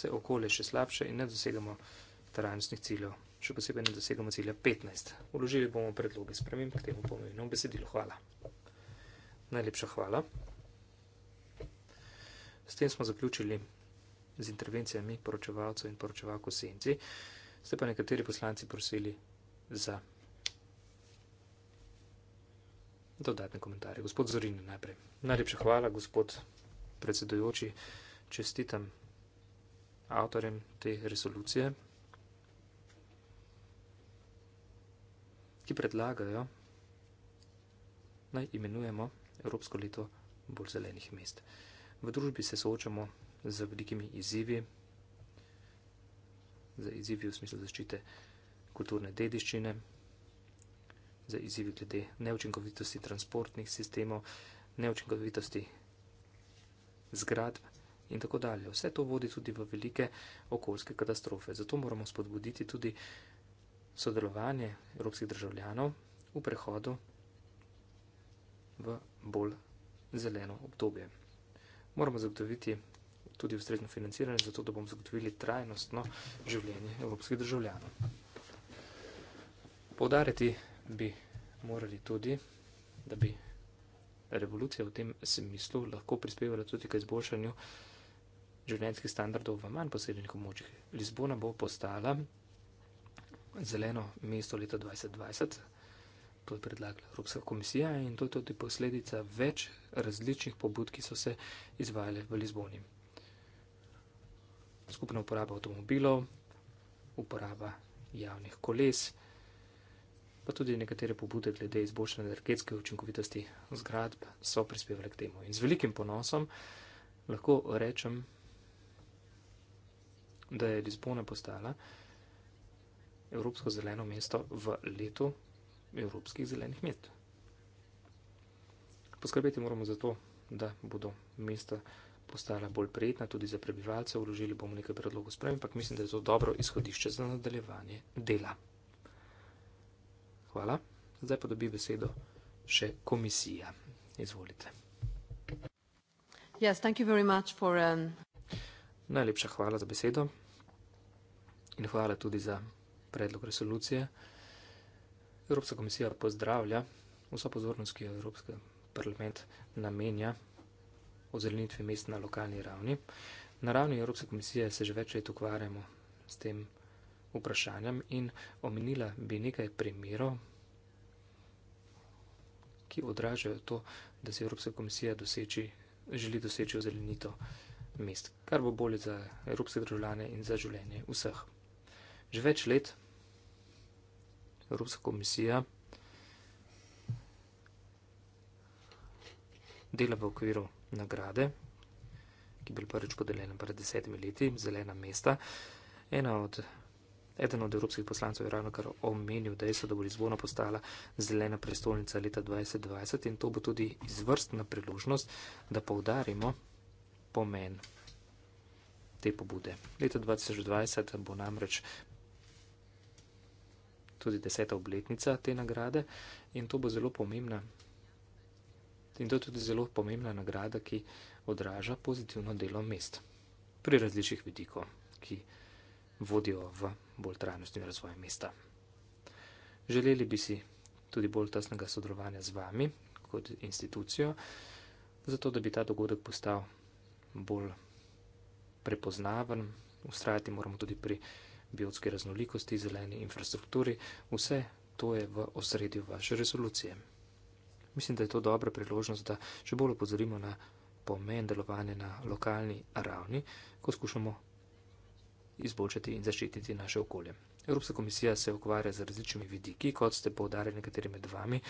se okolje še slabše in ne dosegamo trajnostnih ciljev. Še posebej ne dosegamo cilja 15. Uložili bomo predloge sprememb k temu pomembnemu besedilu. Hvala. Najlepša hvala. S tem smo zaključili z intervencijami poročevalcev in poročevalk v senci, ste pa nekateri poslanci prosili za dodatne komentarje. Gospod Zorin, najprej. Najlepša hvala, gospod predsedujoči. Čestitam avtorjem te resolucije, ki predlagajo, naj imenujemo Evropsko leto bolj zelenih mest. V družbi se soočamo z velikimi izzivi, z izzivi v smislu zaščite kulturne dediščine, z izzivi glede neučinkovitosti transportnih sistemov, neučinkovitosti zgradb in tako dalje. Vse to vodi tudi v velike okoljske katastrofe. Zato moramo spodbuditi tudi sodelovanje evropskih državljanov v prehodu v bolj zeleno obdobje. Moramo zagotoviti tudi ustrezno financirane, zato da bomo zagotovili trajnostno življenje evropskih državljanov. Povdariti bi morali tudi, da bi revolucija v tem smislu lahko prispevala tudi k izboljšanju življenjskih standardov v manj poseljenih območjih. Lizbona bo postala zeleno mesto leta 2020, to je predlagala Evropska komisija in to je tudi posledica več različnih pobud, ki so se izvajale v Lizboni skupna uporaba avtomobilov, uporaba javnih koles, pa tudi nekatere pobude glede izboljšanja energetske učinkovitosti zgradb so prispevali k temu. In z velikim ponosom lahko rečem, da je Lizbona postala Evropsko zeleno mesto v letu Evropskih zelenih mest. Poskrbeti moramo za to, da bodo mesta postala bolj prijetna tudi za prebivalce, vložili bomo nekaj predlogov sprem, ampak mislim, da je to dobro izhodišče za nadaljevanje dela. Hvala. Zdaj pa dobi besedo še komisija. Izvolite. Yes, thank you very much for, um... Najlepša hvala za besedo in hvala tudi za predlog resolucije. Evropska komisija pozdravlja vso pozornost, ki jo Evropski parlament namenja ozelenitvi mest na lokalni ravni. Na ravni Evropske komisije se že več let ukvarjamo s tem vprašanjem in omenila bi nekaj primerov, ki odražajo to, da se Evropska komisija doseči, želi doseči ozelenito mest, kar bo bolje za evropske državljane in za življenje vseh. Že več let Evropska komisija dela v okviru nagrade, ki je bil prvič podeljen pred desetimi leti, zelena mesta. Od, eden od evropskih poslancev je ravno kar omenil dejstvo, da bo Lizbona postala zelena prestolnica leta 2020 in to bo tudi izvrstna priložnost, da povdarimo pomen te pobude. Leta 2020 bo namreč tudi deseta obletnica te nagrade in to bo zelo pomembna In to je tudi zelo pomembna nagrada, ki odraža pozitivno delo mest pri različnih vidikov, ki vodijo v bolj trajnostni razvoj mesta. Želeli bi si tudi bolj tesnega sodelovanja z vami kot institucijo, zato da bi ta dogodek postal bolj prepoznaven. Ustrajati moramo tudi pri biotski raznolikosti, zeleni infrastrukturi. Vse to je v osredju vaše resolucije. Mislim, da je to dobra priložnost, da še bolj upozorimo na pomen delovanja na lokalni ravni, ko skušamo izboljšati in zaščititi naše okolje. Evropska komisija se ukvarja z različnimi vidiki, kot ste povdarjali nekateri med vami,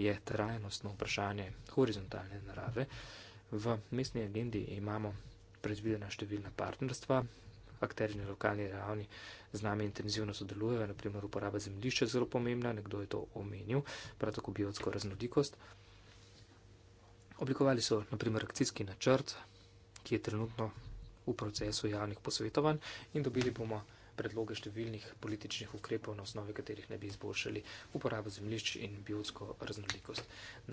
je trajnostno vprašanje horizontalne narave. V mestni agendi imamo predvidena številna partnerstva, akteri na lokalni ravni z nami intenzivno sodelujejo, naprimer uporaba zemljišča je zelo pomembna, nekdo je to omenil, prav tako biotsko raznolikost. Oblikovali so naprimer akcijski načrt, ki je trenutno v procesu javnih posvetovanj in dobili bomo predloge številnih političnih ukrepov, na osnovi katerih ne bi izboljšali uporabo zemljišč in biotsko raznolikost.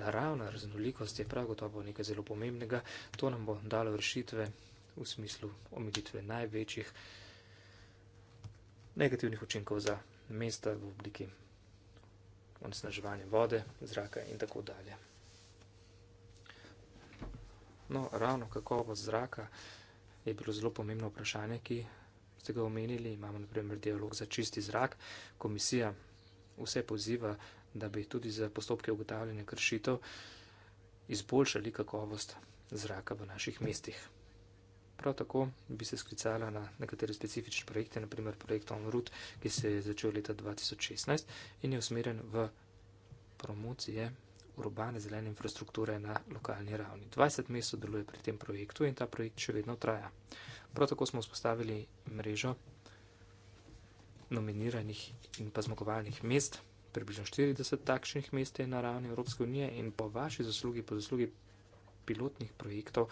Naravna raznolikost je prav gotovo nekaj zelo pomembnega. To nam bo dalo rešitve v smislu omilitve največjih negativnih učinkov za mesta v obliki onesnaževanja vode, zraka in tako dalje. No, ravno kakovost zraka je bilo zelo pomembno vprašanje, ki ste ga omenili. Imamo naprimer dialog za čisti zrak. Komisija vse poziva, da bi tudi za postopke ugotavljanja kršitev izboljšali kakovost zraka v naših mestih. Prav tako bi se sklicala na nekatere specifične projekte, naprimer projekt OnRoot, ki se je začel leta 2016 in je usmerjen v promocije urbane zelene infrastrukture na lokalni ravni. 20 mest sodeluje pri tem projektu in ta projekt še vedno traja. Prav tako smo vzpostavili mrežo nominiranih in pa zmagovalnih mest. Približno 40 takšnih mest je na ravni Evropske unije in po vaši zaslugi, po zaslugi pilotnih projektov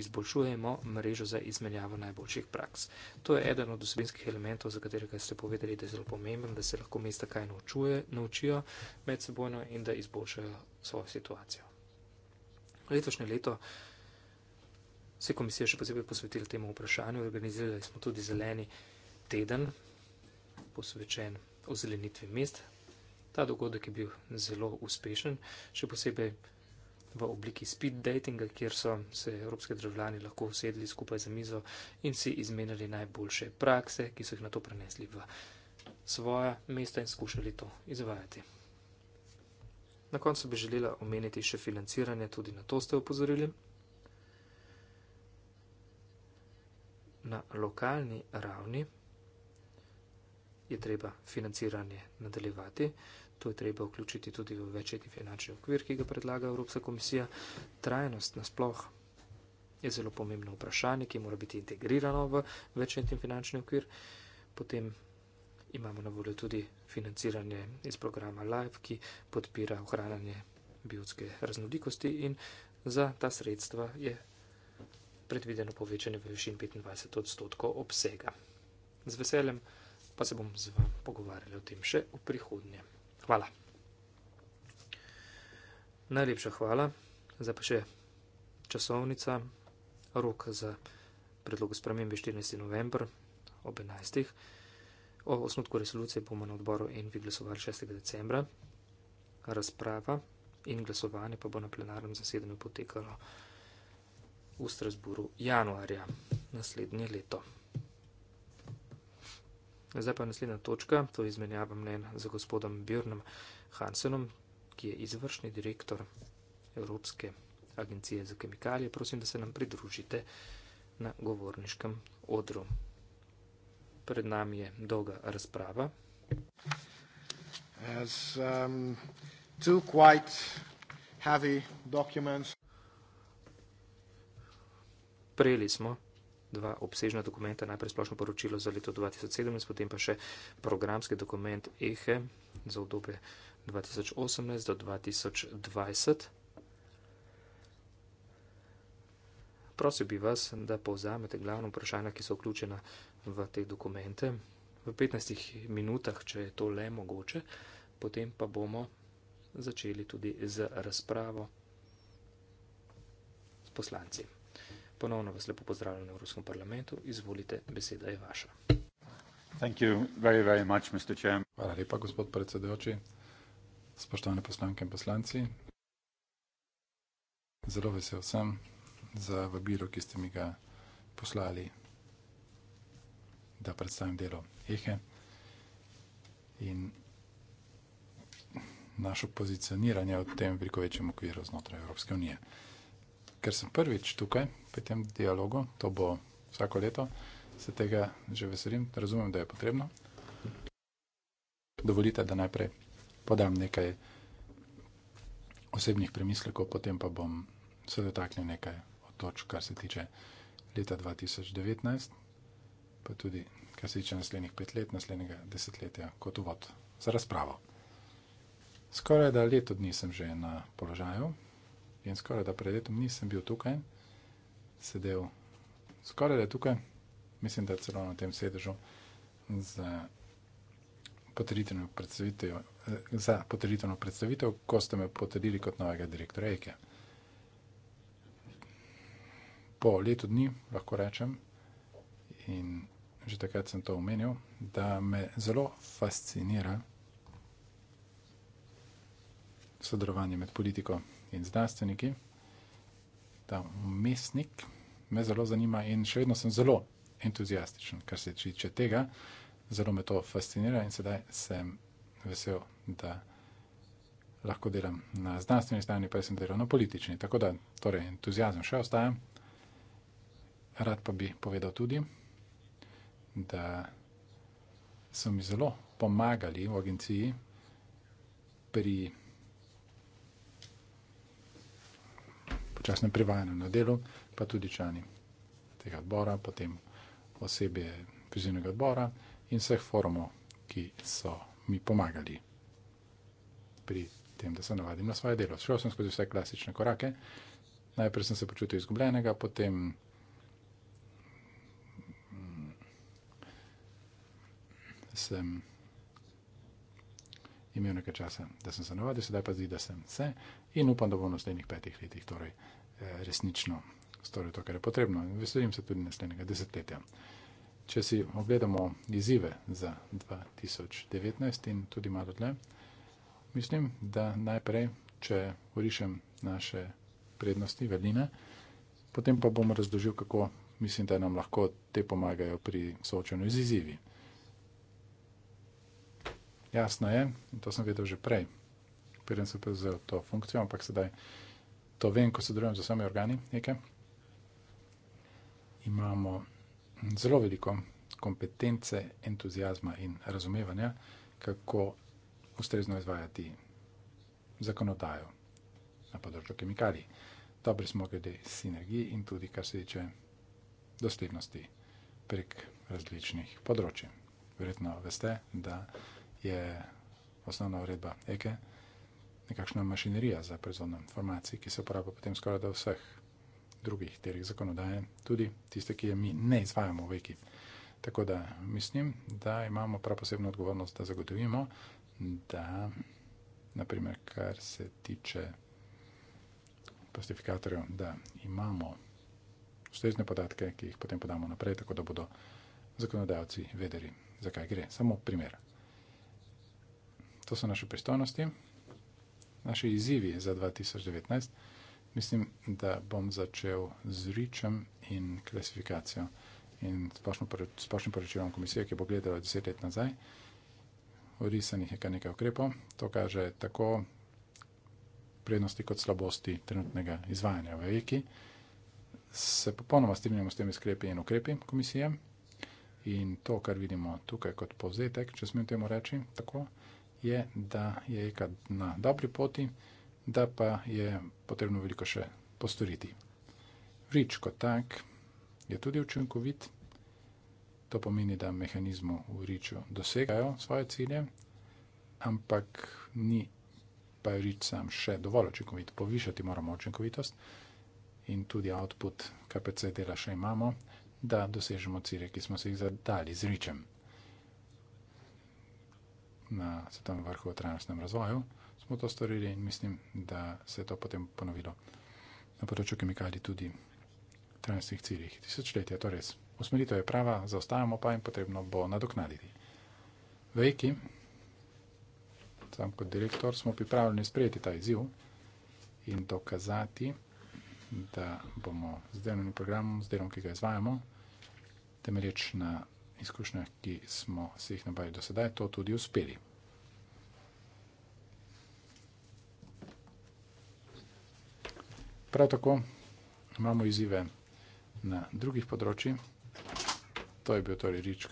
izboljšujemo mrežo za izmenjavo najboljših praks. To je eden od osebinskih elementov, za katerega ste povedali, da je zelo pomemben, da se lahko mesta kaj naučuje, naučijo med sebojno in da izboljšajo svojo situacijo. Letošnje leto se je komisija še posebej posvetila temu vprašanju. Organizirali smo tudi zeleni teden, posvečen ozelenitvi mest. Ta dogodek je bil zelo uspešen, še posebej v obliki speed datinga, kjer so se evropske državljani lahko usedli skupaj za mizo in si izmenjali najboljše prakse, ki so jih na to prenesli v svoja mesta in skušali to izvajati. Na koncu bi želela omeniti še financiranje, tudi na to ste upozorili. Na lokalni ravni je treba financiranje nadaljevati. To je treba vključiti tudi v večji finančni okvir, ki ga predlaga Evropska komisija. Trajnost nasploh je zelo pomembno vprašanje, ki mora biti integrirano v večji finančni okvir. Potem imamo na voljo tudi financiranje iz programa LIFE, ki podpira ohranjanje biotske raznolikosti in za ta sredstva je predvideno povečanje v višini 25 odstotkov obsega. Z veseljem pa se bom z vami pogovarjal o tem še v prihodnje. Hvala. Najlepša hvala. Zdaj pa še časovnica, rok za predlog spremembe 14. november ob 11. O osnutku resolucije bomo na odboru in vi glasovali 6. decembra. Razprava in glasovanje pa bo na plenarnem zasedanju potekalo v Strasburu januarja naslednje leto. Zdaj pa naslednja točka, to je izmenjava mnen z gospodom Björnom Hansenom, ki je izvršni direktor Evropske agencije za kemikalije. Prosim, da se nam pridružite na govorniškem odru. Pred nami je dolga razprava. As, um, two quite heavy documents. Prejeli smo dva obsežna dokumenta, najprej splošno poročilo za leto 2017, potem pa še programski dokument EHE e za obdobje 2018 do 2020. Prosil bi vas, da povzamete glavno vprašanje, ki so vključena v te dokumente v 15 minutah, če je to le mogoče, potem pa bomo začeli tudi z razpravo s poslanci ponovno vas lepo pozdravljam v Evropskem parlamentu. Izvolite, beseda je vaša. Very, very much, Hvala lepa, gospod predsedujoči. Spoštovane poslanke in poslanci. Zelo vesel sem za vabilo, ki ste mi ga poslali, da predstavim delo Ehe in našo pozicioniranje v tem veliko večjem okviru znotraj Evropske unije ker sem prvič tukaj pri tem dialogu, to bo vsako leto, se tega že veselim, razumem, da je potrebno. Dovolite, da najprej podam nekaj osebnih premislekov, potem pa bom se dotaknil nekaj od točk, kar se tiče leta 2019, pa tudi kar se tiče naslednjih pet let, naslednjega desetletja, kot uvod za razpravo. Skoraj da leto dni sem že na položaju in skoraj da pred letom nisem bil tukaj, sedel skoraj da tukaj, mislim, da celo na tem sedežu za potrditveno predstavitev, za potrditveno predstavitev, ko ste me potrdili kot novega direktorja Eike. Po letu dni lahko rečem in že takrat sem to omenil, da me zelo fascinira sodelovanje med politiko in znanstveniki, ta umestnik, me zelo zanima in še vedno sem zelo entuzijastičen, kar se tiče tega. Zelo me to fascinira in sedaj sem vesel, da lahko delam na znanstveni strani, pa sem delal na politični. Tako da, torej, entuzijazem še ostaja. Rad pa bi povedal tudi, da so mi zelo pomagali v agenciji pri časnem privajanju na delu, pa tudi člani tega odbora, potem osebje fizičnega odbora in vseh forumov, ki so mi pomagali pri tem, da se navadim na svoje delo. Šel sem skozi vse klasične korake, najprej sem se počutil izgubljenega, potem. Mm, sem imel nekaj časa, da sem se navadil, sedaj pa zdi, da sem vse in upam, da bom v naslednjih petih letih torej, eh, resnično storil to, kar je potrebno. Veselim se tudi naslednjega desetletja. Če si ogledamo izzive za 2019 in tudi malo dlje, mislim, da najprej, če orišem naše prednosti, veline, potem pa bom razložil, kako mislim, da nam lahko te pomagajo pri soočanju z izzivi. Jasno je, in to sem videl že prej, preden sem prevzel to funkcijo, ampak sedaj to vem, ko sodelujem z vsemi organi. Nekaj. Imamo zelo veliko kompetence, entuzijazma in razumevanja, kako ustrezno izvajati zakonodajo na področju kemikalij. Dobri smo glede sinergij in tudi, kar se tiče doslednosti prek različnih področji. Verjetno veste, da je osnovna uredba EKE, nekakšna mašinerija za proizvodnjo informacij, ki se uporablja potem skoraj da vseh drugih delih zakonodaje, tudi tiste, ki je mi ne izvajamo v EKE. Tako da mislim, da imamo prav posebno odgovornost, da zagotovimo, da naprimer, kar se tiče plastifikatorjev, da imamo ustrezne podatke, ki jih potem podamo naprej, tako da bodo zakonodajalci vedeli, zakaj gre. Samo primer. To so naše pristojnosti, naše izzivi za 2019. Mislim, da bom začel z ričem in klasifikacijo in splošnim poročilom komisije, ki bo gledala deset let nazaj. Odrisanih je kar nekaj ukrepov. To kaže tako prednosti kot slabosti trenutnega izvajanja v EKI. Se popolnoma strinjamo s temi sklepi in ukrepi komisije in to, kar vidimo tukaj kot povzetek, če smem temu reči, tako je, da je ECA na dobri poti, da pa je potrebno veliko še postoriti. Vrič kot tak je tudi učinkovit, to pomeni, da mehanizmo v vriču dosegajo svoje cilje, ampak ni pa vrič sam še dovolj učinkovit. Povišati moramo učinkovitost in tudi output KPC dela še imamo, da dosežemo cilje, ki smo se jih zadali z vričem na svetovnem vrhu o trajnostnem razvoju, smo to storili in mislim, da se je to potem ponovilo na področju kemikalij tudi v trajnostnih ciljih. Tisočletja, to res. Usmeritev je prava, zaostajamo pa in potrebno bo nadoknaditi. V Eki, sam kot direktor, smo pripravljeni sprejeti ta izziv in dokazati, da bomo z delovnim programom, z delom, ki ga izvajamo, temelječ na izkušnjah, ki smo se jih nabavili do sedaj, to tudi uspeli. Prav tako imamo izzive na drugih področjih. To je bil torej rič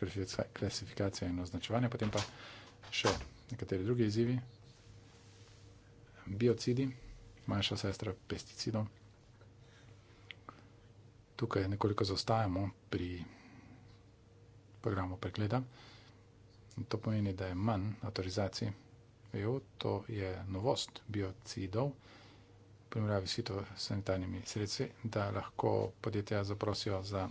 klasifikacija in označevanje, potem pa še nekateri drugi izzivi. Biocidi, manjša sestra pesticidov. Tukaj nekoliko zaostajamo pri izzivi programu pregleda. In to pomeni, da je manj avtorizacij EU, to je novost biocidov, v primerjavi s fitosanitarnimi sredstvi, da lahko podjetja zaprosijo za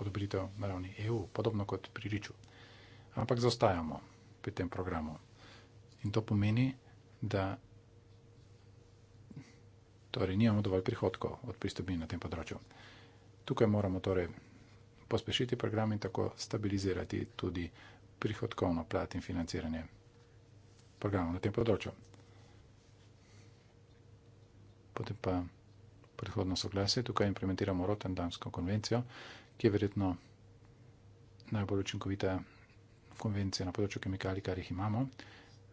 odobritev na ravni EU, podobno kot pri Riču. Ampak zaostajamo pri tem programu. In to pomeni, da torej nimamo dovolj prihodkov od pristopin na tem področju. Tukaj moramo torej pospešiti program in tako stabilizirati tudi prihodkovno plat in financiranje programov na tem področju. Potem pa prihodno soglasje. Tukaj implementiramo Rotterdamsko konvencijo, ki je verjetno najbolj učinkovita konvencija na področju kemikalij, kar jih imamo.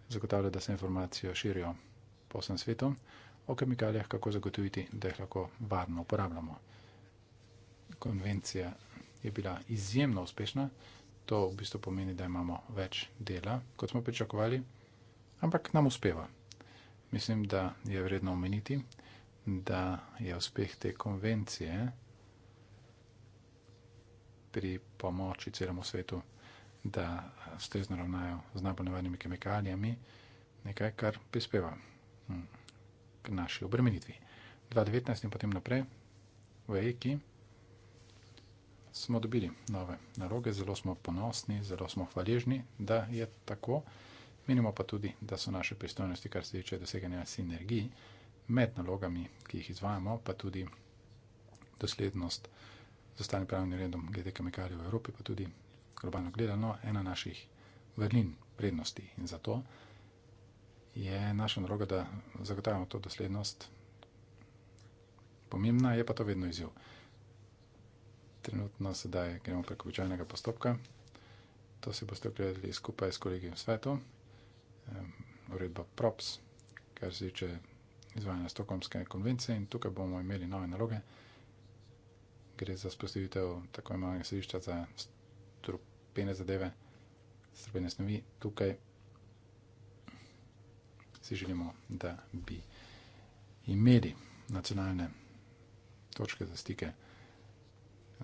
Zagotavlja, da se informacije širijo po vsem svetu o kemikalijah, kako zagotoviti, da jih lahko varno uporabljamo. Konvencija je bila izjemno uspešna. To v bistvu pomeni, da imamo več dela, kot smo pričakovali, ampak nam uspeva. Mislim, da je vredno omeniti, da je uspeh te konvencije pri pomoči celemu svetu, da stezno ravnajo z najbolj nevarnimi kemikalijami, nekaj, kar prispeva hm, k naši obremenitvi. 2019 in potem naprej v Eki smo dobili nove naloge, zelo smo ponosni, zelo smo hvaležni, da je tako. Menimo pa tudi, da so naše pristojnosti, kar se tiče doseganja sinergij med nalogami, ki jih izvajamo, pa tudi doslednost z ostalim pravnim redom glede kemikalij v Evropi, pa tudi globalno gledano, ena naših vrlin prednosti. In zato je naša naloga, da zagotavljamo to doslednost. Pomembna je pa to vedno izjiv trenutno sedaj gremo preko običajnega postopka. To si boste ogledali skupaj s kolegijem svetu, uredba PROPS, kar se tiče izvajanja Stokholmske konvencije in tukaj bomo imeli nove naloge. Gre za spostavitev tako imenovanega središča za strupene zadeve, strupene snovi. Tukaj si želimo, da bi imeli nacionalne točke za stike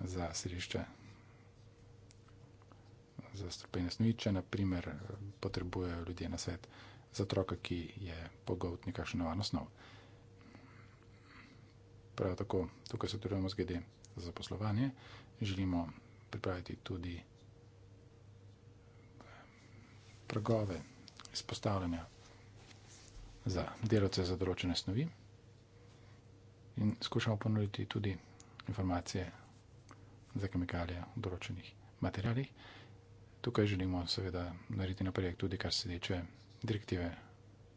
za središče, za strupene snujiče, naprimer potrebujejo ljudje na svet za otroka, ki je pogovt nekakšen novan osnov. Prav tako, tukaj se trudimo z glede za zaposlovanje, želimo pripraviti tudi eh, pragove izpostavljanja za delavce za določene snovi in skušamo ponuditi tudi informacije za kemikalije v določenih materialih. Tukaj želimo seveda narediti napredek tudi, kar se tiče direktive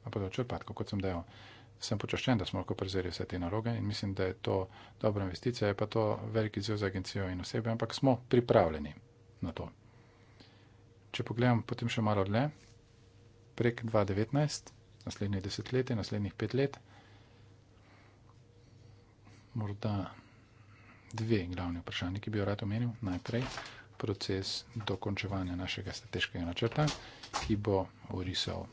na področju odpadkov, kot sem dejal. Sem počaščen, da smo lahko prezeli vse te naloge in mislim, da je to dobra investicija, je pa to velik izziv za agencijo in osebe, ampak smo pripravljeni na to. Če pogledam potem še malo dlje, prek 2019, naslednje desetletje, naslednjih pet let, morda dve glavni vprašanji, ki bi jo rad omenil. Najprej proces dokončevanja našega strateškega načrta, ki bo orisal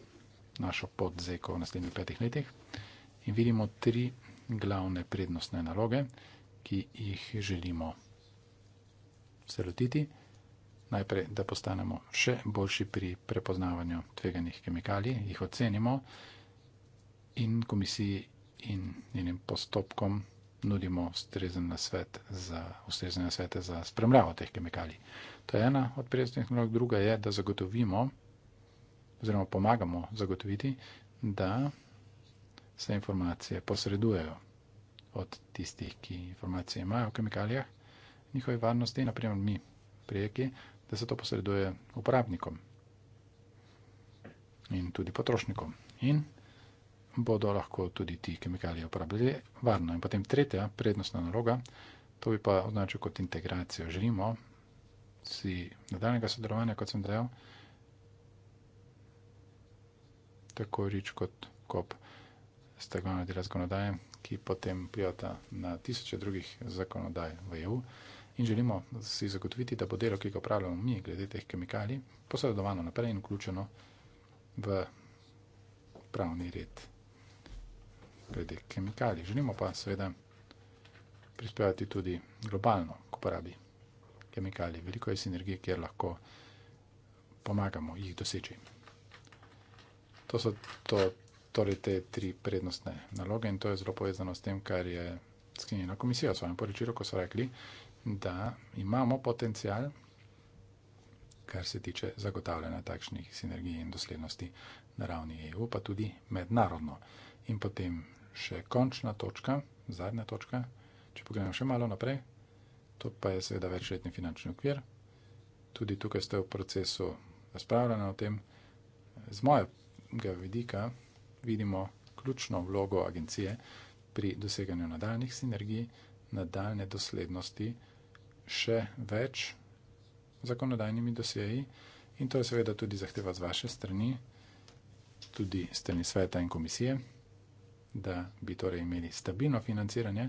našo pot zeko v naslednjih petih letih. In vidimo tri glavne prednostne naloge, ki jih želimo se lotiti. Najprej, da postanemo še boljši pri prepoznavanju tveganih kemikalij, jih ocenimo in komisiji in njenim postopkom nudimo ustrezen nasvet za, ustrezen nasvet za spremljavo teh kemikalij. To je ena od prijaznih nalog, druga je, da zagotovimo, oziroma pomagamo zagotoviti, da se informacije posredujejo od tistih, ki informacije imajo o kemikalijah, njihovi varnosti, naprimer mi, prijeki, da se to posreduje uporabnikom in tudi potrošnikom. In bodo lahko tudi ti kemikalije uporabljali varno. In potem tretja prednostna naloga, to bi pa označil kot integracijo. Želimo si nadaljnega sodelovanja, kot sem dejal, tako rič kot kop stagnovne dela zakonodaje, ki potem pljota na tisoče drugih zakonodaj v EU. In želimo si zagotoviti, da bo delo, ki ga upravljamo mi, glede teh kemikalij, posredovano naprej in vključeno v pravni red glede kemikalij. Želimo pa seveda prispevati tudi globalno k uporabi kemikalij. Veliko je sinergije, kjer lahko pomagamo jih doseči. To so to, torej te tri prednostne naloge in to je zelo povezano s tem, kar je sklenjena komisija v svojem poročilu, ko so rekli, da imamo potencial, kar se tiče zagotavljanja takšnih sinergij in doslednosti na ravni EU, pa tudi mednarodno. In potem še končna točka, zadnja točka. Če pogledam še malo naprej, to pa je seveda večletni finančni okvir. Tudi tukaj ste v procesu razpravljanja o tem. Z mojega vidika vidimo ključno vlogo agencije pri doseganju nadaljnih sinergij, nadaljne doslednosti, še več zakonodajnimi dosjeji in to je seveda tudi zahteva z vaše strani, tudi strani sveta in komisije da bi torej imeli stabilno financiranje.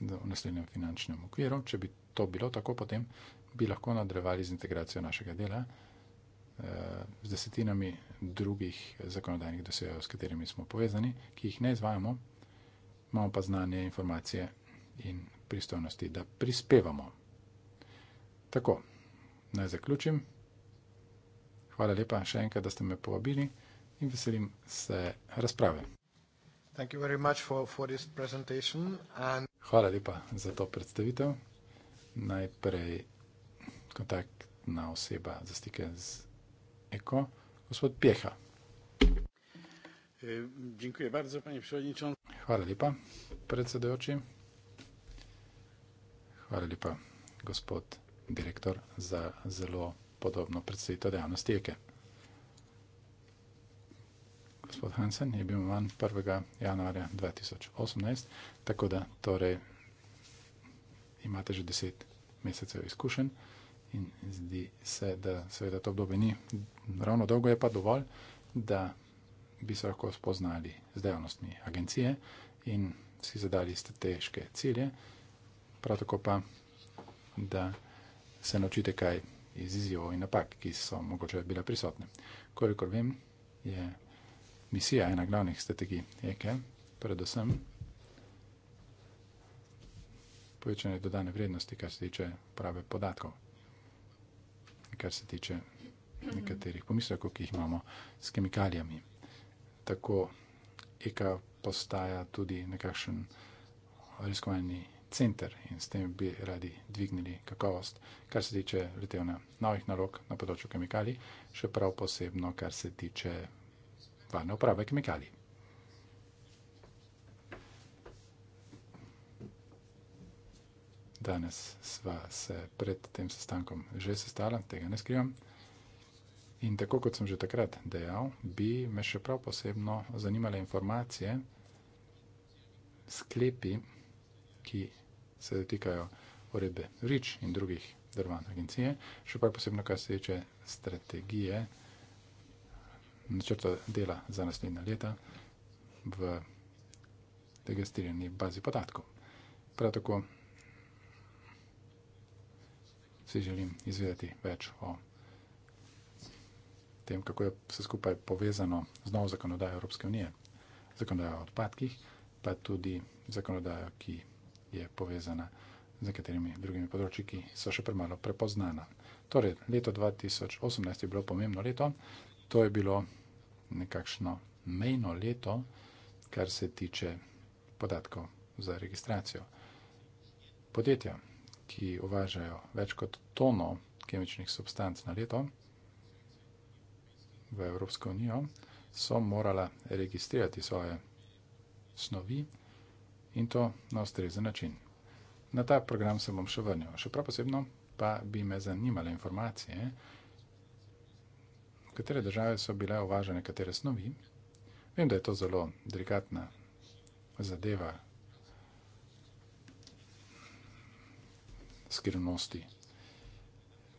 V naslednjem finančnem okviru, če bi to bilo tako, potem bi lahko nadaljevali z integracijo našega dela eh, z desetinami drugih zakonodajnih dosegov, s katerimi smo povezani, ki jih ne izvajamo, imamo pa znanje, informacije in pristojnosti, da prispevamo. Tako, naj zaključim. Hvala lepa še enkrat, da ste me povabili in veselim se razprave. Hvala lepa za to predstavitev. Najprej kontaktna oseba za stike z Eko, gospod Pjeha. Eh, Hvala lepa, predsedujoči. Hvala lepa, gospod direktor, za zelo podobno predstavitev dejavnosti Eke. Gospod Hansen je bil manj 1. januarja 2018, tako da torej imate že 10 mesecev izkušen in zdi se, da seveda to obdobje ni ravno dolgo, je pa dovolj, da bi se lahko spoznali z dejavnostmi agencije in si zadali strateške cilje, prav tako pa, da se naučite kaj izzivov in napak, ki so mogoče bile prisotne. Kolikor vem, je misija ena glavnih strategij EKE, predvsem povečanje dodane vrednosti, kar se tiče prave podatkov, kar se tiče nekaterih pomislekov, ki jih imamo s kemikalijami. Tako EKE postaja tudi nekakšen raziskovalni center in s tem bi radi dvignili kakovost, kar se tiče letevne novih nalog na področju kemikalij, še prav posebno, kar se tiče varne uprave kemikalij. Danes sva se pred tem sestankom že sestala, tega ne skrivam. In tako kot sem že takrat dejal, bi me še prav posebno zanimale informacije, sklepi, ki se dotikajo uredbe RIČ in drugih drvan agencije, še pa posebno, kar se tiče strategije načrta dela za naslednja leta v registrirani bazi podatkov. Prav tako si želim izvedeti več o tem, kako je vse skupaj povezano z novo zakonodajo Evropske unije, zakonodajo o odpadkih, pa tudi zakonodajo, ki je je povezana z nekaterimi drugimi področji, ki so še premalo prepoznana. Torej, leto 2018 je bilo pomembno leto, to je bilo nekakšno mejno leto, kar se tiče podatkov za registracijo. Podjetja, ki uvažajo več kot tono kemičnih substanc na leto v Evropsko unijo, so morala registrirati svoje snovi, in to na ustrezen način. Na ta program se bom še vrnil. Še prav posebno pa bi me zanimale informacije, katere države so bile uvažene, katere snovi. Vem, da je to zelo delikatna zadeva skrivnosti,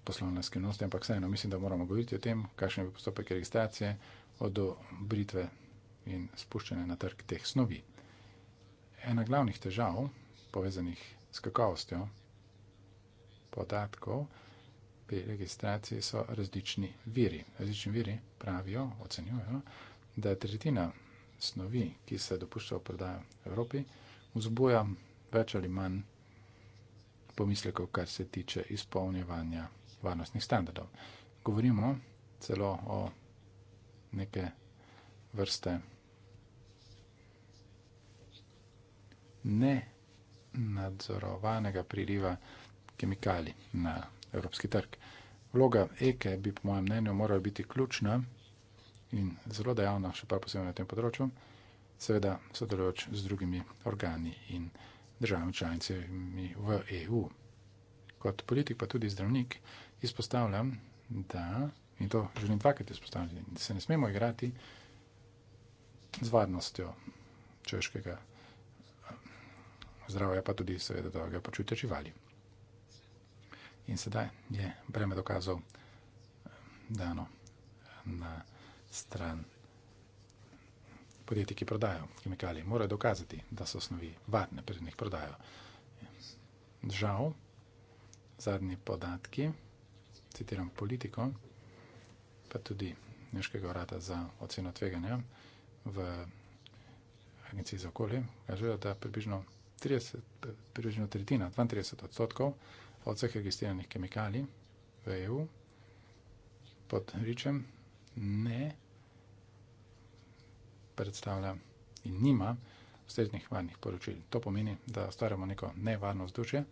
poslovne skrivnosti, ampak vseeno mislim, da moramo govoriti o tem, kakšen je postopek registracije od britve in spuščanja na trg teh snovi ena glavnih težav, povezanih s kakovostjo podatkov pri registraciji, so različni viri. Različni viri pravijo, ocenjujejo, da je tretjina snovi, ki se dopušča v prodajo Evropi, vzbuja več ali manj pomislekov, kar se tiče izpolnjevanja varnostnih standardov. Govorimo celo o neke vrste. ne nadzorovanega priliva kemikali na evropski trg. Vloga EKE bi, po mojem mnenju, morala biti ključna in zelo dejavna, še prav posebej na tem področju, seveda sodelujoč z drugimi organi in državami članicami v EU. Kot politik, pa tudi zdravnik, izpostavljam, da, in to želim dvakrat izpostavljati, da se ne smemo igrati z varnostjo češkega zdravje pa tudi seveda dobrega počutja živali. In sedaj je breme dokazov dano na stran podjetij, ki prodajo kemikalije. Morajo dokazati, da so snovi varne, pred njih prodajo. Žal, zadnji podatki, citiram politiko, pa tudi Neškega vrata za oceno tveganja v Agenciji za okolje, kažejo, da približno 30, približno tretjina, 32 odstotkov od vseh registriranih kemikalij v EU pod ričem ne predstavlja in nima ustreznih varnih poročil. To pomeni, da ustvarjamo neko nevarno vzdušje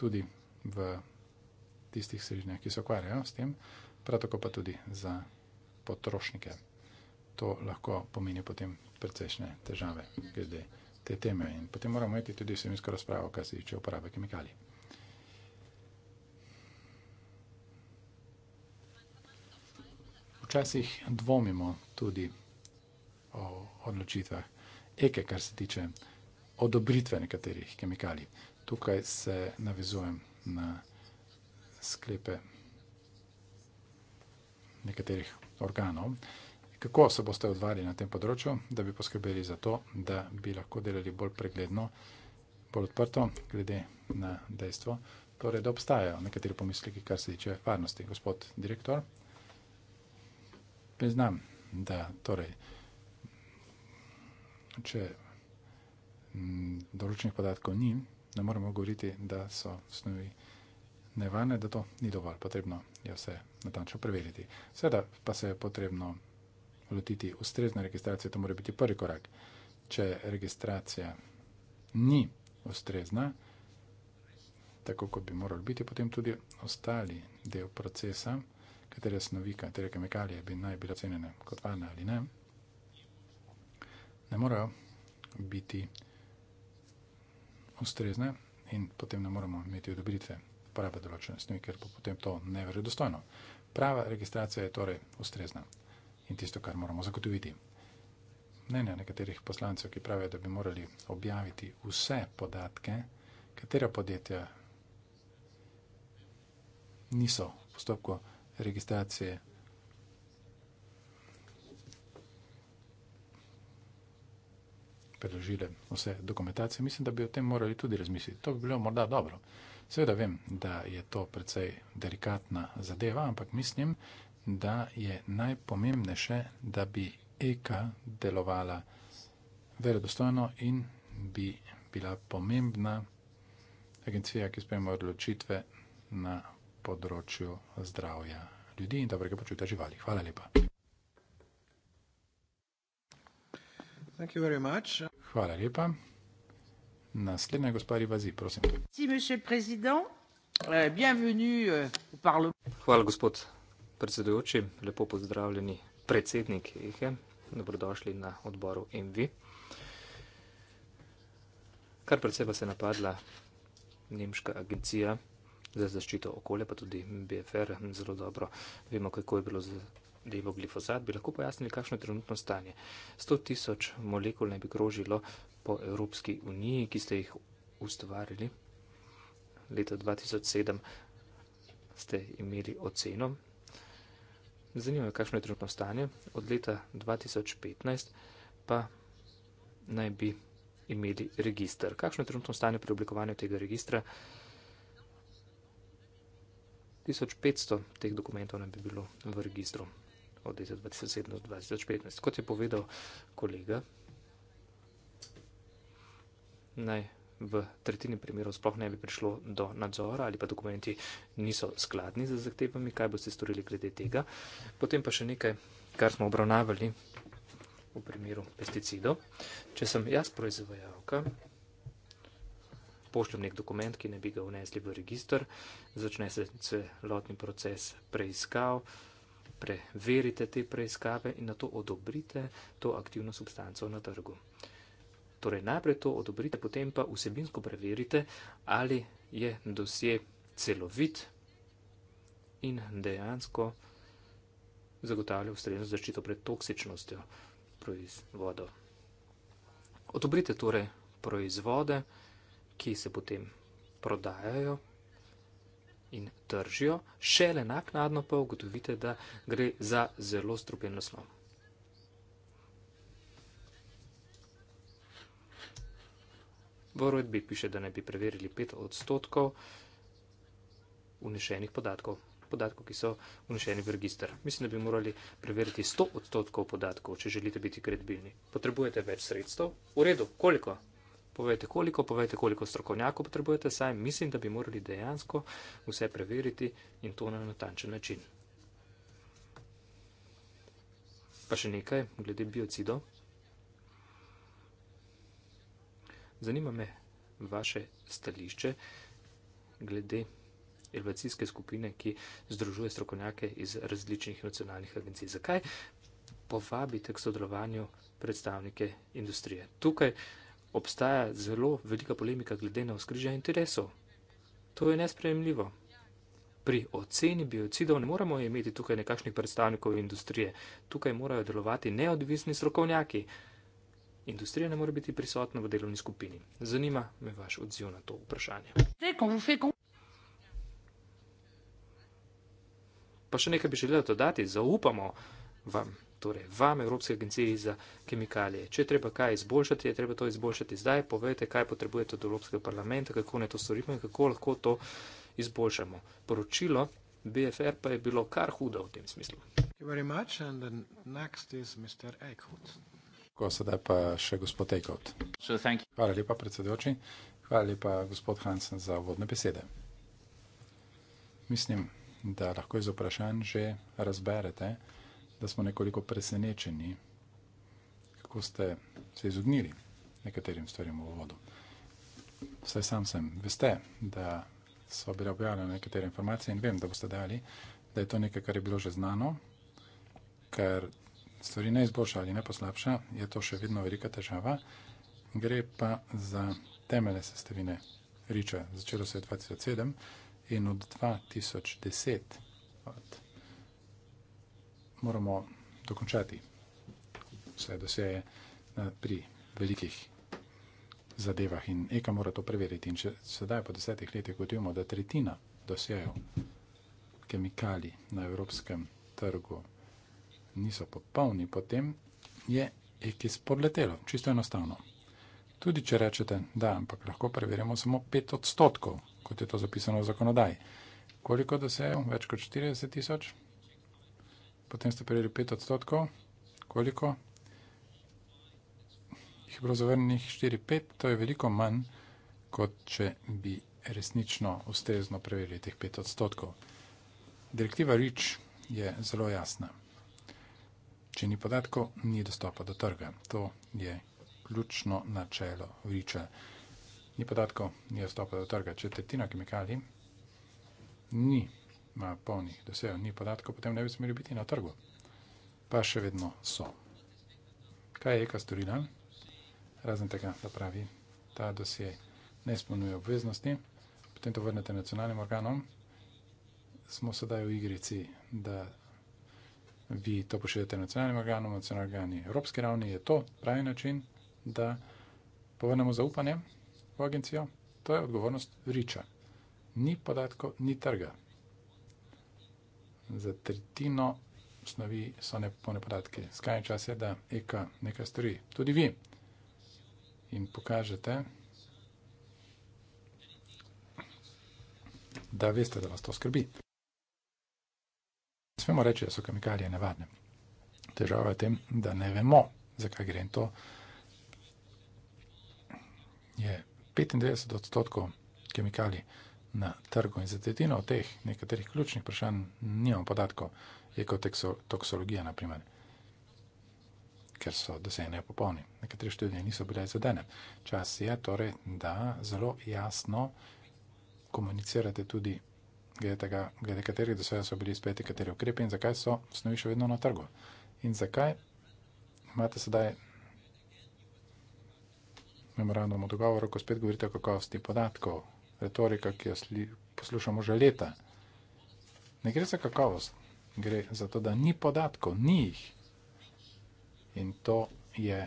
tudi v tistih srednjah, ki se ukvarjajo s tem, prav tako pa tudi za potrošnike. To lahko pomeni potem precejšnje težave, glede te teme in potem moramo imeti tudi vsebinsko razpravo, kar se tiče uporabe kemikalij. Včasih dvomimo tudi o odločitvah Eke, kar se tiče odobritve nekaterih kemikalij. Tukaj se navezujem na sklepe nekaterih organov kako se boste odvali na tem področju, da bi poskrbeli za to, da bi lahko delali bolj pregledno, bolj odprto, glede na dejstvo, torej, da obstajajo nekateri pomisleki, kar se tiče varnosti. Gospod direktor, priznam, da torej, če mm, določenih podatkov ni, ne moremo govoriti, da so snovi nevarne, da to ni dovolj. Potrebno je vse natančno preveriti. Seveda pa se je potrebno lotiti. Ustrezna registracija, to mora biti prvi korak. Če registracija ni ustrezna, tako kot bi moral biti, potem tudi ostali del procesa, katere snovi, katere kemikalije bi naj bile ocenjene kot varne ali ne, ne morajo biti ustrezne in potem ne moramo imeti odobritve uporabe določene snovi, ker bo potem to neverodostojno. Prava registracija je torej ustrezna in tisto, kar moramo zagotoviti. Mnenja nekaterih poslancev, ki pravijo, da bi morali objaviti vse podatke, katera podjetja niso v postopku registracije. Predložile vse dokumentacije, mislim, da bi o tem morali tudi razmisliti. To bi bilo morda dobro. Seveda vem, da je to precej delikatna zadeva, ampak mislim, da je najpomembnejše, da bi eka delovala verodostojno in bi bila pomembna agencija, ki sprejema odločitve na področju zdravja ljudi in dobrega počutja živali. Hvala lepa. Thank you very much. Hvala lepa. Naslednja gospa Rivazi, prosim. Eh, eh, Hvala, gospod predsedujoči, lepo pozdravljeni predsednik IHE, dobrodošli na odboru MV. Kar predvsej pa se je napadla nemška agencija za zaščito okolja, pa tudi BFR, zelo dobro vemo, kako je bilo z devo glifosat, bi lahko pojasnili, kakšno je trenutno stanje. 100 tisoč molekul naj bi krožilo po Evropski uniji, ki ste jih ustvarili. Leta 2007 ste imeli oceno, Zanima me, kakšno je trenutno stanje. Od leta 2015 pa naj bi imeli registr. Kakšno je trenutno stanje pri oblikovanju tega registra? 1500 teh dokumentov naj bi bilo v registru od leta 2007 do 2015. Kot je povedal kolega, naj v tretjini primerov sploh ne bi prišlo do nadzora ali pa dokumenti niso skladni z zahtevami, kaj boste storili glede tega. Potem pa še nekaj, kar smo obravnavali v primeru pesticidov. Če sem jaz proizvajalka, pošljem nek dokument, ki ne bi ga vnesli v registr, začne se celotni proces preiskav. Preverite te preiskave in na to odobrite to aktivno substanco na trgu. Torej, najprej to odobrite, potem pa vsebinsko preverite, ali je dosje celovit in dejansko zagotavlja ustrezno zaščito pred toksičnostjo proizvodov. Odobrite torej proizvode, ki se potem prodajajo in tržijo, šele naknadno pa ugotovite, da gre za zelo strupen naslov. V uredbi piše, da naj bi preverili 5 odstotkov unešenih podatkov, podatkov, ki so unešeni v registr. Mislim, da bi morali preveriti 100 odstotkov podatkov, če želite biti kredibilni. Potrebujete več sredstev? V redu, koliko? Povejte koliko, povejte koliko strokovnjakov potrebujete, saj mislim, da bi morali dejansko vse preveriti in to na natančen način. Pa še nekaj glede biocidov. Zanima me vaše stališče glede evacijske skupine, ki združuje strokovnjake iz različnih nacionalnih agencij. Zakaj povabite k sodelovanju predstavnike industrije? Tukaj obstaja zelo velika polemika glede na oskrižja interesov. To je nespremljivo. Pri oceni biocidov ne moramo imeti tukaj nekakšnih predstavnikov industrije. Tukaj morajo delovati neodvisni strokovnjaki industrija ne more biti prisotna v delovni skupini. Zanima me vaš odziv na to vprašanje. Pa še nekaj bi želela dodati, zaupamo vam. Torej, vam, Evropske agencije za kemikalije. Če je treba kaj izboljšati, je treba to izboljšati zdaj. Povejte, kaj potrebujete od Evropskega parlamenta, kako ne to storimo in kako lahko to izboljšamo. Poročilo BFR pa je bilo kar hudo v tem smislu. Thank you very much and the next is Mr. Eichhut. Ko sedaj pa še gospod Ekovt. Hvala lepa, predsedoči. Hvala lepa, gospod Hansen, za vodne besede. Mislim, da lahko iz vprašanj že razberete, da smo nekoliko presenečeni, kako ste se izognili nekaterim stvarem v vodu. Vse sam sem. Veste, da so bile objavljene nekatere informacije in vem, da boste dali, da je to nekaj, kar je bilo že znano, ker stvari ne izboljša ali ne poslabša, je to še vedno velika težava. Gre pa za temeljne sestavine riča. Začelo se je 2007 in od 2010 od, moramo dokončati vse doseje pri velikih zadevah in EKA mora to preveriti. In če sedaj po desetih letih gotovimo, da tretjina dosejev kemikali na evropskem trgu niso popolni, potem je ekis podletelo, čisto enostavno. Tudi če rečete, da, ampak lahko preverimo samo 5 odstotkov, kot je to zapisano v zakonodaji. Koliko dosejo? Več kot 40 tisoč? Potem ste prejeli 5 odstotkov. Koliko? Jih je bilo zavrnjenih 4-5, to je veliko manj, kot če bi resnično ustrezno preverili teh 5 odstotkov. Direktiva REACH je zelo jasna če ni podatkov, ni dostopa do trga. To je ključno načelo Riča. Ni podatkov, ni dostopa do trga. Če tretjina kemikalij ni ma, polnih dosegov, ni podatkov, potem ne bi smeli biti na trgu. Pa še vedno so. Kaj je Eka storila? Razen tega, da pravi, ta dosej ne izpolnjuje obveznosti, potem to vrnete nacionalnim organom. Smo sedaj v igrici, da vi to pošiljate nacionalnim organom, nacionalnim organom, evropski ravni, je to pravi način, da povrnemo zaupanje v agencijo. To je odgovornost riča. Ni podatkov, ni trga. Za tretjino snovi so nepopolne podatke. Skrajni čas je, da EK nekaj stori, tudi vi. In pokažete, da veste, da vas to skrbi. Smemo reči, da so kemikalije nevarne. Težava je v tem, da ne vemo, zakaj gre in to. Je 95 odstotkov kemikalij na trgu in za tretjino od teh nekaterih ključnih vprašanj nimamo podatkov, je kot toksologija naprimer, ker so dosejene popolni. Nekatere študije niso bile izvedene. Čas je torej, da zelo jasno komunicirate tudi glede, tega, glede katerih dosega so bili sprejeti, kateri ukrepi in zakaj so snovi še vedno na trgu. In zakaj imate sedaj memorandum o dogovoru, ko spet govorite o kakovosti podatkov, retorika, ki jo sli, poslušamo že leta. Ne gre za kakovost, gre za to, da ni podatkov, ni jih. In to je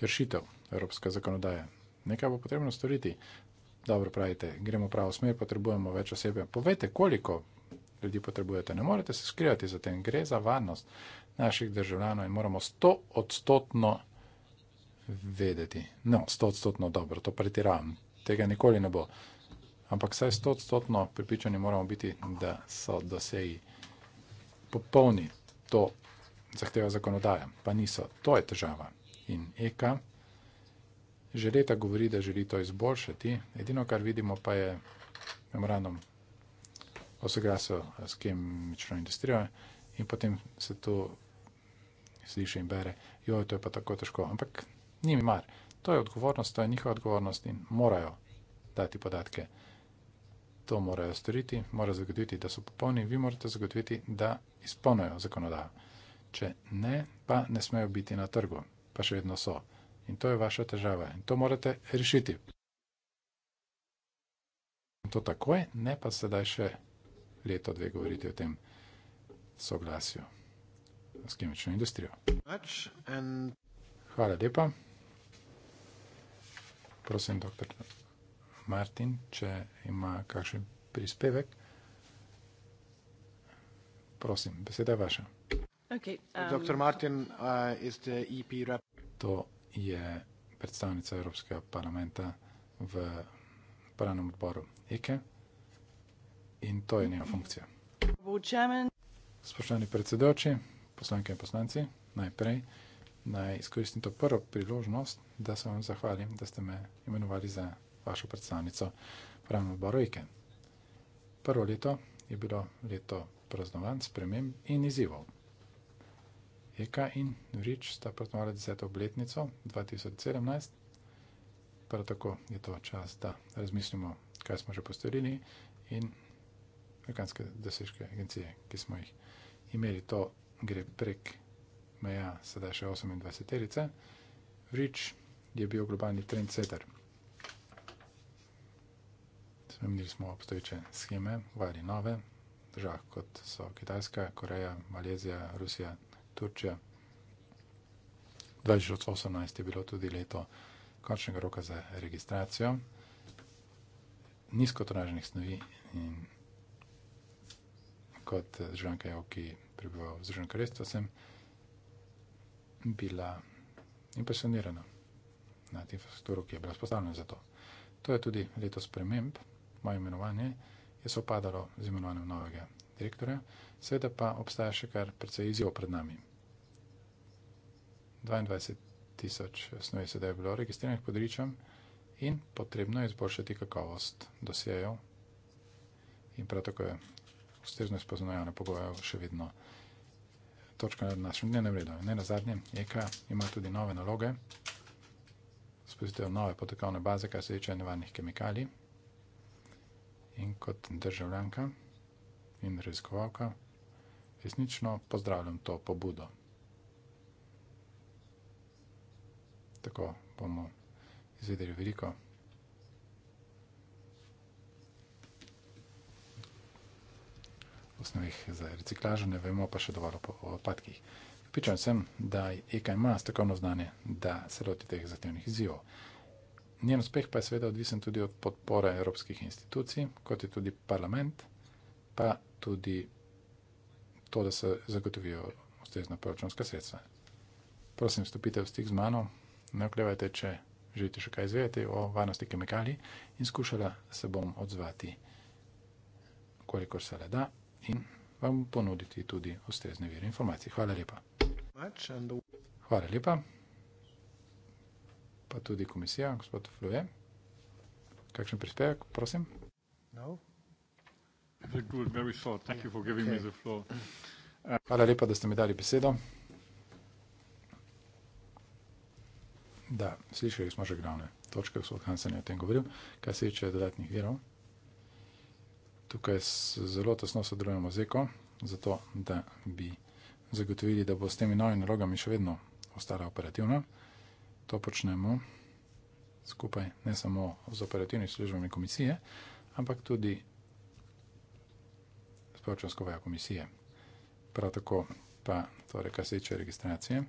kršitev evropske zakonodaje. Nekaj bo potrebno storiti dobro pravite, gremo prav v smer, potrebujemo več osebe. Povejte, koliko ljudi potrebujete. Ne morete se skrivati za tem. Gre za varnost naših državljanov in moramo sto odstotno vedeti. No, sto odstotno dobro, to pretiravam. Tega nikoli ne bo. Ampak saj sto odstotno pripričani moramo biti, da so doseji popolni. To zahteva zakonodaja, pa niso. To je težava. In EK že leta govori, da želi to izboljšati. Edino, kar vidimo, pa je memorandum o soglasju s kemično industrijo in potem se to sliši in bere. Jo, to je pa tako težko, ampak ni mi mar. To je odgovornost, to je njihova odgovornost in morajo dati podatke. To morajo storiti, morajo zagotoviti, da so popolni in vi morate zagotoviti, da izpolnijo zakonodajo. Če ne, pa ne smejo biti na trgu, pa še vedno so. In to je vaša težava. In to morate rešiti. In to takoj, ne pa sedaj še leto, dve govoriti o tem soglasju s kemično industrijo. Hvala lepa. Prosim, doktor Martin, če ima kakšen prispevek. Prosim, beseda je vaša. Okay, um... Doktor Martin, uh, is the EP rep? To je predstavnica Evropskega parlamenta v pravnem odboru Eke in to je njena funkcija. Spoštovani predsedoči, poslanke in poslanci, najprej naj izkoristim to prvo priložnost, da se vam zahvalim, da ste me imenovali za vašo predstavnico pravnem odboru Eke. Prvo leto je bilo leto praznovanj, sprememb in izzivov. Eka in Vrič sta praznovali 10. obletnico 2017. Prav tako je to čas, da razmislimo, kaj smo že postorili in amerikanske dosežke agencije, ki smo jih imeli. To gre prek meja, sedaj še 28. terice. Vrič je bil globalni trendsetter. Spremenili smo obstoječe scheme, uvali nove, držav kot so Kitajska, Koreja, Malezija, Rusija, Turčija. 2018 je bilo tudi leto končnega roka za registracijo nizkotonažnih snovi in kot državljanka EU, ki prebiva v Združenem kraljestvu, sem bila impresionirana na infrastrukturo, ki je bila spostavljena za to. To je tudi leto sprememb, moje imenovanje je je sopadalo z imenovanjem novega direktorja, seveda pa obstaja še kar precej izjiv pred nami. 22 tisoč snovi je sedaj bilo registriranih pod ričem in potrebno je izboljšati kakovost dosjejev in prav tako je ustrezno izpoznavanje pogojev še vedno točka na našem dnevnem redu. Ne na zadnje, EK ima tudi nove naloge, spustitev nove potekavne baze, kar se tiče nevarnih kemikalij in kot državljanka in raziskovalka resnično pozdravljam to pobudo. Tako bomo izvedeli veliko. osnovih za reciklažo, ne vemo pa še dovolj o odpadkih. Pričan sem, da EK e ima strokovno znanje, da se loti teh zahtevnih izzivov. Njen uspeh pa je seveda odvisen tudi od podpore evropskih institucij, kot je tudi parlament, pa tudi to, da se zagotovijo ustrezna proračunska sredstva. Prosim, stopite v stik z mano, ne oklevajte, če želite še kaj izvedeti o varnosti kemikalij in skušala se bom odzvati, kolikor se le da in vam ponuditi tudi ustrezne vire informacij. Hvala lepa. Hvala lepa pa tudi komisija, gospod Fluje. Kakšen prispevek, prosim? No. Good, Thank you for okay. me the floor. Uh, Hvala lepa, da ste mi dali besedo. Da, slišali smo že glavne točke, gospod Hansen je o tem govoril, kaj se tiče dodatnih virov. Tukaj zelo tesno sodelujemo z EKO, zato da bi zagotovili, da bo s temi novimi nalogami še vedno ostala operativna to počnemo skupaj, ne samo z operativnimi službami komisije, ampak tudi s počasko vajo komisije. Prav tako pa, torej, kar se tiče registracije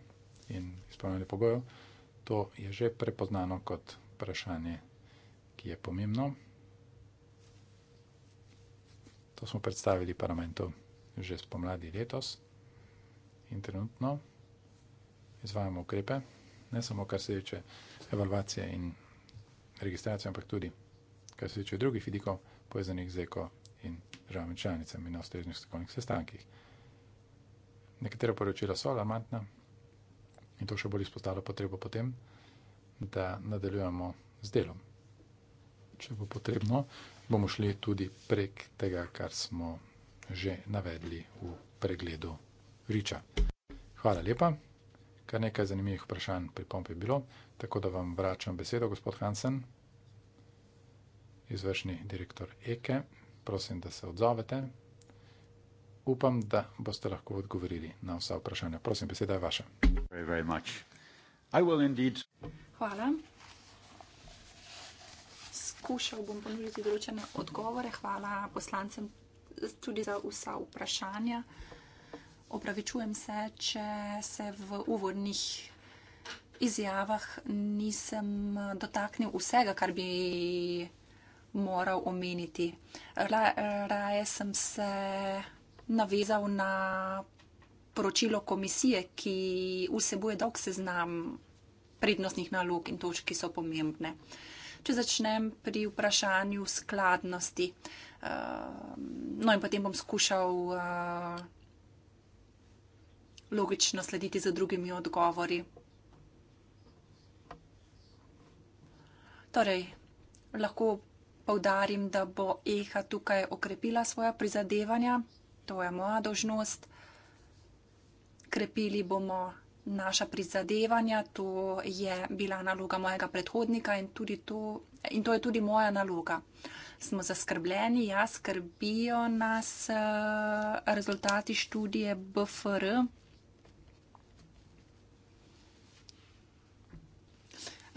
in izpolnjenih pogojev, to je že prepoznano kot vprašanje, ki je pomembno. To smo predstavili parlamentu že spomladi letos in trenutno izvajamo ukrepe ne samo kar se tiče evalvacije in registracije, ampak tudi kar se tiče drugih vidikov, povezanih z eko in državami članicami na ustreznih strokovnih sestankih. Nekatera poročila so alarmantna in to še bolj izpostavlja potrebo potem, da nadaljujemo z delom. Če bo potrebno, bomo šli tudi prek tega, kar smo že navedli v pregledu Riča. Hvala lepa kar nekaj zanimivih vprašanj pri pompi bilo, tako da vam vračam besedo, gospod Hansen, izvršni direktor Eke, prosim, da se odzovete. Upam, da boste lahko odgovorili na vsa vprašanja. Prosim, beseda je vaša. Very, very Hvala. Skušal bom ponuditi določene odgovore. Hvala poslancem tudi za vsa vprašanja opravičujem se, če se v uvodnih izjavah nisem dotaknil vsega, kar bi moral omeniti. Raje sem se navezal na poročilo komisije, ki vsebuje dolg seznam prednostnih nalog in točk, ki so pomembne. Če začnem pri vprašanju skladnosti, eh, no in potem bom skušal eh, logično slediti za drugimi odgovori. Torej, lahko povdarim, da bo EHA tukaj okrepila svoja prizadevanja, to je moja dožnost. Krepili bomo naša prizadevanja, to je bila naloga mojega predhodnika in, tudi to, in to je tudi moja naloga. Smo zaskrbljeni, ja, skrbijo nas eh, rezultati študije BFR.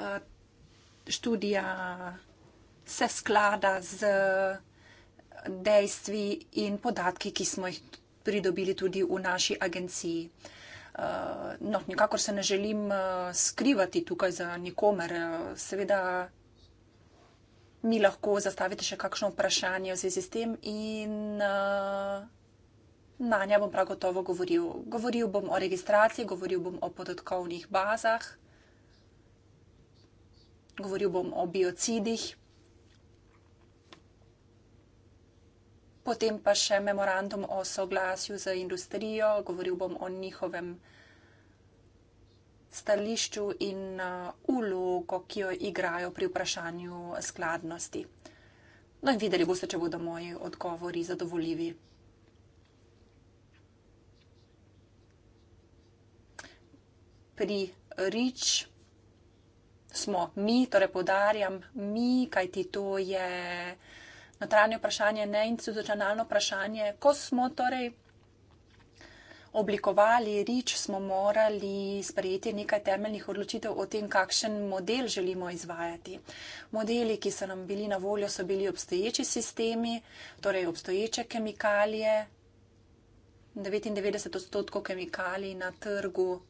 Eh, študija se sklada z eh, dejstvi in podatki, ki smo jih pridobili tudi v naši agenciji. Eh, no, nikakor se ne želim skrivati tukaj za nikomer. Seveda mi lahko zastavite še kakšno vprašanje v zvezi s tem in na nja bom prav gotovo govoril. Govoril bom o registraciji, govoril bom o podatkovnih bazah govoril bom o biocidih, potem pa še memorandum o soglasju z industrijo, govoril bom o njihovem stališču in uh, ulogo, ki jo igrajo pri vprašanju skladnosti. No in videli boste, če bodo moji odgovori zadovoljivi. Pri REACH smo mi, torej podarjam mi, kajti to je notranje vprašanje, ne institucionalno vprašanje. Ko smo torej oblikovali rič, smo morali sprejeti nekaj temeljnih odločitev o tem, kakšen model želimo izvajati. Modeli, ki so nam bili na voljo, so bili obstoječi sistemi, torej obstoječe kemikalije. 99 odstotkov kemikalij na trgu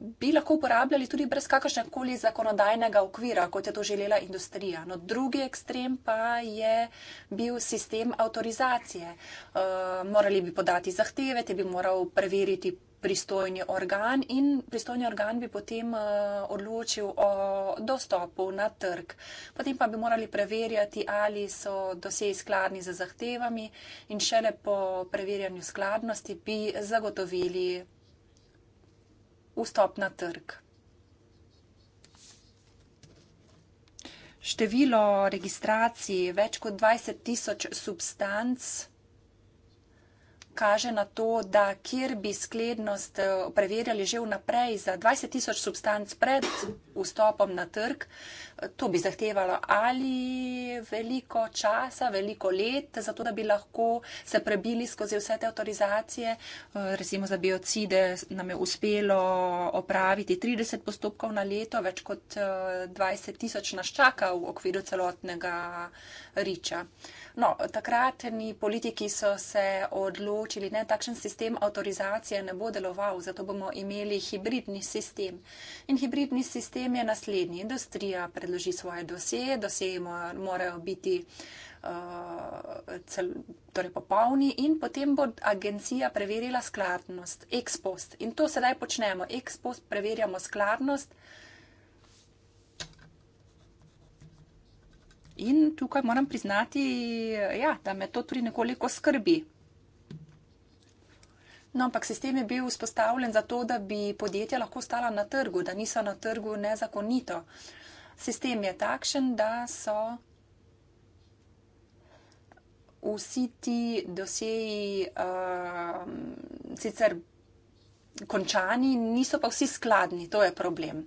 bi lahko uporabljali tudi brez kakršnekoli zakonodajnega okvira, kot je to želela industrija. No, drugi ekstrem pa je bil sistem avtorizacije. Uh, morali bi podati zahteve, te bi moral preveriti pristojni organ in pristojni organ bi potem uh, odločil o dostopu na trg. Potem pa bi morali preverjati, ali so dosej skladni z zahtevami in šele po preverjanju skladnosti bi zagotovili vstop na trg. Število registracij, več kot 20 tisoč substanc kaže na to, da kjer bi sklednost eh, preverjali že vnaprej za 20 tisoč substanc pred vstopom na trg, eh, to bi zahtevalo ali veliko časa, veliko let, zato da bi lahko se prebili skozi vse te avtorizacije. Eh, recimo za biocide nam je uspelo opraviti 30 postopkov na leto, več kot 20 tisoč nas čaka v okviru celotnega riča. No, takratni politiki so se odločili, da takšen sistem avtorizacije ne bo deloval, zato bomo imeli hibridni sistem. In hibridni sistem je naslednji. Industrija predloži svoje doseje, doseje morajo biti. Uh, cel, torej popolni in potem bo agencija preverila skladnost, ekspost. In to sedaj počnemo, ekspost preverjamo skladnost uh, In tukaj moram priznati, ja, da me to tudi nekoliko skrbi. No, ampak sistem je bil vzpostavljen zato, da bi podjetja lahko stala na trgu, da niso na trgu nezakonito. Sistem je takšen, da so vsi ti doseji uh, um, sicer končani, niso pa vsi skladni, to je problem.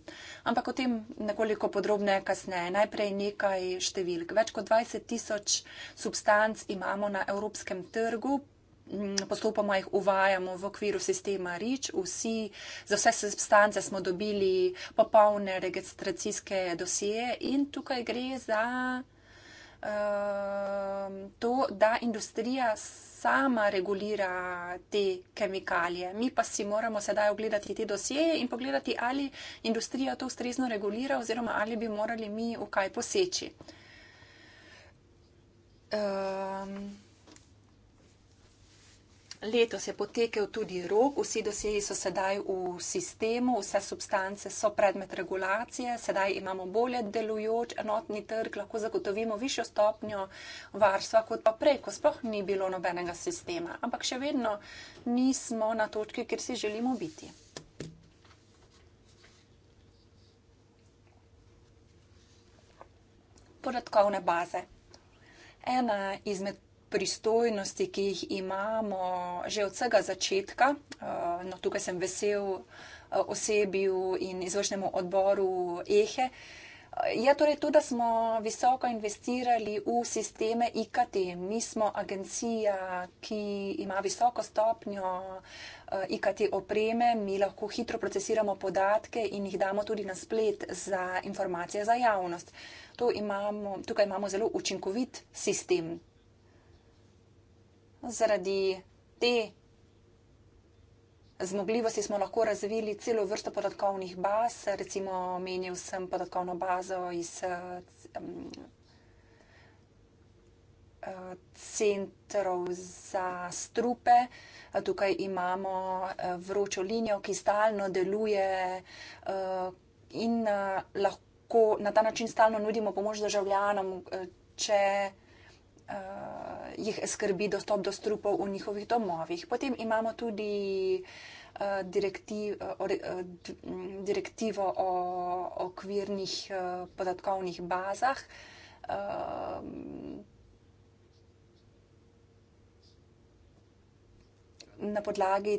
Ampak o tem nekoliko podrobneje kasneje. Najprej nekaj številk. Več kot 20 tisoč substanc imamo na evropskem trgu. Mm, postopoma jih uvajamo v okviru sistema REACH. Vsi, za vse substance smo dobili popolne registracijske dosije in tukaj gre za uh, to, da industrija sama regulira te kemikalije. Mi pa si moramo sedaj ogledati te dosjeje in pogledati, ali industrija to ustrezno regulira oziroma ali bi morali mi v kaj poseči. Um, Letos je potekel tudi rok, vsi dosjeji so sedaj v sistemu, vse substance so predmet regulacije, sedaj imamo bolje delujoč enotni trg, lahko zagotovimo višjo stopnjo varstva kot pa prej, ko sploh ni bilo nobenega sistema. Ampak še vedno nismo na točki, kjer si želimo biti. Podatkovne baze. Ena izmed pristojnosti, ki jih imamo že od vsega začetka. Eh, no, tukaj sem vesel eh, osebju in izvršnemu odboru EHE. Ja, torej to, da smo visoko investirali v sisteme IKT. Mi smo agencija, ki ima visoko stopnjo IKT opreme, mi lahko hitro procesiramo podatke in jih damo tudi na splet za informacije za javnost. Imamo, tukaj imamo zelo učinkovit sistem, zaradi te zmogljivosti smo lahko razvili celo vrsto podatkovnih baz, recimo menil sem podatkovno bazo iz um, centrov za strupe. Eh, tukaj imamo vročo linijo, ki stalno deluje in lahko na ta način stalno nudimo pomoč državljanom, če Eh, jih skrbi dostop do strupov v njihovih domovih. Potem imamo tudi eh, eh, mm, direktivo o okvirnih podatkovnih bazah. Na podlagi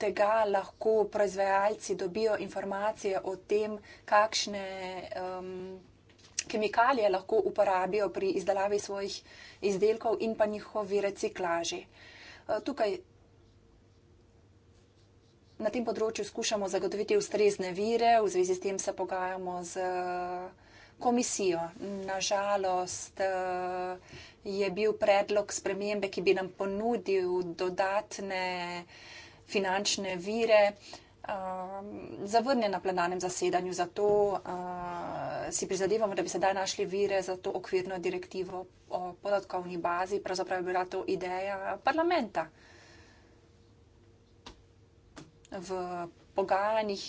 tega lahko proizvajalci dobijo informacije o tem, kakšne um, kemikalije lahko uporabijo pri izdelavi svojih izdelkov in pa njihovi reciklaži. Eh, tukaj na tem področju skušamo zagotoviti ustrezne vire, v zvezi s tem se pogajamo z komisijo. Nažalost eh, je bil predlog spremembe, ki bi nam ponudil dodatne finančne vire, um, zavrnjen na plenarnem zasedanju. Zato uh, si prizadevamo, da bi sedaj našli vire za to okvirno direktivo o podatkovni bazi. Pravzaprav je bila to ideja parlamenta v pogajanjih.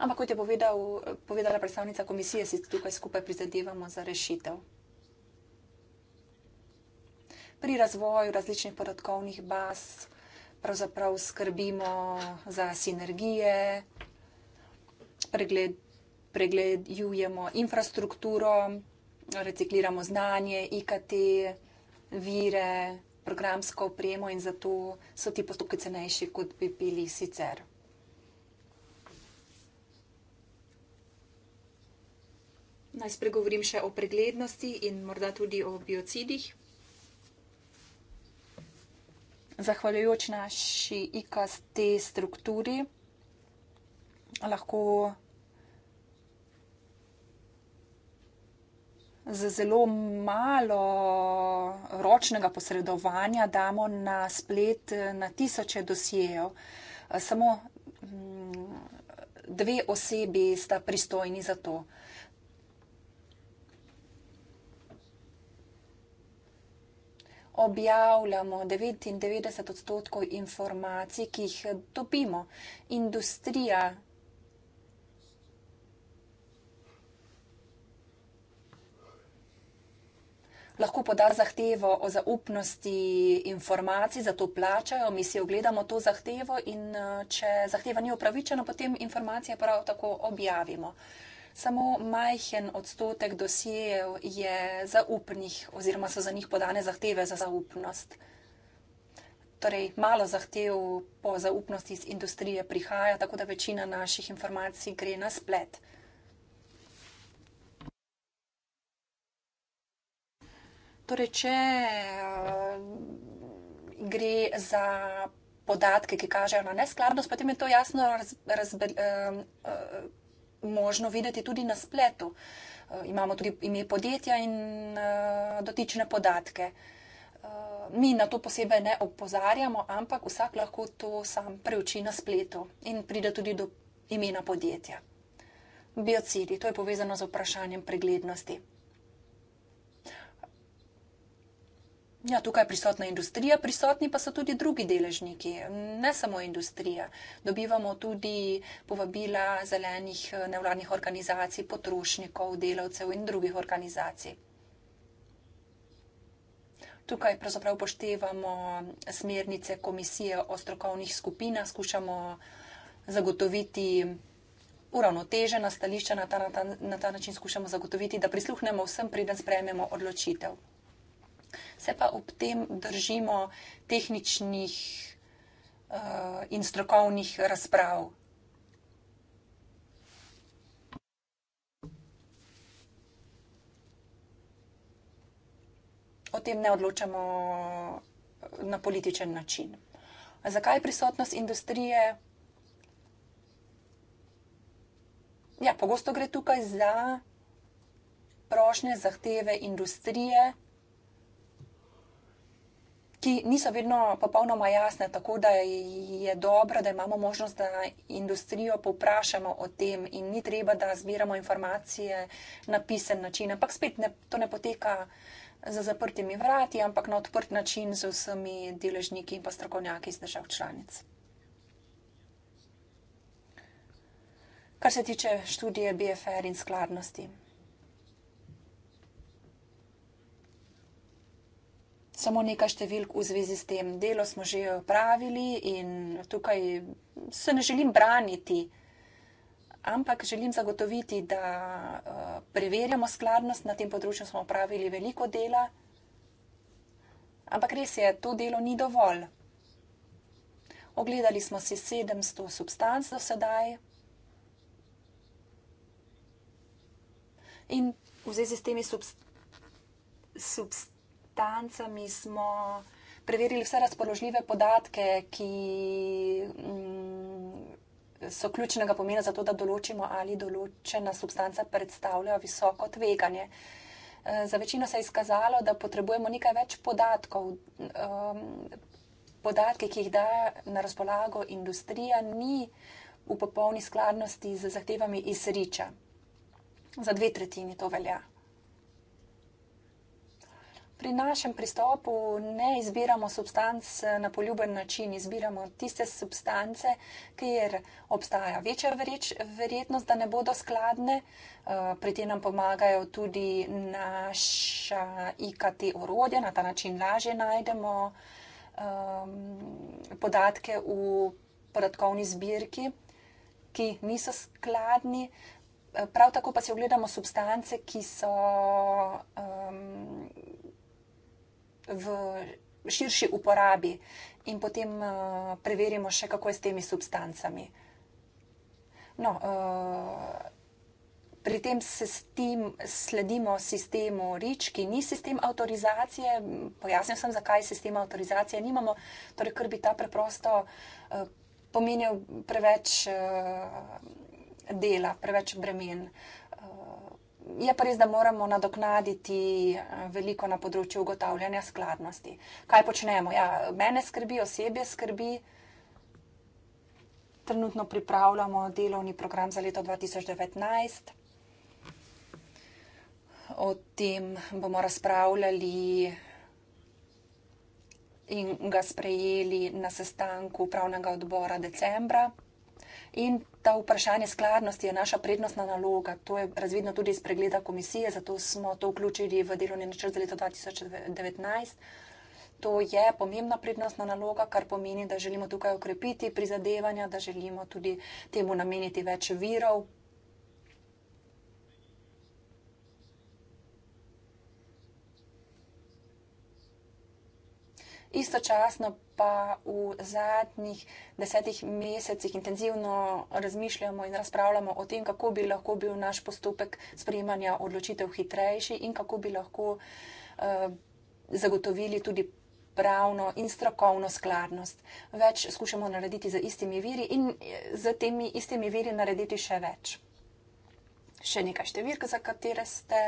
Ampak kot je povedal, povedala predstavnica komisije, si tukaj skupaj prizadevamo za rešitev. Pri razvoju različnih podatkovnih baz pravzaprav skrbimo za sinergije, pregled, pregledujemo infrastrukturo, recikliramo znanje, IKT, vire, programsko opremo in zato so ti postopki cenejši, kot bi bili sicer. Naj spregovorim še o preglednosti in morda tudi o biocidih zahvaljujoč naši IKST strukturi lahko z zelo malo ročnega posredovanja damo na splet na tisoče dosijev. Samo mm, dve osebi sta pristojni za to. objavljamo 99 odstotkov informacij, ki jih dobimo. Industrija lahko poda zahtevo o zaupnosti informacij, zato plačajo, mi si ogledamo to zahtevo in eh, če zahteva ni upravičena, potem informacije prav tako objavimo samo majhen odstotek dosijev je zaupnih, oziroma so za njih podane zahteve za zaupnost. Torej, malo zahtev po zaupnosti iz industrije prihaja, tako da večina naših informacij gre na splet. Torej, če uh, gre za podatke, ki kažejo na neskladnost, potem je to jasno razbe, uh, uh, eh, možno videti tudi na spletu. Eh, imamo tudi ime podjetja in eh, dotične podatke. Eh, mi na to posebej ne opozarjamo, ampak vsak lahko to sam preuči na spletu in pride tudi do imena podjetja. Biocidi, to je povezano z vprašanjem preglednosti. Ja, tukaj je prisotna industrija, prisotni pa so tudi drugi deležniki, ne samo industrija. Dobivamo tudi povabila zelenih eh, nevladnih organizacij, potrošnikov, delavcev in drugih organizacij. Tukaj pravzaprav poštevamo smernice komisije o strokovnih skupinah, skušamo zagotoviti uravnotežena stališča, na ta, na, ta, na ta način skušamo zagotoviti, da prisluhnemo vsem, preden sprejmemo odločitev se pa ob tem držimo tehničnih uh, in strokovnih razprav. O tem ne odločamo eh, na političen način. Zakaj je prisotnost industrije? Ja, pogosto gre tukaj za prošnje, zahteve industrije, ki niso vedno popolnoma jasne, tako da je dobro, da imamo možnost, da industrijo povprašamo o tem in ni treba, da zbiramo informacije na pisen način, ampak spet ne, to ne poteka za zaprtimi vrati, ampak na odprt način z vsemi deležniki in pa strokovnjaki iz držav članic. Kar se tiče študije BFR in skladnosti. samo nekaj številk v zvezi s tem. Delo smo že opravili in tukaj se ne želim braniti, ampak želim zagotoviti, da eh, preverjamo skladnost. Na tem področju smo opravili veliko dela, ampak res je, to delo ni dovolj. Ogledali smo si 700 substanc do sedaj. In v zvezi s temi substanci. Subst distancami smo preverili vse razpoložljive podatke, ki mm, so ključnega pomena za to, da določimo, ali določena substanca predstavlja visoko tveganje. E, za večino se je izkazalo, da potrebujemo nekaj več podatkov. Podatke, ki jih daje na razpolago industrija, ni v popolni skladnosti z zahtevami iz riča. Za dve tretjini to velja pri našem pristopu ne izbiramo substanc eh, na poljuben način, izbiramo tiste substance, kjer obstaja večja vreč, verjetnost, da ne bodo skladne. Eh, pri tem nam pomagajo tudi naša IKT orodja, na ta način lažje najdemo um, podatke v podatkovni zbirki, ki niso skladni. Eh, prav tako pa si ogledamo substance, ki so. Um, v širši uporabi in potem eh, preverimo še, kako je s temi substancami. No, eh, pri tem se s tem sledimo sistemu REACH, ki ni sistem avtorizacije. Pojasnil sem, zakaj sistema avtorizacije nimamo, torej, ker bi ta preprosto eh, pomenil preveč dela, preveč bremen. Je pa res, da moramo nadoknaditi eh, veliko na področju ugotavljanja skladnosti. Kaj počnemo? Ja, mene skrbi, osebje skrbi. Trenutno pripravljamo delovni program za leto 2019. O tem bomo razpravljali in ga sprejeli na sestanku upravnega odbora decembra. In ta vprašanje skladnosti je naša prednostna naloga. To je razvidno tudi iz pregleda komisije, zato smo to vključili v delovni načrt za leto 2019. To je pomembna prednostna naloga, kar pomeni, da želimo tukaj okrepiti prizadevanja, da želimo tudi temu nameniti več virov, istočasno pa v zadnjih desetih mesecih intenzivno razmišljamo in razpravljamo o tem, kako bi lahko bil naš postopek sprejemanja odločitev hitrejši in kako bi lahko eh, zagotovili tudi pravno in strokovno skladnost. Več skušamo narediti z istimi viri in eh, z temi istimi viri narediti še več. Še nekaj številk, za katere ste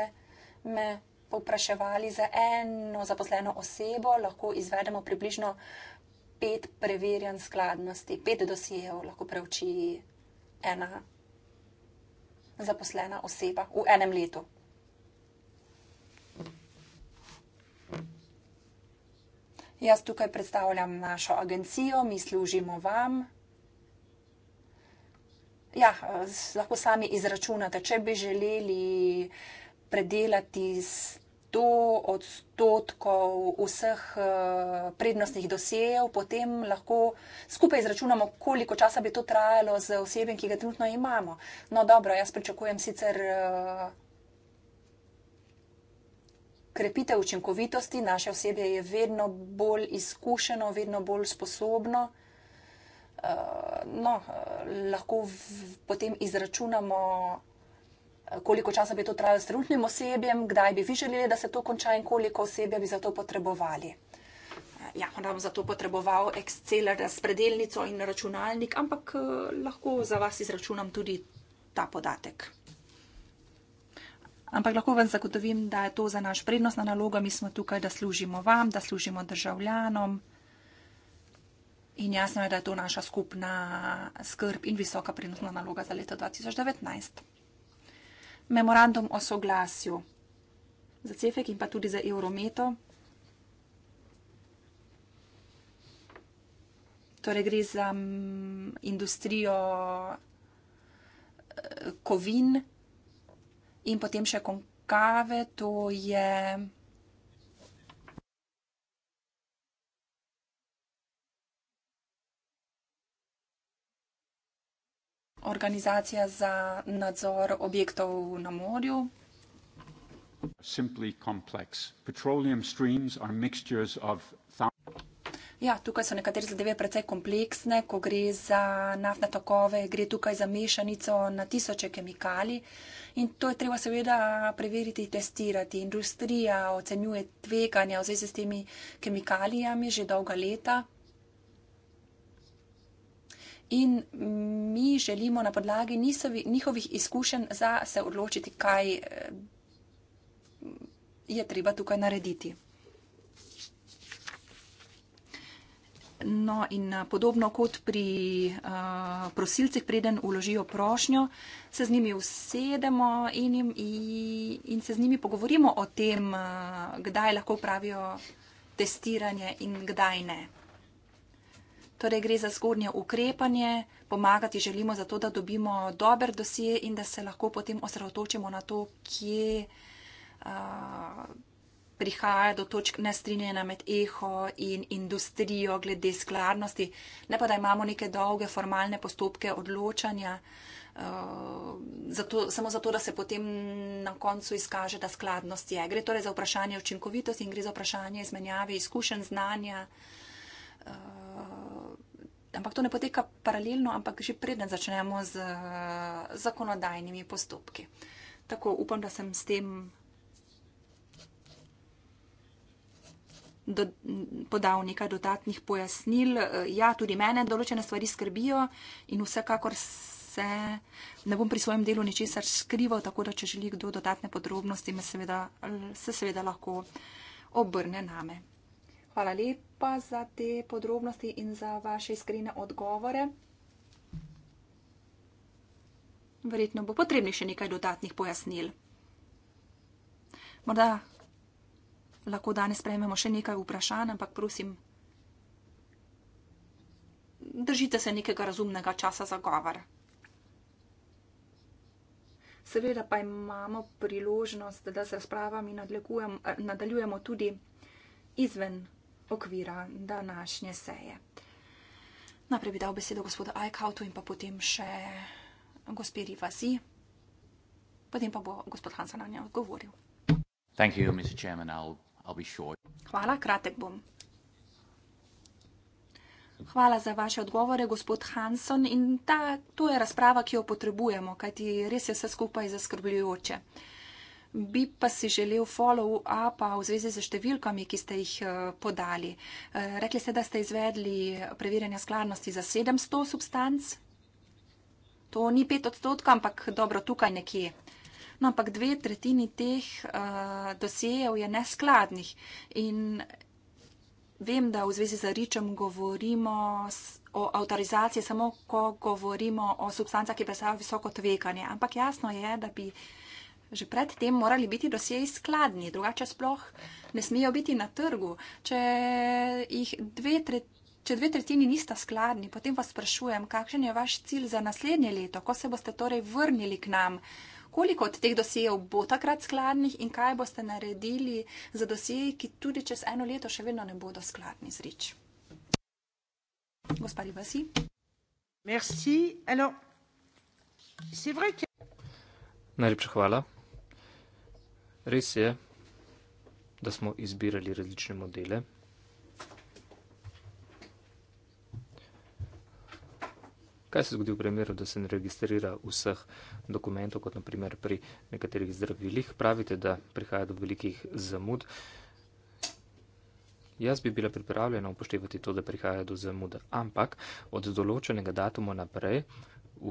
me povpraševali za eno zaposleno osebo, lahko izvedemo približno pet preverjanj skladnosti, pet dosijev lahko preuči ena zaposlena oseba v enem letu. Jaz tukaj predstavljam našo agencijo, mi služimo vam. Ja, lahko sami izračunate, če bi želeli predelati 100 odstotkov vseh eh, prednostnih dosejev, potem lahko skupaj izračunamo, koliko časa bi to trajalo z osebjem, ki ga trenutno imamo. No, dobro, jaz pričakujem sicer eh, krepitev učinkovitosti, naše osebje je vedno bolj izkušeno, vedno bolj sposobno. Eh, no, lahko v, potem izračunamo koliko časa bi to trajalo s trenutnim osebjem, kdaj bi vi želeli, da se to konča in koliko osebja bi za to potrebovali. Eh, ja, on bom za to potreboval Excel s predeljnico in računalnik, ampak eh, lahko za vas izračunam tudi ta podatek. Ampak lahko vam zagotovim, da je to za naš prednostna naloga. Mi smo tukaj, da služimo vam, da služimo državljanom. In jasno je, da je to naša skupna skrb in visoka prednostna naloga za leto 2019 memorandum o soglasju za CEFEK in pa tudi za Eurometo. Torej gre za industrijo eh, kovin in potem še konkave, to je... organizacija za nadzor objektov na morju. Simply complex. Petroleum streams are mixtures of Ja, tukaj so nekatere zadeve precej kompleksne, ko gre za naftne tokove, gre tukaj za mešanico na tisoče kemikalij in to je treba seveda preveriti, testirati. Industrija ocenjuje tveganja v zvezi s temi kemikalijami že dolga leta in mi želimo na podlagi njihovih izkušenj za se odločiti, kaj eh, je treba tukaj narediti. No, in eh, podobno kot pri uh, prosilcih, preden uložijo prošnjo, se z njimi usedemo in, jim, in se z njimi pogovorimo o tem, uh, kdaj lahko pravijo testiranje in kdaj ne. Torej gre za zgodnje ukrepanje, pomagati želimo zato, da dobimo dober dosje in da se lahko potem osredotočimo na to, kje uh, prihaja do točk nestrinjena med eho in industrijo glede skladnosti. Ne pa, da imamo neke dolge formalne postopke odločanja, uh, zato, samo zato, da se potem na koncu izkaže, da skladnost je. Gre torej za vprašanje učinkovitosti in gre za vprašanje izmenjave izkušenj, znanja. Uh, ampak to ne poteka paralelno, ampak že predem začnemo z eh, zakonodajnimi postopki. Tako upam, da sem s tem do, podal nekaj dodatnih pojasnil. Eh, ja, tudi mene določene stvari skrbijo in vsekakor se ne bom pri svojem delu ničesar skrival, tako da če želi kdo dodatne podrobnosti, seveda, se seveda lahko obrne name. Hvala lepa za te podrobnosti in za vaše iskrene odgovore. Verjetno bo potrebni še nekaj dodatnih pojasnil. Morda lahko danes prejmemo še nekaj vprašanj, ampak prosim, držite se nekega razumnega časa za govor. Seveda pa imamo priložnost, da se s pravami nadaljujemo tudi izven okvira današnje seje. Najprej bi dal besedo gospodu Aikautu in pa potem še gospe Rivasi, potem pa bo gospod Hansa na njo odgovoril. You, I'll, I'll Hvala, kratek bom. Hvala za vaše odgovore, gospod Hanson. In ta, to je razprava, ki jo potrebujemo, kajti res je vse skupaj zaskrbljujoče. Uh, bi pa si želel follow-upa v zvezi z številkami, ki ste jih eh, podali. Eh, rekli ste, da ste izvedli preverjanje skladnosti za 700 substanc. To ni pet odstotka, ampak dobro, tukaj nekje. No, ampak dve tretjini teh uh, dosejev je neskladnih. In vem, da v zvezi z ričem govorimo o avtorizaciji, samo ko govorimo o substancah, ki predstavljajo visoko tvekanje. Ampak jasno je, da bi uh, že predtem morali biti dosjeji skladni, drugače sploh ne smijo biti na trgu. Če, dve, tre, če dve tretjini nista skladni, potem vas sprašujem, kakšen je vaš cilj za naslednje leto, ko se boste torej vrnili k nam. Koliko od teh dosjejev bo takrat skladnih in kaj boste naredili za dosjeji, ki tudi čez eno leto še vedno ne bodo skladni z rič? Gospod Ribasi. Merci. Alors, c'est vrai que... Najlepša hvala. Res je, da smo izbirali različne modele. Kaj se zgodi v primeru, da se ne registrira vseh dokumentov, kot naprimer pri nekaterih zdravilih? Pravite, da prihaja do velikih zamud. Jaz bi bila pripravljena upoštevati to, da prihaja do zamude, ampak od določenega datuma naprej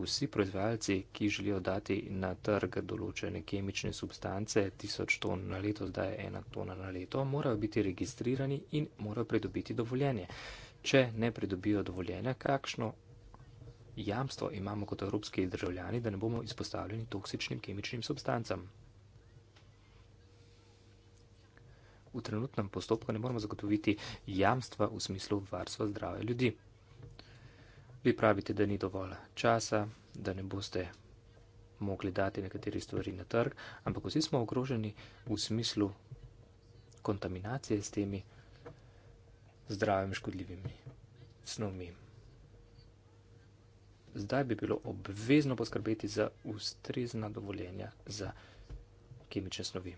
vsi proizvajalci, ki želijo dati na trg določene kemične substance, 1000 ton na leto, zdaj je 1 tona na leto, morajo biti registrirani in morajo pridobiti dovoljenje. Če ne pridobijo dovoljenja, kakšno jamstvo imamo kot evropski državljani, da ne bomo izpostavljeni toksičnim kemičnim substancam? v trenutnem postopku ne moremo zagotoviti jamstva v smislu varstva zdrave ljudi. Vi pravite, da ni dovolj časa, da ne boste mogli dati nekateri stvari na trg, ampak vsi smo ogroženi v smislu kontaminacije s temi zdravimi škodljivimi snovmi. Zdaj bi bilo obvezno poskrbeti za ustrezna dovoljenja za kemične snovi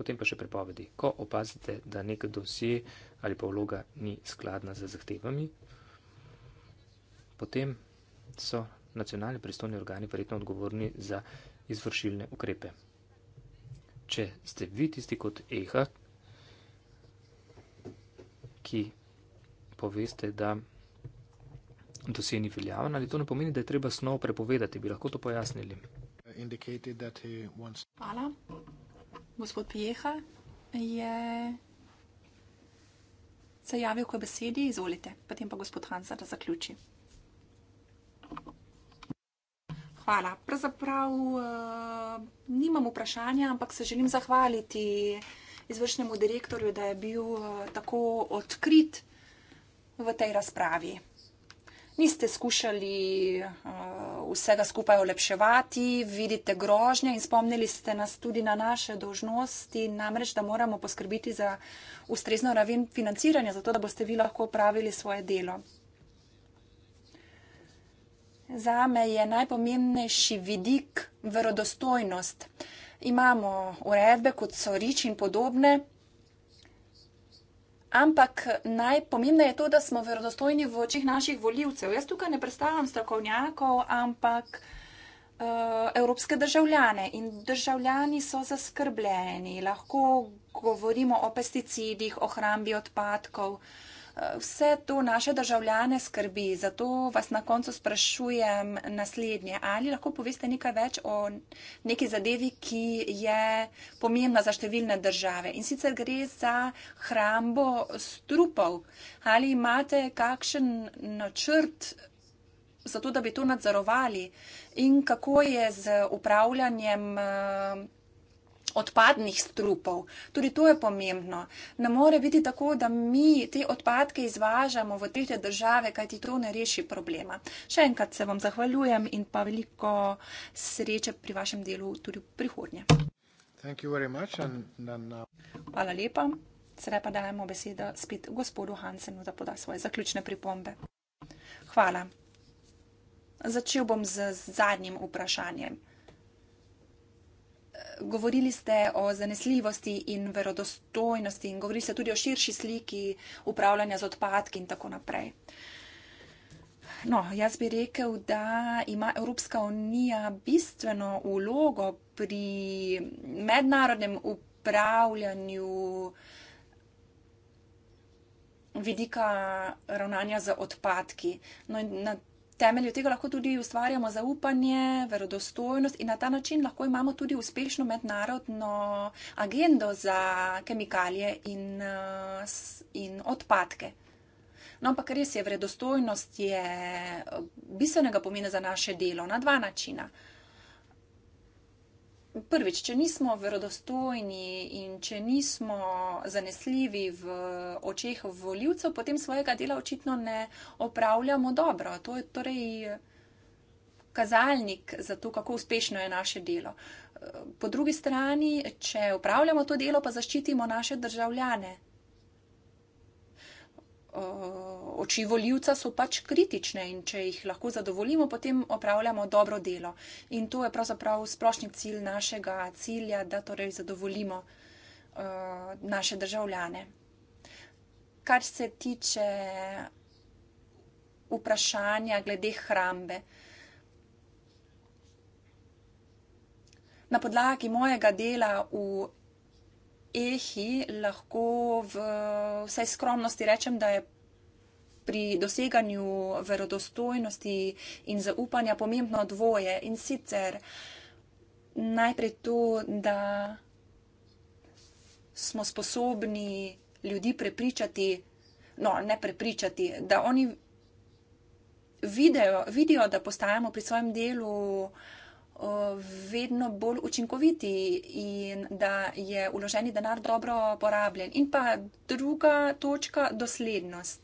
potem pa še prepovedi. Ko opazite, da nek dosje ali pa vloga ni skladna z zahtevami, potem so nacionalni pristojni organi verjetno odgovorni za izvršilne ukrepe. Če ste vi tisti kot EHA, ki poveste, da dosje ni veljaven, ali to ne pomeni, da je treba snov prepovedati, bi lahko to pojasnili. Hvala gospod Pijeha je se javil k besedi, izvolite, potem pa gospod Hansa, da zaključi. Hvala. Pravzaprav eh, nimam vprašanja, ampak se želim zahvaliti izvršnemu direktorju, da je bil eh, tako odkrit v tej razpravi niste skušali uh, vsega skupaj olepševati, vidite grožnje in spomnili ste nas tudi na naše dožnosti, namreč, da moramo poskrbiti za ustrezno raven financiranja, zato da boste vi lahko opravili svoje delo. Za me je najpomembnejši vidik verodostojnost. Imamo uredbe, kot so rič in podobne, Ampak najpomembneje je to, da smo verodostojni v očih naših voljivcev. Jaz tukaj ne predstavljam strokovnjakov, ampak uh, evropske državljane. In državljani so zaskrbljeni. Lahko govorimo o pesticidih, o hrambi odpadkov, uh, vse to naše državljane skrbi. Zato vas na koncu sprašujem naslednje. Ali lahko poveste nekaj več o neki zadevi, ki je pomembna za številne države? In sicer gre za hrambo strupov. Ali imate kakšen načrt? Zato, da bi to nadzorovali, in kako je z upravljanjem eh, odpadnih strupov. Tudi to je pomembno. Ne more biti tako, da mi te odpadke izvažamo v tretje države, kajti to ne reši problema. Še enkrat se vam zahvaljujem in pa veliko sreče pri vašem delu tudi v prihodnje. Hvala lepa. Sedaj pa dajemo besedo spet gospodu Hansenu, da poda svoje zaključne pripombe. Hvala. Začel bom z zadnjim vprašanjem govorili ste o zanesljivosti in verodostojnosti in govorili ste tudi o širši sliki upravljanja z odpadki in tako naprej. No, jaz bi rekel, da ima Evropska unija bistveno ulogo pri mednarodnem upravljanju vidika ravnanja z odpadki. No, na temelju tega lahko tudi ustvarjamo zaupanje, verodostojnost in na ta način lahko imamo tudi uspešno mednarodno agendo za kemikalije in, eh, in odpadke. No, ampak res je, verodostojnost je eh, bistvenega pomena za naše delo na dva načina prvič, če nismo verodostojni in če nismo zanesljivi v očeh voljivcev, potem svojega dela očitno ne opravljamo dobro. To je torej kazalnik za to, kako uspešno je naše delo. Po drugi strani, če upravljamo to delo, pa zaščitimo naše državljane, oči voljivca so pač kritične in če jih lahko zadovoljimo, potem opravljamo dobro delo. In to je pravzaprav splošni cilj našega cilja, da torej zadovoljimo naše državljane. Kar se tiče vprašanja glede hrambe. Na podlagi mojega dela v Ehi lahko v vsej skromnosti rečem, da je pri doseganju verodostojnosti in zaupanja pomembno dvoje in sicer najprej to, da smo sposobni ljudi prepričati, no ne prepričati, da oni vidijo, vidijo da postajamo pri svojem delu uh, vedno bolj učinkoviti in da je uloženi denar dobro porabljen. In pa druga točka, doslednost.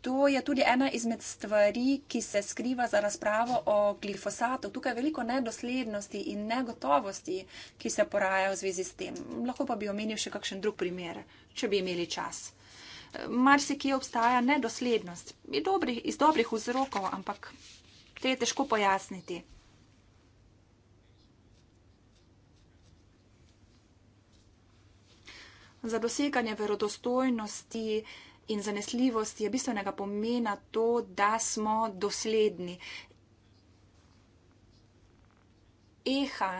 To je tudi ena izmed stvari, ki se skriva za razpravo o glifosatu. Tukaj je veliko nedoslednosti in negotovosti, ki se porajajo v zvezi s tem. Lahko pa bi omenil še kakšen drug primer, če bi imeli čas. Mar si kje obstaja nedoslednost? Dobri, iz dobrih vzrokov, ampak te je težko pojasniti. Za doseganje verodostojnosti in zanesljivosti je bistvenega pomena to, da smo dosledni. Eha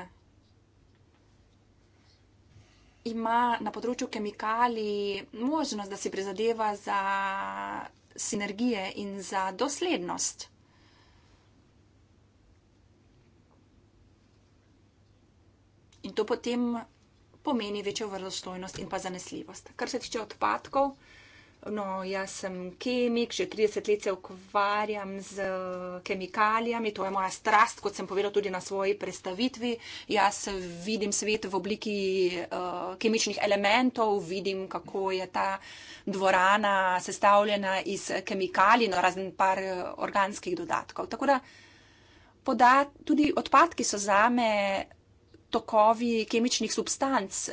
ima na področju kemikalij možnost, da si prizadeva za sinergije in za doslednost. In to potem pomeni večjo verodostojnost in pa zanesljivost. Kar se tiče odpadkov, no, jaz sem kemik, že 30 let se ukvarjam z eh, kemikalijami, to je moja strast, kot sem povedal tudi na svoji predstavitvi. Jaz eh, vidim svet v obliki uh, kemičnih elementov, vidim, kako je ta dvorana sestavljena iz kemikalij, no, razen par organskih dodatkov. Tako da, poda, tudi odpadki so zame tokovi kemičnih substanc.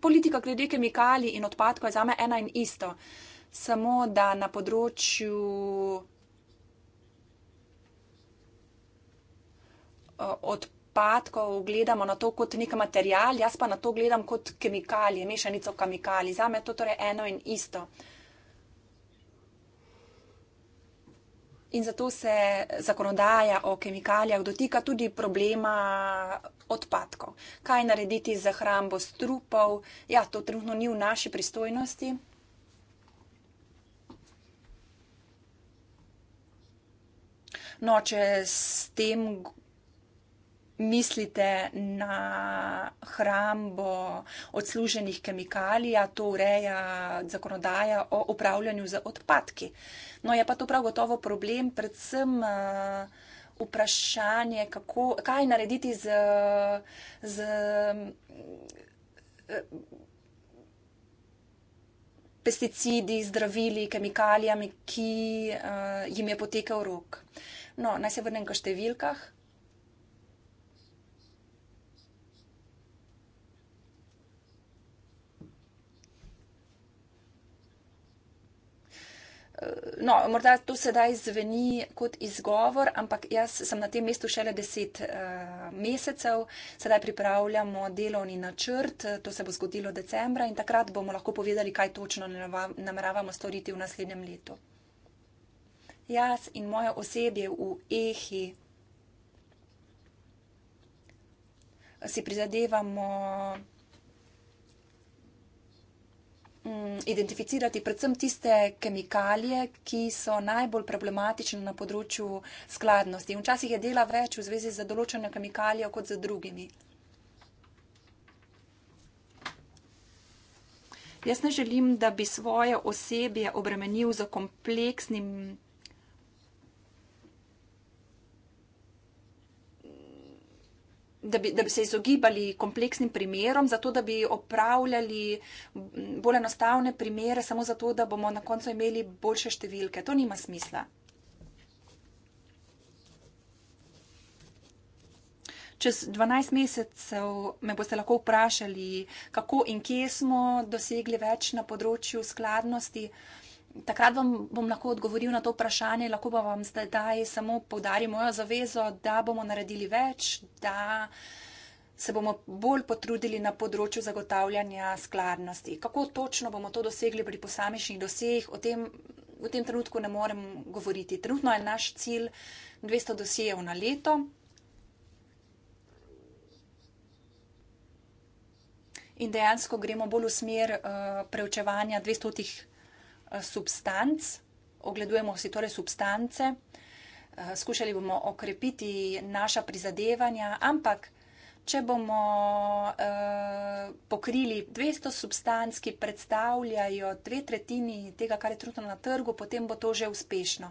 Politika glede kemikalij in odpadkov je zame ena in isto. Samo da na področju eh, odpadkov gledamo na to kot nek material, jaz pa na to gledam kot kemikalije, mešanico kemikalij. Zame je to torej eno in isto. In zato se zakonodaja o kemikalijah dotika tudi problema odpadkov. Kaj narediti za hrambo strupov? Ja, to trenutno ni v naši pristojnosti. No, če s tem mislite na hrambo odsluženih kemikalij, to ureja zakonodaja o upravljanju z odpadki. No, je pa to prav gotovo problem, predvsem eh, vprašanje, kako, kaj narediti z. z eh, Pesticidi, zdravili, kemikalijami, ki uh, jim je potekel rok. No, naj se vrnem k številkah. No, morda to sedaj zveni kot izgovor, ampak jaz sem na tem mestu šele deset uh, mesecev, sedaj pripravljamo delovni načrt, to se bo zgodilo decembra in takrat bomo lahko povedali, kaj točno nameravamo storiti v naslednjem letu. Jaz in moje osebje v EHI si prizadevamo Mm, identificirati predvsem tiste kemikalije, ki so najbolj problematične na področju skladnosti. Včasih je dela več v zvezi z določeno kemikalijo kot z drugimi. Jaz ne želim, da bi svoje osebje obremenil z kompleksnim da bi, da bi se izogibali kompleksnim primerom, zato da bi opravljali bolj enostavne primere, samo zato, da bomo na koncu imeli boljše številke. To nima smisla. Čez 12 mesecev me boste lahko vprašali, kako in kje smo dosegli več na področju skladnosti takrat vam bom lahko odgovoril na to vprašanje, lahko pa vam zdaj samo povdarim mojo zavezo, da bomo naredili več, da se bomo bolj potrudili na področju zagotavljanja skladnosti. Kako točno bomo to dosegli pri posamešnjih dosejih, o tem v tem trenutku ne morem govoriti. Trenutno je naš cilj 200 dosejev na leto. In dejansko gremo bolj v smer uh, preučevanja 200 substanc, ogledujemo si torej substance, eh, skušali bomo okrepiti naša prizadevanja, ampak če bomo eh, pokrili 200 substanc, ki predstavljajo dve tretjini tega, kar je trudno na trgu, potem bo to že uspešno.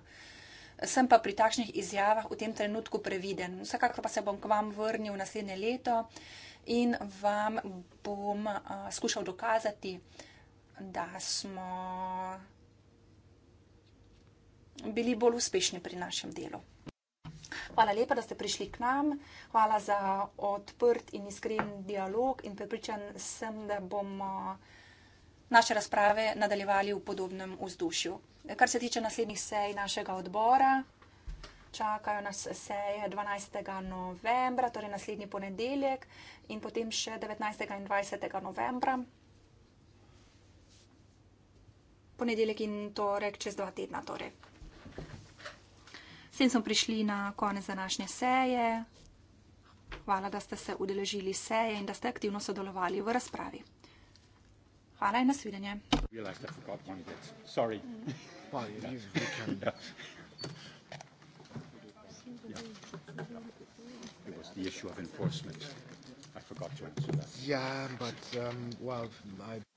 Sem pa pri takšnih izjavah v tem trenutku previden. Vsekakor pa se bom k vam vrnil naslednje leto in vam bom eh, skušal dokazati, da smo bili bolj uspešni pri našem delu. Hvala lepa, da ste prišli k nam. Hvala za odprt in iskren dialog in prepričan sem, da bomo naše razprave nadaljevali v podobnem vzdušju. Kar se tiče naslednjih sej našega odbora, čakajo nas seje 12. novembra, torej naslednji ponedeljek in potem še 19. in 20. novembra. Ponedeljek in torek, čez dva tedna torek. S tem smo prišli na konec današnje seje. Hvala, da ste se udeležili seje in da ste aktivno sodelovali v razpravi. Hvala in nasvidenje. Yeah, but um, well, I.